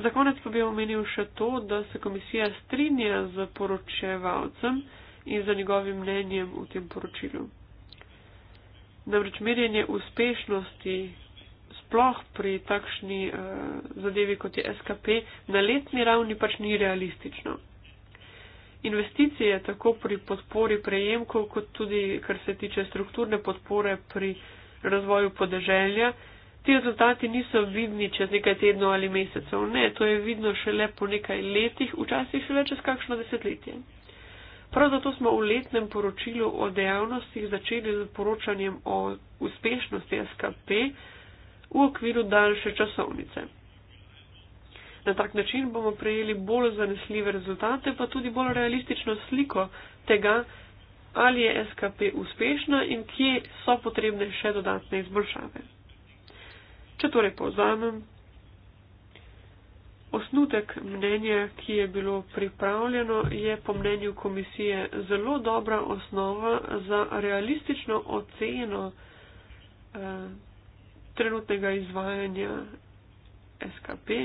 Za konec pa bi omenil še to, da se komisija strinja z poročevalcem in za njegovim mnenjem v tem poročilu. Namreč merjenje uspešnosti sploh pri takšni uh, zadevi kot je SKP na letni ravni pač ni realistično investicije tako pri podpori prejemkov, kot tudi kar se tiče strukturne podpore pri razvoju podeželja. Ti rezultati niso vidni čez nekaj tednov ali mesecev, ne, to je vidno šele po nekaj letih, včasih šele čez kakšno desetletje. Prav zato smo v letnem poročilu o dejavnostih začeli z poročanjem o uspešnosti SKP v okviru daljše časovnice. Na tak način bomo prejeli bolj zanesljive rezultate, pa tudi bolj realistično sliko tega, ali je SKP uspešna in kje so potrebne še dodatne izboljšave. Če torej povzamem, osnutek mnenja, ki je bilo pripravljeno, je po mnenju komisije zelo dobra osnova za realistično oceno eh, trenutnega izvajanja SKP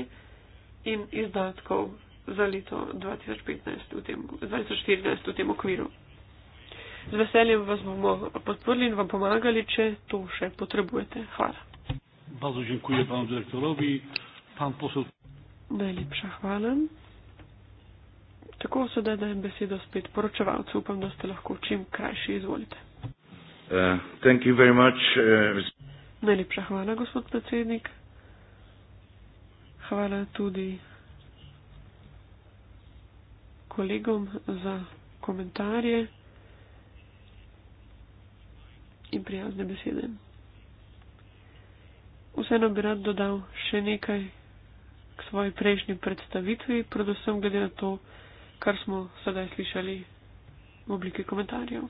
in izdatkov za leto 2015 v tem, 2014 v tem okviru. Z veseljem vas bomo podprli in vam pomagali, če to še potrebujete. Hvala. Bardzo dziękuję panu dyrektorowi. Pan poseł. Najlepsza chwała. Taką osobę dałem besiedo spyt poroczewalcu. Pan dostał lachku czym krajszy i zwolite. Uh, eh, thank you very much. Uh, Najlepsza chwała, gospod predsiednik. Hvala tudi kolegom za komentarje in prijazne besede. Vseeno bi rad dodal še nekaj k svoji prejšnji predstavitvi, predvsem glede na to, kar smo sedaj slišali v obliki komentarjev.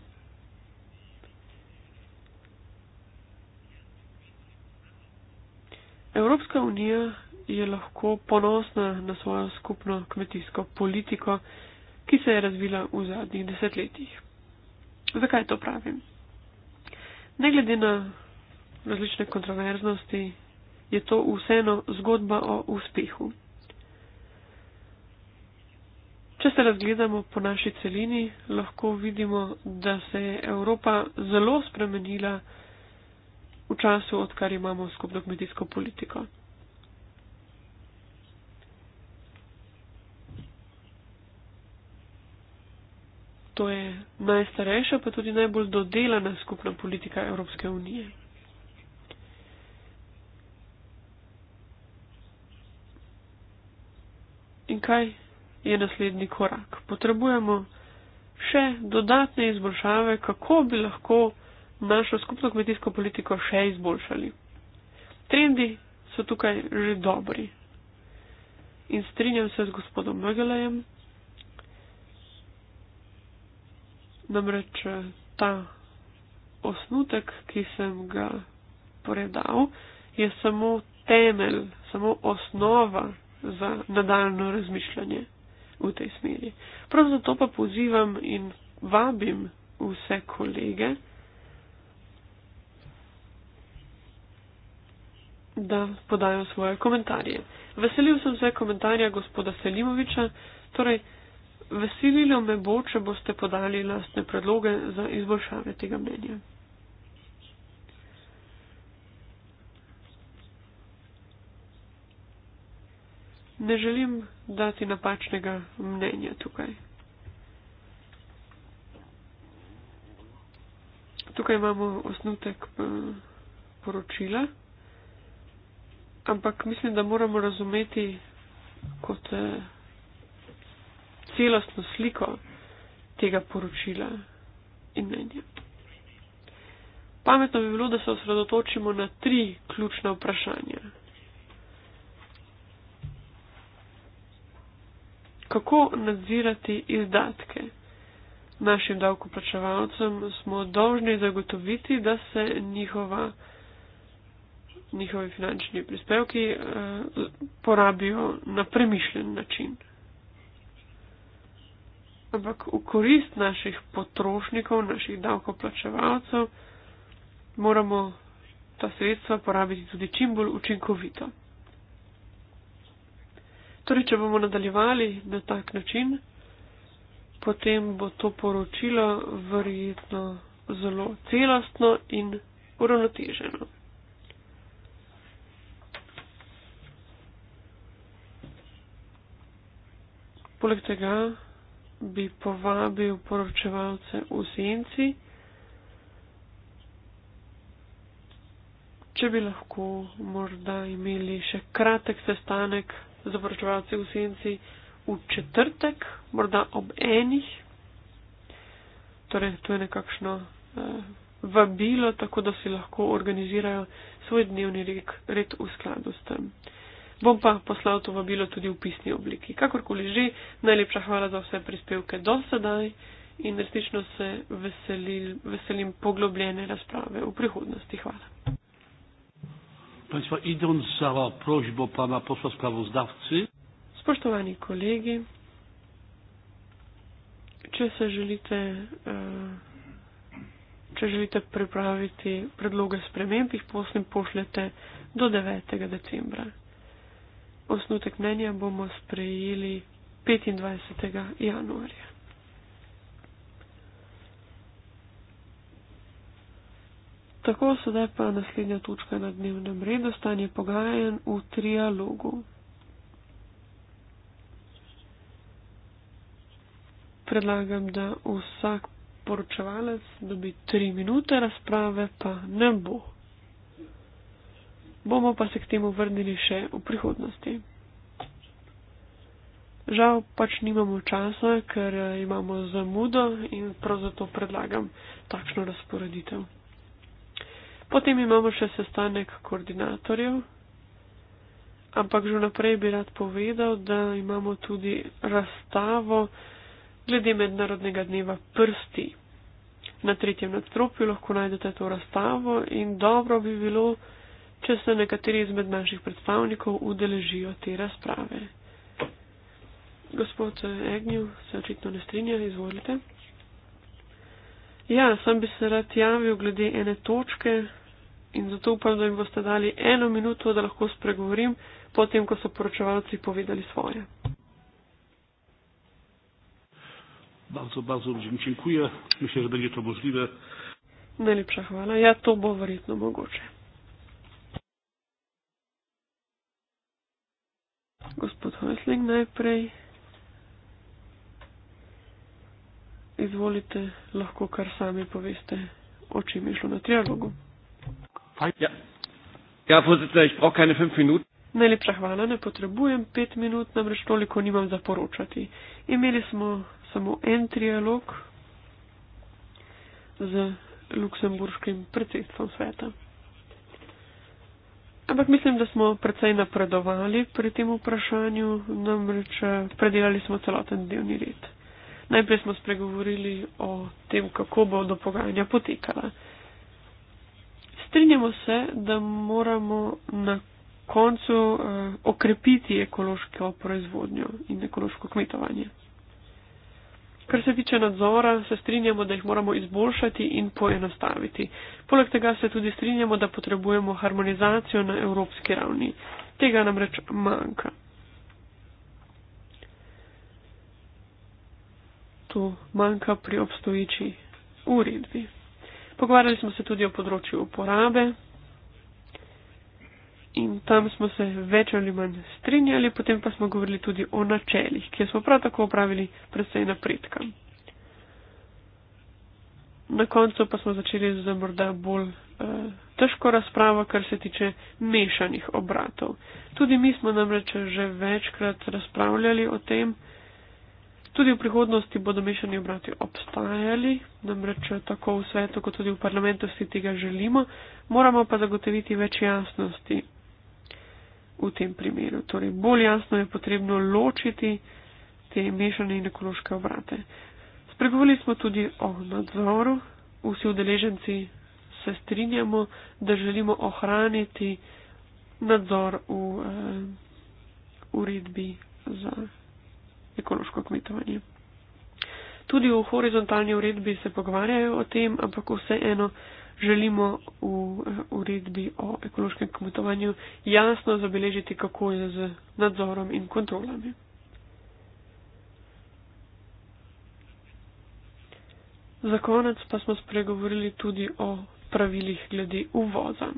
Evropska unija je lahko ponosna na svojo skupno kmetijsko politiko, ki se je razvila v zadnjih desetletjih. Zakaj to pravim? Ne glede na različne kontroverznosti, je to vseeno zgodba o uspehu. Če se razgledamo po naši celini, lahko vidimo, da se je Evropa zelo spremenila v času, odkar imamo skupno kmetijsko politiko. to je najstarejša, pa tudi najbolj dodelana skupna politika Evropske unije. In kaj je naslednji korak? Potrebujemo še dodatne izboljšave, kako bi lahko našo skupno kmetijsko politiko še izboljšali. Trendi so tukaj že dobri. In strinjam se z gospodom Mögelejem, Namreč eh, ta osnutek, ki sem ga predal, je samo temelj, samo osnova za nadaljno razmišljanje v tej smeri. Prav zato pa pozivam in vabim vse kolege, da podajo svoje komentarje. Veselil sem se komentarja gospoda Selimoviča, torej veselilo me bo, če boste podali lastne predloge za izboljšave tega mnenja. Ne želim dati napačnega mnenja tukaj. Tukaj imamo osnutek eh, poročila, ampak mislim, da moramo razumeti kot. Eh, celostno sliko tega poročila in mnenja. Pametno bi bilo, da se osredotočimo na tri ključna vprašanja. Kako nadzirati izdatke? Našim davkoplačevalcem smo dolžni zagotoviti, da se njihova, njihovi finančni prispevki eh, porabijo na premišljen način ampak v korist naših potrošnikov, naših davkoplačevalcev, moramo ta sredstva porabiti tudi čim bolj učinkovito. Torej, če bomo nadaljevali na tak način, potem bo to poročilo verjetno zelo celostno in uravnoteženo. Poleg tega bi povabil poročevalce v senci, če bi lahko morda imeli še kratek sestanek za poročevalce v senci v četrtek, morda ob enih. Torej, to je nekakšno eh, vabilo, tako da si lahko organizirajo svoj dnevni red, red v skladu s tem bom pa poslal to vabilo tudi v pisni obliki. Kakorkoli že, najlepša hvala za vse prispevke do sedaj in resnično se veselil, veselim poglobljene razprave v prihodnosti. Hvala. Spoštovani kolegi, če se želite. Uh, Če želite pripraviti predloge sprememb, jih poslim pošljete do 9. decembra osnutek mnenja bomo sprejeli 25. januarja. Tako sedaj pa naslednja točka na dnevnem redu, stanje pogajen v trialogu. Predlagam, da vsak poročevalec dobi tri minute razprave, pa ne bo bomo pa se k temu vrnili še v prihodnosti. Žal pač nimamo časa, ker eh, imamo zamudo in prav zato predlagam takšno razporeditev. Potem imamo še sestanek koordinatorjev, ampak že naprej bi rad povedal, da imamo tudi razstavo glede mednarodnega dneva prsti. Na tretjem nadstropju lahko najdete to razstavo in dobro bi bilo, če se nekateri izmed naših predstavnikov udeležijo te razprave. Gospod Egnjo se očitno ne strinja, izvolite. Ja, sem bi se rad javil glede ene točke in zato upam, da mi boste dali eno minuto, da lahko spregovorim, potem, ko so poročevalci povedali svoje. Bardzo, bardzo dziękuję. Myślę, że będzie to możliwe. Najlepsza chwała. Ja to bo wrytno mogę. gospod Hojsling najprej. Izvolite, lahko kar sami poveste, o čem je šlo na trialogu. Ja. Ja, Najlepša hvala, ne potrebujem pet minut, namreč toliko nimam za poročati. Imeli smo samo en trialog z luksemburškim predsedstvom sveta. Ampak mislim, da smo precej napredovali pri tem vprašanju, namreč eh, predelali smo celoten dnevni red. Najprej smo spregovorili o tem, kako bodo pogajanja potekala. Strinjamo se, da moramo na koncu uh, okrepiti ekološko proizvodnjo in ekološko kmetovanje. Kar se tiče nadzora, se strinjamo, da jih moramo izboljšati in poenostaviti. Poleg tega se tudi strinjamo, da potrebujemo harmonizacijo na evropski ravni. Tega nam reč manjka. To manjka pri obstoječi uredbi. Pogovarjali smo se tudi o področju uporabe in tam smo se več ali manj strinjali, potem pa smo govorili tudi o načeljih, kjer smo prav tako opravili predvsej napredka. Na koncu pa smo začeli z morda bolj eh, težko razpravo, kar se tiče mešanih obratov. Tudi mi smo namreč že večkrat razpravljali o tem, tudi v prihodnosti bodo mešani obrati obstajali, namreč eh, tako v svetu, kot tudi v parlamentu si tega želimo, moramo pa zagotoviti več jasnosti v tem primeru. Torej, bolj jasno je potrebno ločiti te mešane in ekološke obrate. Spregovorili smo tudi o nadzoru. Vsi udeleženci se strinjamo, da želimo ohraniti nadzor v eh, uredbi za ekološko kmetovanje. Tudi v horizontalni uredbi se pogovarjajo o tem, ampak vseeno želimo v uredbi o ekološkem kmetovanju jasno zabeležiti, kako je z nadzorom in kontrolami. Za konec pa smo spregovorili tudi o pravilih glede uvoza.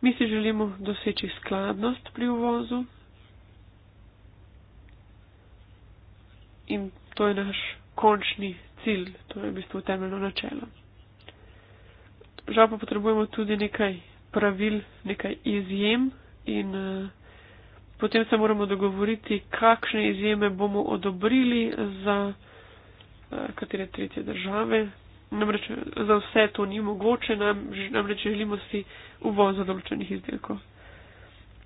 Mi si želimo doseči skladnost pri uvozu in to je naš končni cilj, to je v bistvu temeljno načelo žal pa potrebujemo tudi nekaj pravil, nekaj izjem in eh, potem se moramo dogovoriti, kakšne izjeme bomo odobrili za eh, katere tretje države. Namreč za vse to ni mogoče, nam, namreč želimo si uvoz določenih izdelkov.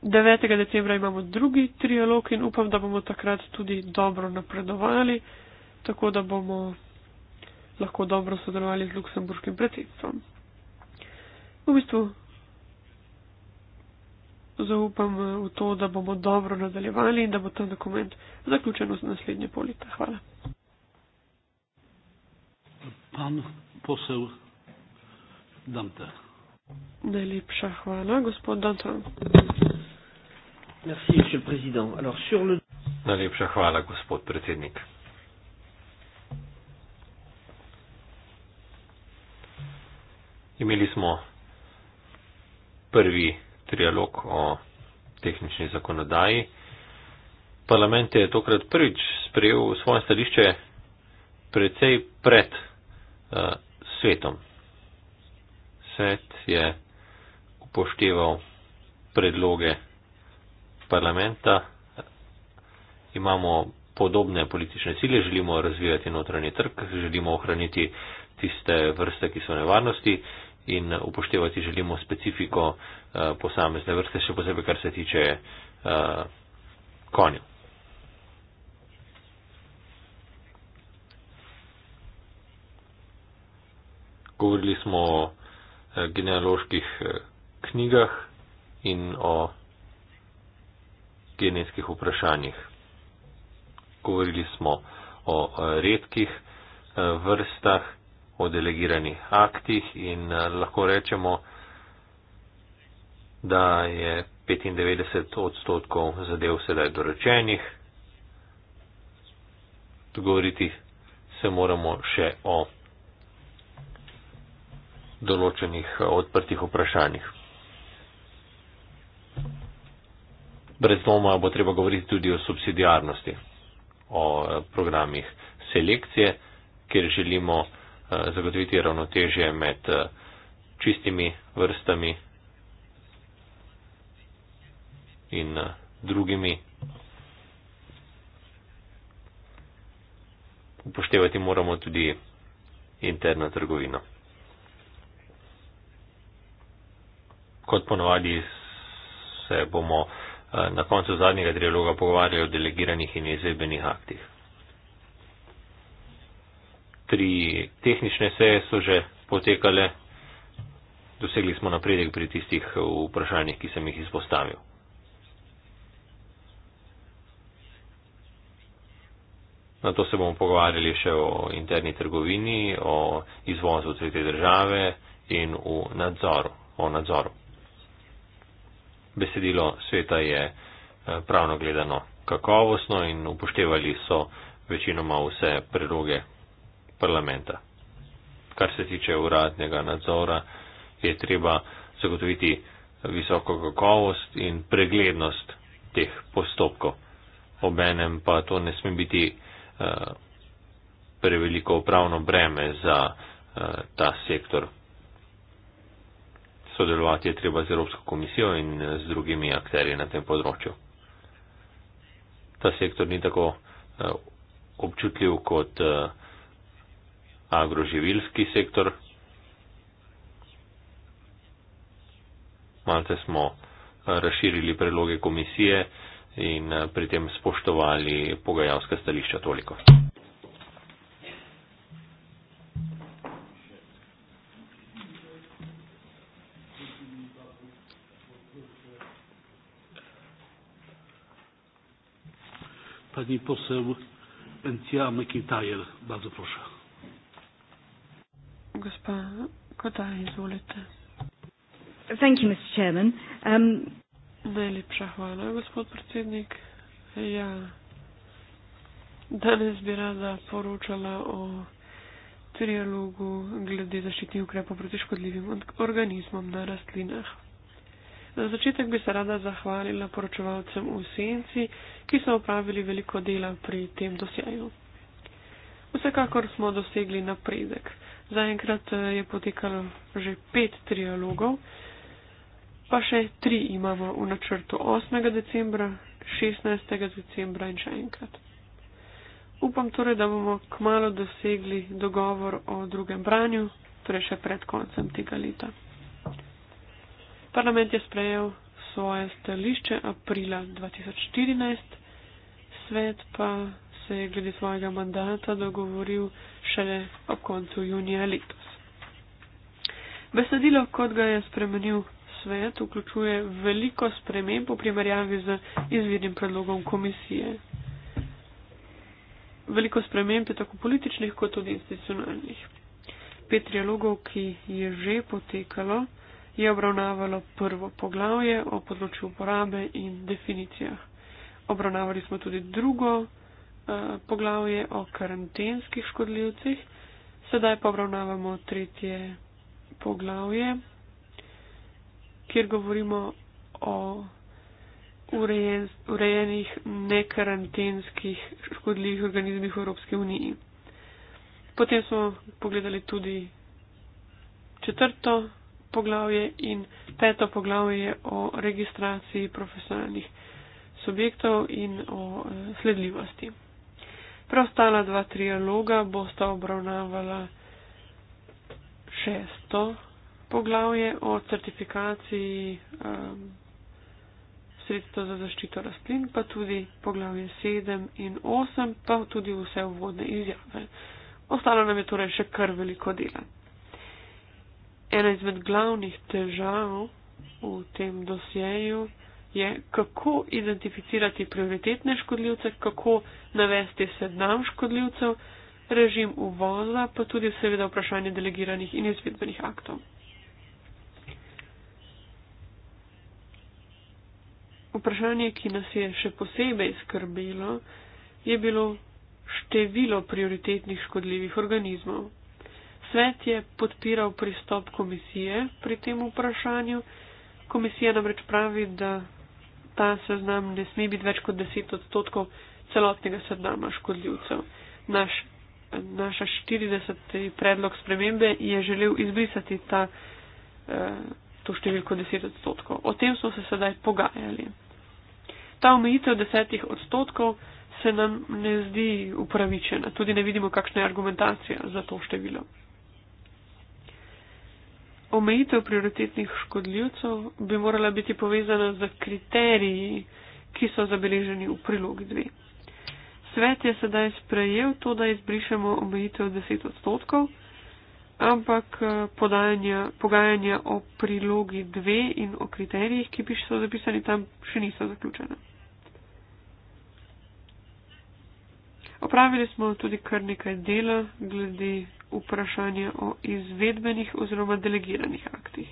9. decembra imamo drugi trialog in upam, da bomo takrat tudi dobro napredovali, tako da bomo lahko dobro sodelovali z luksemburskim predsedstvom v bistvu zaupam eh, v to, da bomo dobro nadaljevali in da bo ta dokument zaključen v naslednje polite. Hvala. Pan posel Dante. Najlepša hvala, gospod Dante. Merci, monsieur le président. Alors, sur le... Najlepša hvala, gospod predsednik. Imeli smo prvi trialog o tehnični zakonodaji. Parlament je tokrat prvič sprejel svoje stališče precej pred uh, svetom. Svet je upošteval predloge parlamenta. Imamo podobne politične sile, želimo razvijati notranji trg, želimo ohraniti tiste vrste, ki so nevarnosti, uh, in upoštevati želimo specifiko eh, posamezne vrste, še posebej kar se tiče eh, konja. Govorili smo o eh, genealoških knjigah in o genetskih vprašanjih. Govorili smo o redkih vrstah o delegiranih aktih in eh, lahko rečemo, da je 95 odstotkov zadev sedaj doročenih. Dogovoriti se moramo še o določenih eh, odprtih vprašanjih. Brez doma bo treba govoriti tudi o subsidijarnosti, o eh, programih selekcije, kjer želimo Eh, zagotoviti ravnotežje med eh, čistimi vrstami in eh, drugimi. Upoštevati moramo tudi interno trgovino. Kot ponovadi se bomo na koncu zadnjega dialoga pogovarjali o delegiranih in izvedbenih aktih tri tehnične seje so že potekale. Dosegli smo napredek pri tistih eh, vprašanjih, ki sem jih izpostavil. Na to se bomo pogovarjali še o interni trgovini, o izvozu tretje države in v nadzoru, o nadzoru. Besedilo sveta je eh, pravno gledano kakovostno in upoštevali so večinoma vse predloge, parlamenta. Kar se tiče uradnega nadzora, je treba zagotoviti visoko kakovost in preglednost teh postopkov. Obenem pa to ne sme biti uh, preveliko upravno breme za uh, ta sektor. Sodelovati je treba z Evropsko komisijo in eh, z drugimi akterji na tem področju. Ta sektor ni tako uh, občutljiv kot uh, agroživilski sektor. Malce smo razširili predloge komisije in eh, pri tem spoštovali pogajalska stališča toliko. Pani poseł Encja Mekintajer, bardzo proszę. Gospa Kota, izvolite. Thank you, Mr. Chairman. Um, Najlepša hvala, gospod predsednik. Ja, danes bi rada poročala o trialogu glede zaščitnih ukrepov proti škodljivim organizmom na rastlinah. Za začetek bi se rada zahvalila poročevalcem v senci, ki so opravili veliko dela pri tem dosjaju. Vsekakor smo dosegli napredek. Zaenkrat eh, je potekalo že pet trialogov, pa še tri imamo v načrtu 8. decembra, 16. decembra in še enkrat. Upam torej, da bomo kmalo dosegli dogovor o drugem branju, torej še pred koncem tega leta. Parlament je sprejel svoje stališče aprila 2014, svet pa se je glede svojega mandata dogovoril šele ob koncu junija letos. Besedilo, kot ga je spremenil svet, vključuje veliko sprememb v primerjavi z izvirnim predlogom komisije. Veliko sprememb je tako političnih kot tudi institucionalnih. Pet trialogov, ki je že potekalo, je obravnavalo prvo poglavje o področju uporabe in definicijah. Obravnavali smo tudi drugo poglavje o karantenskih škodljivcih, sedaj pa obravnavamo tretje poglavje, kjer govorimo o urejen, urejenih nekarantenskih škodljivih organizmih v Evropski uniji. Potem smo pogledali tudi četrto poglavje in peto poglavje o registraciji profesionalnih subjektov in o eh, sledljivosti. Preostala dva trialoga bosta obravnavala šesto poglavje o certifikaciji um, sredstva za zaščito rastlin, pa tudi poglavje sedem in osem, pa tudi vse uvodne izjave. Ostalo nam je torej še kar veliko dela. Ena izmed glavnih težav v tem dosjeju je, kako identificirati prioritetne škodljivce, kako navesti seznam škodljivcev, režim uvoza, pa tudi seveda vprašanje delegiranih in izvedbenih aktov. Vprašanje, ki nas je še posebej skrbelo, je bilo število prioritetnih škodljivih organizmov. Svet je podpiral pristop komisije pri tem vprašanju. Komisija namreč pravi, da ta seznam ne sme biti več kot 10 odstotkov celotnega seznama škodljivcev. Naš, naša 40. predlog spremembe je želel izbrisati ta, eh, to številko 10 odstotkov. O tem smo se sedaj pogajali. Ta omejitev 10 odstotkov se nam ne zdi upravičena. Tudi ne vidimo, kakšna je argumentacija za to število omejitev prioritetnih škodljivcev bi morala biti povezana z kriteriji, ki so zabeleženi v prilogi 2. Svet je sedaj sprejel to, da izbrišemo omejitev 10 odstotkov, ampak eh, podajanja, pogajanja o prilogi 2 in o kriterijih, ki bi so zapisani tam, še niso zaključene. Opravili smo tudi kar nekaj dela glede vprašanje o izvedbenih oziroma delegiranih aktih.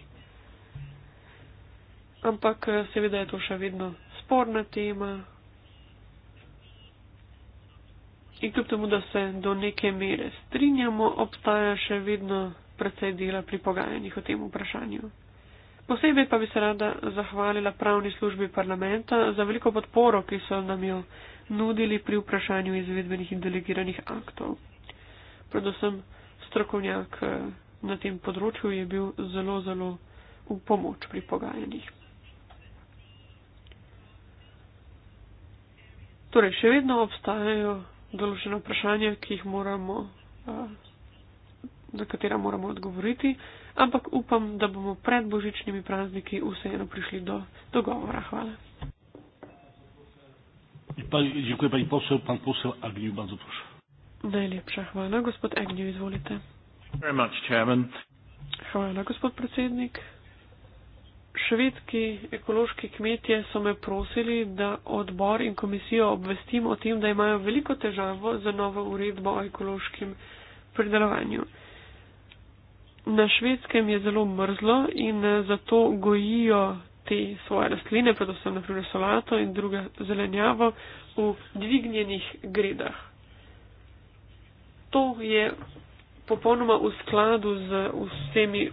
Ampak eh, seveda je to še vedno sporna tema. In kljub temu, da se do neke mere strinjamo, obstaja še vedno precej dela pri pogajanjih o tem vprašanju. Posebej pa bi se rada zahvalila pravni službi parlamenta za veliko podporo, ki so nam jo nudili pri vprašanju izvedbenih in delegiranih aktov. Predvsem strokovnjak eh, na tem področju, je bil zelo, zelo v pomoč pri pogajanjih. Torej, še vedno obstajajo določene vprašanja, ki jih moramo, na eh, katera moramo odgovoriti, ampak upam, da bomo pred božičnimi prazniki vseeno prišli do dogovora. Hvala. Dziękuję Pani Poseł. Pan Poseł Agniu, bardzo proszę. Najlepša hvala. Gospod Agnew, izvolite. Hvala, gospod predsednik. Švedski ekološki kmetje so me prosili, da odbor in komisijo obvestim o tem, da imajo veliko težavo za novo uredbo o ekološkem pridelovanju. Na švedskem je zelo mrzlo in eh, zato gojijo te svoje rastline, predvsem naprimer solato in druga zelenjavo, v dvignjenih gredah to je popolnoma v skladu z vsemi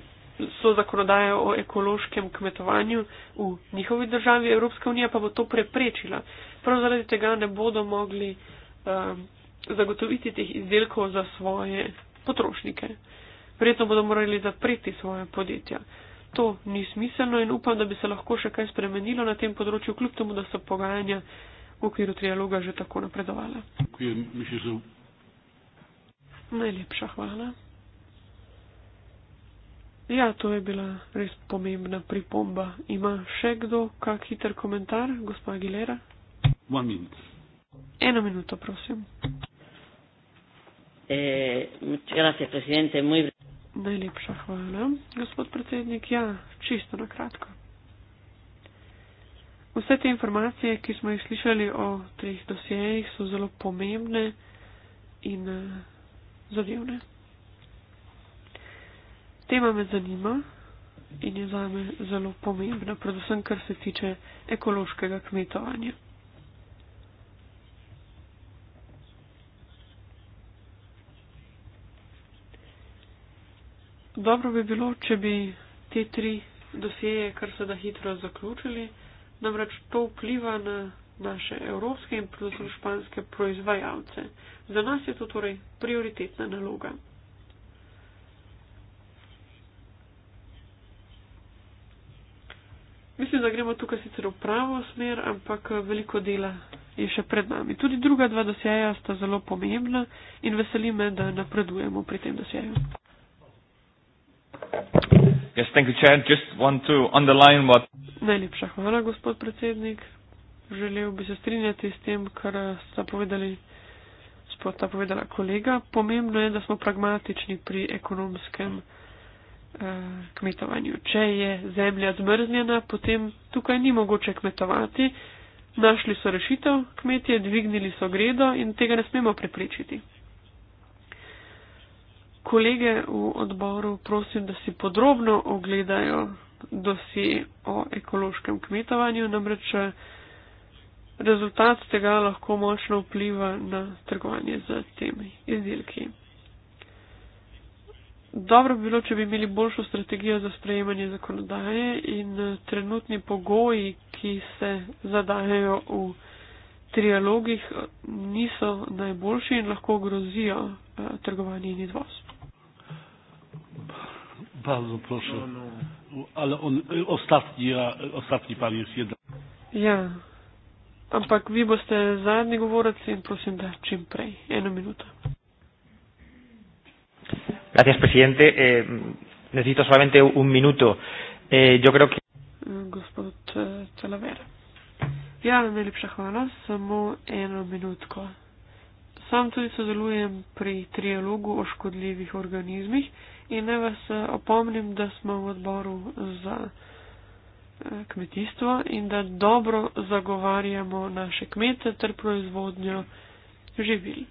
so zakonodajo o ekološkem kmetovanju v njihovi državi, Evropska unija pa bo to preprečila. Prav zaradi tega ne bodo mogli um, zagotoviti teh izdelkov za svoje potrošnike. Verjetno bodo morali zapreti svoje podjetja. To ni smiselno in upam, da bi se lahko še kaj spremenilo na tem področju, kljub temu, da so pogajanja v okviru trialoga že tako napredovala. Najlepša hvala. Ja, to je bila res pomembna pripomba. Ima še kdo kak hiter komentar, gospod Aguilera? One minute. Eno minuto, prosim. Eh, gracias, presidente. Muy... Najlepša hvala. Gospod predsednik, ja, čisto na kratko. Vse te informacije, ki smo jih slišali o treh dosjejih, so zelo pomembne in eh, zadevne. Tema me zanima in je zame zelo pomembna, predvsem kar se tiče ekološkega kmetovanja. Dobro bi bilo, če bi te tri dosjeje kar se da hitro zaključili, namreč to vpliva na naše evropske in predvsem španske proizvajalce. Za nas je to torej prioritetna naloga. Mislim, da gremo tukaj sicer v pravo smer, ampak veliko dela je še pred nami. Tudi druga dva dosjeja sta zelo pomembna in veseli me, da napredujemo pri tem dosjeju. Yes, Najlepša hvala, gospod predsednik želel bi se strinjati s tem, kar sta povedali, sta povedala kolega. Pomembno je, da smo pragmatični pri ekonomskem eh, kmetovanju. Če je zemlja zmrznjena, potem tukaj ni mogoče kmetovati. Našli so rešitev, kmetje dvignili so gredo in tega ne smemo preprečiti. Kolege v odboru prosim, da si podrobno ogledajo dosi o ekološkem kmetovanju, namreč eh, Rezultat tega lahko močno vpliva na trgovanje z temi izdelki. Dobro bi bilo, če bi imeli boljšo strategijo za sprejemanje zakonodaje in eh, trenutni pogoji, ki se zadajajo v trialogih, niso najboljši in lahko grozijo uh, trgovanje in izvoz. Bardzo proszę, no, no. ale on, ostatnia, ostatni pan jest jeden. Ja. Yeah ampak vi boste zadnji govorci in prosim, da čim prej. Eno minuto. Gracias, presidente. Eh, necesito solamente un minuto. Eh, yo creo que. Gospod Telavera. Eh, ja, najlepša hvala. Samo eno minutko. Sam tudi sodelujem pri trialogu o škodljivih organizmih in ne vas eh, opomnim, da smo v odboru za kmetijstvo in da dobro zagovarjamo naše kmete ter proizvodnjo živil.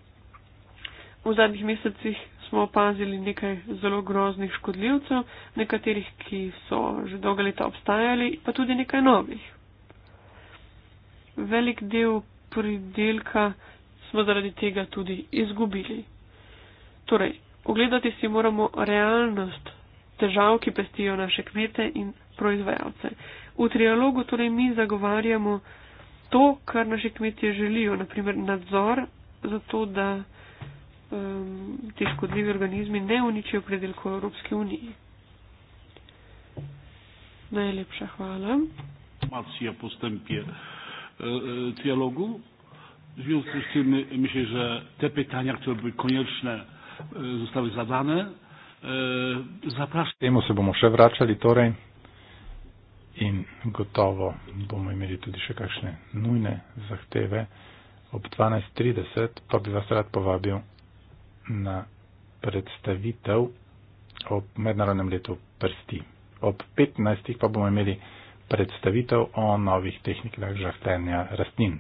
V zadnjih mesecih smo opazili nekaj zelo groznih škodljivcev, nekaterih, ki so že dolga leta obstajali, pa tudi nekaj novih. Velik del pridelka smo zaradi tega tudi izgubili. Torej, ogledati si moramo realnost težav, ki pestijo naše kmete in proizvajalce. V trialogu torej mi zagovarjamo to, kar naši kmetje želijo, naprimer nadzor za to, da um, te škodljivi organizmi ne uničijo predelko Evropske unije. Najlepša hvala. Informacija postępie e, dialogu. E, w związku z tym myślę, że te pytania, które były konieczne, e, zostały zadane. E, zapraszam. Temu się będziemy przewracali, torej in gotovo bomo imeli tudi še kakšne nujne zahteve. Ob 12.30 pa bi vas rad povabil na predstavitev ob mednarodnem letu prsti. Ob 15. pa bomo imeli predstavitev o novih tehnikah žahtenja rastlin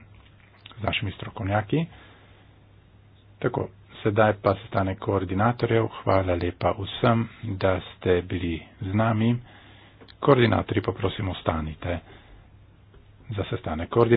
z našimi strokovnjaki. Tako, sedaj pa se stane koordinatorjev. Hvala lepa vsem, da ste bili z nami. Koordinatori, poprosimo, stanite za sestanek.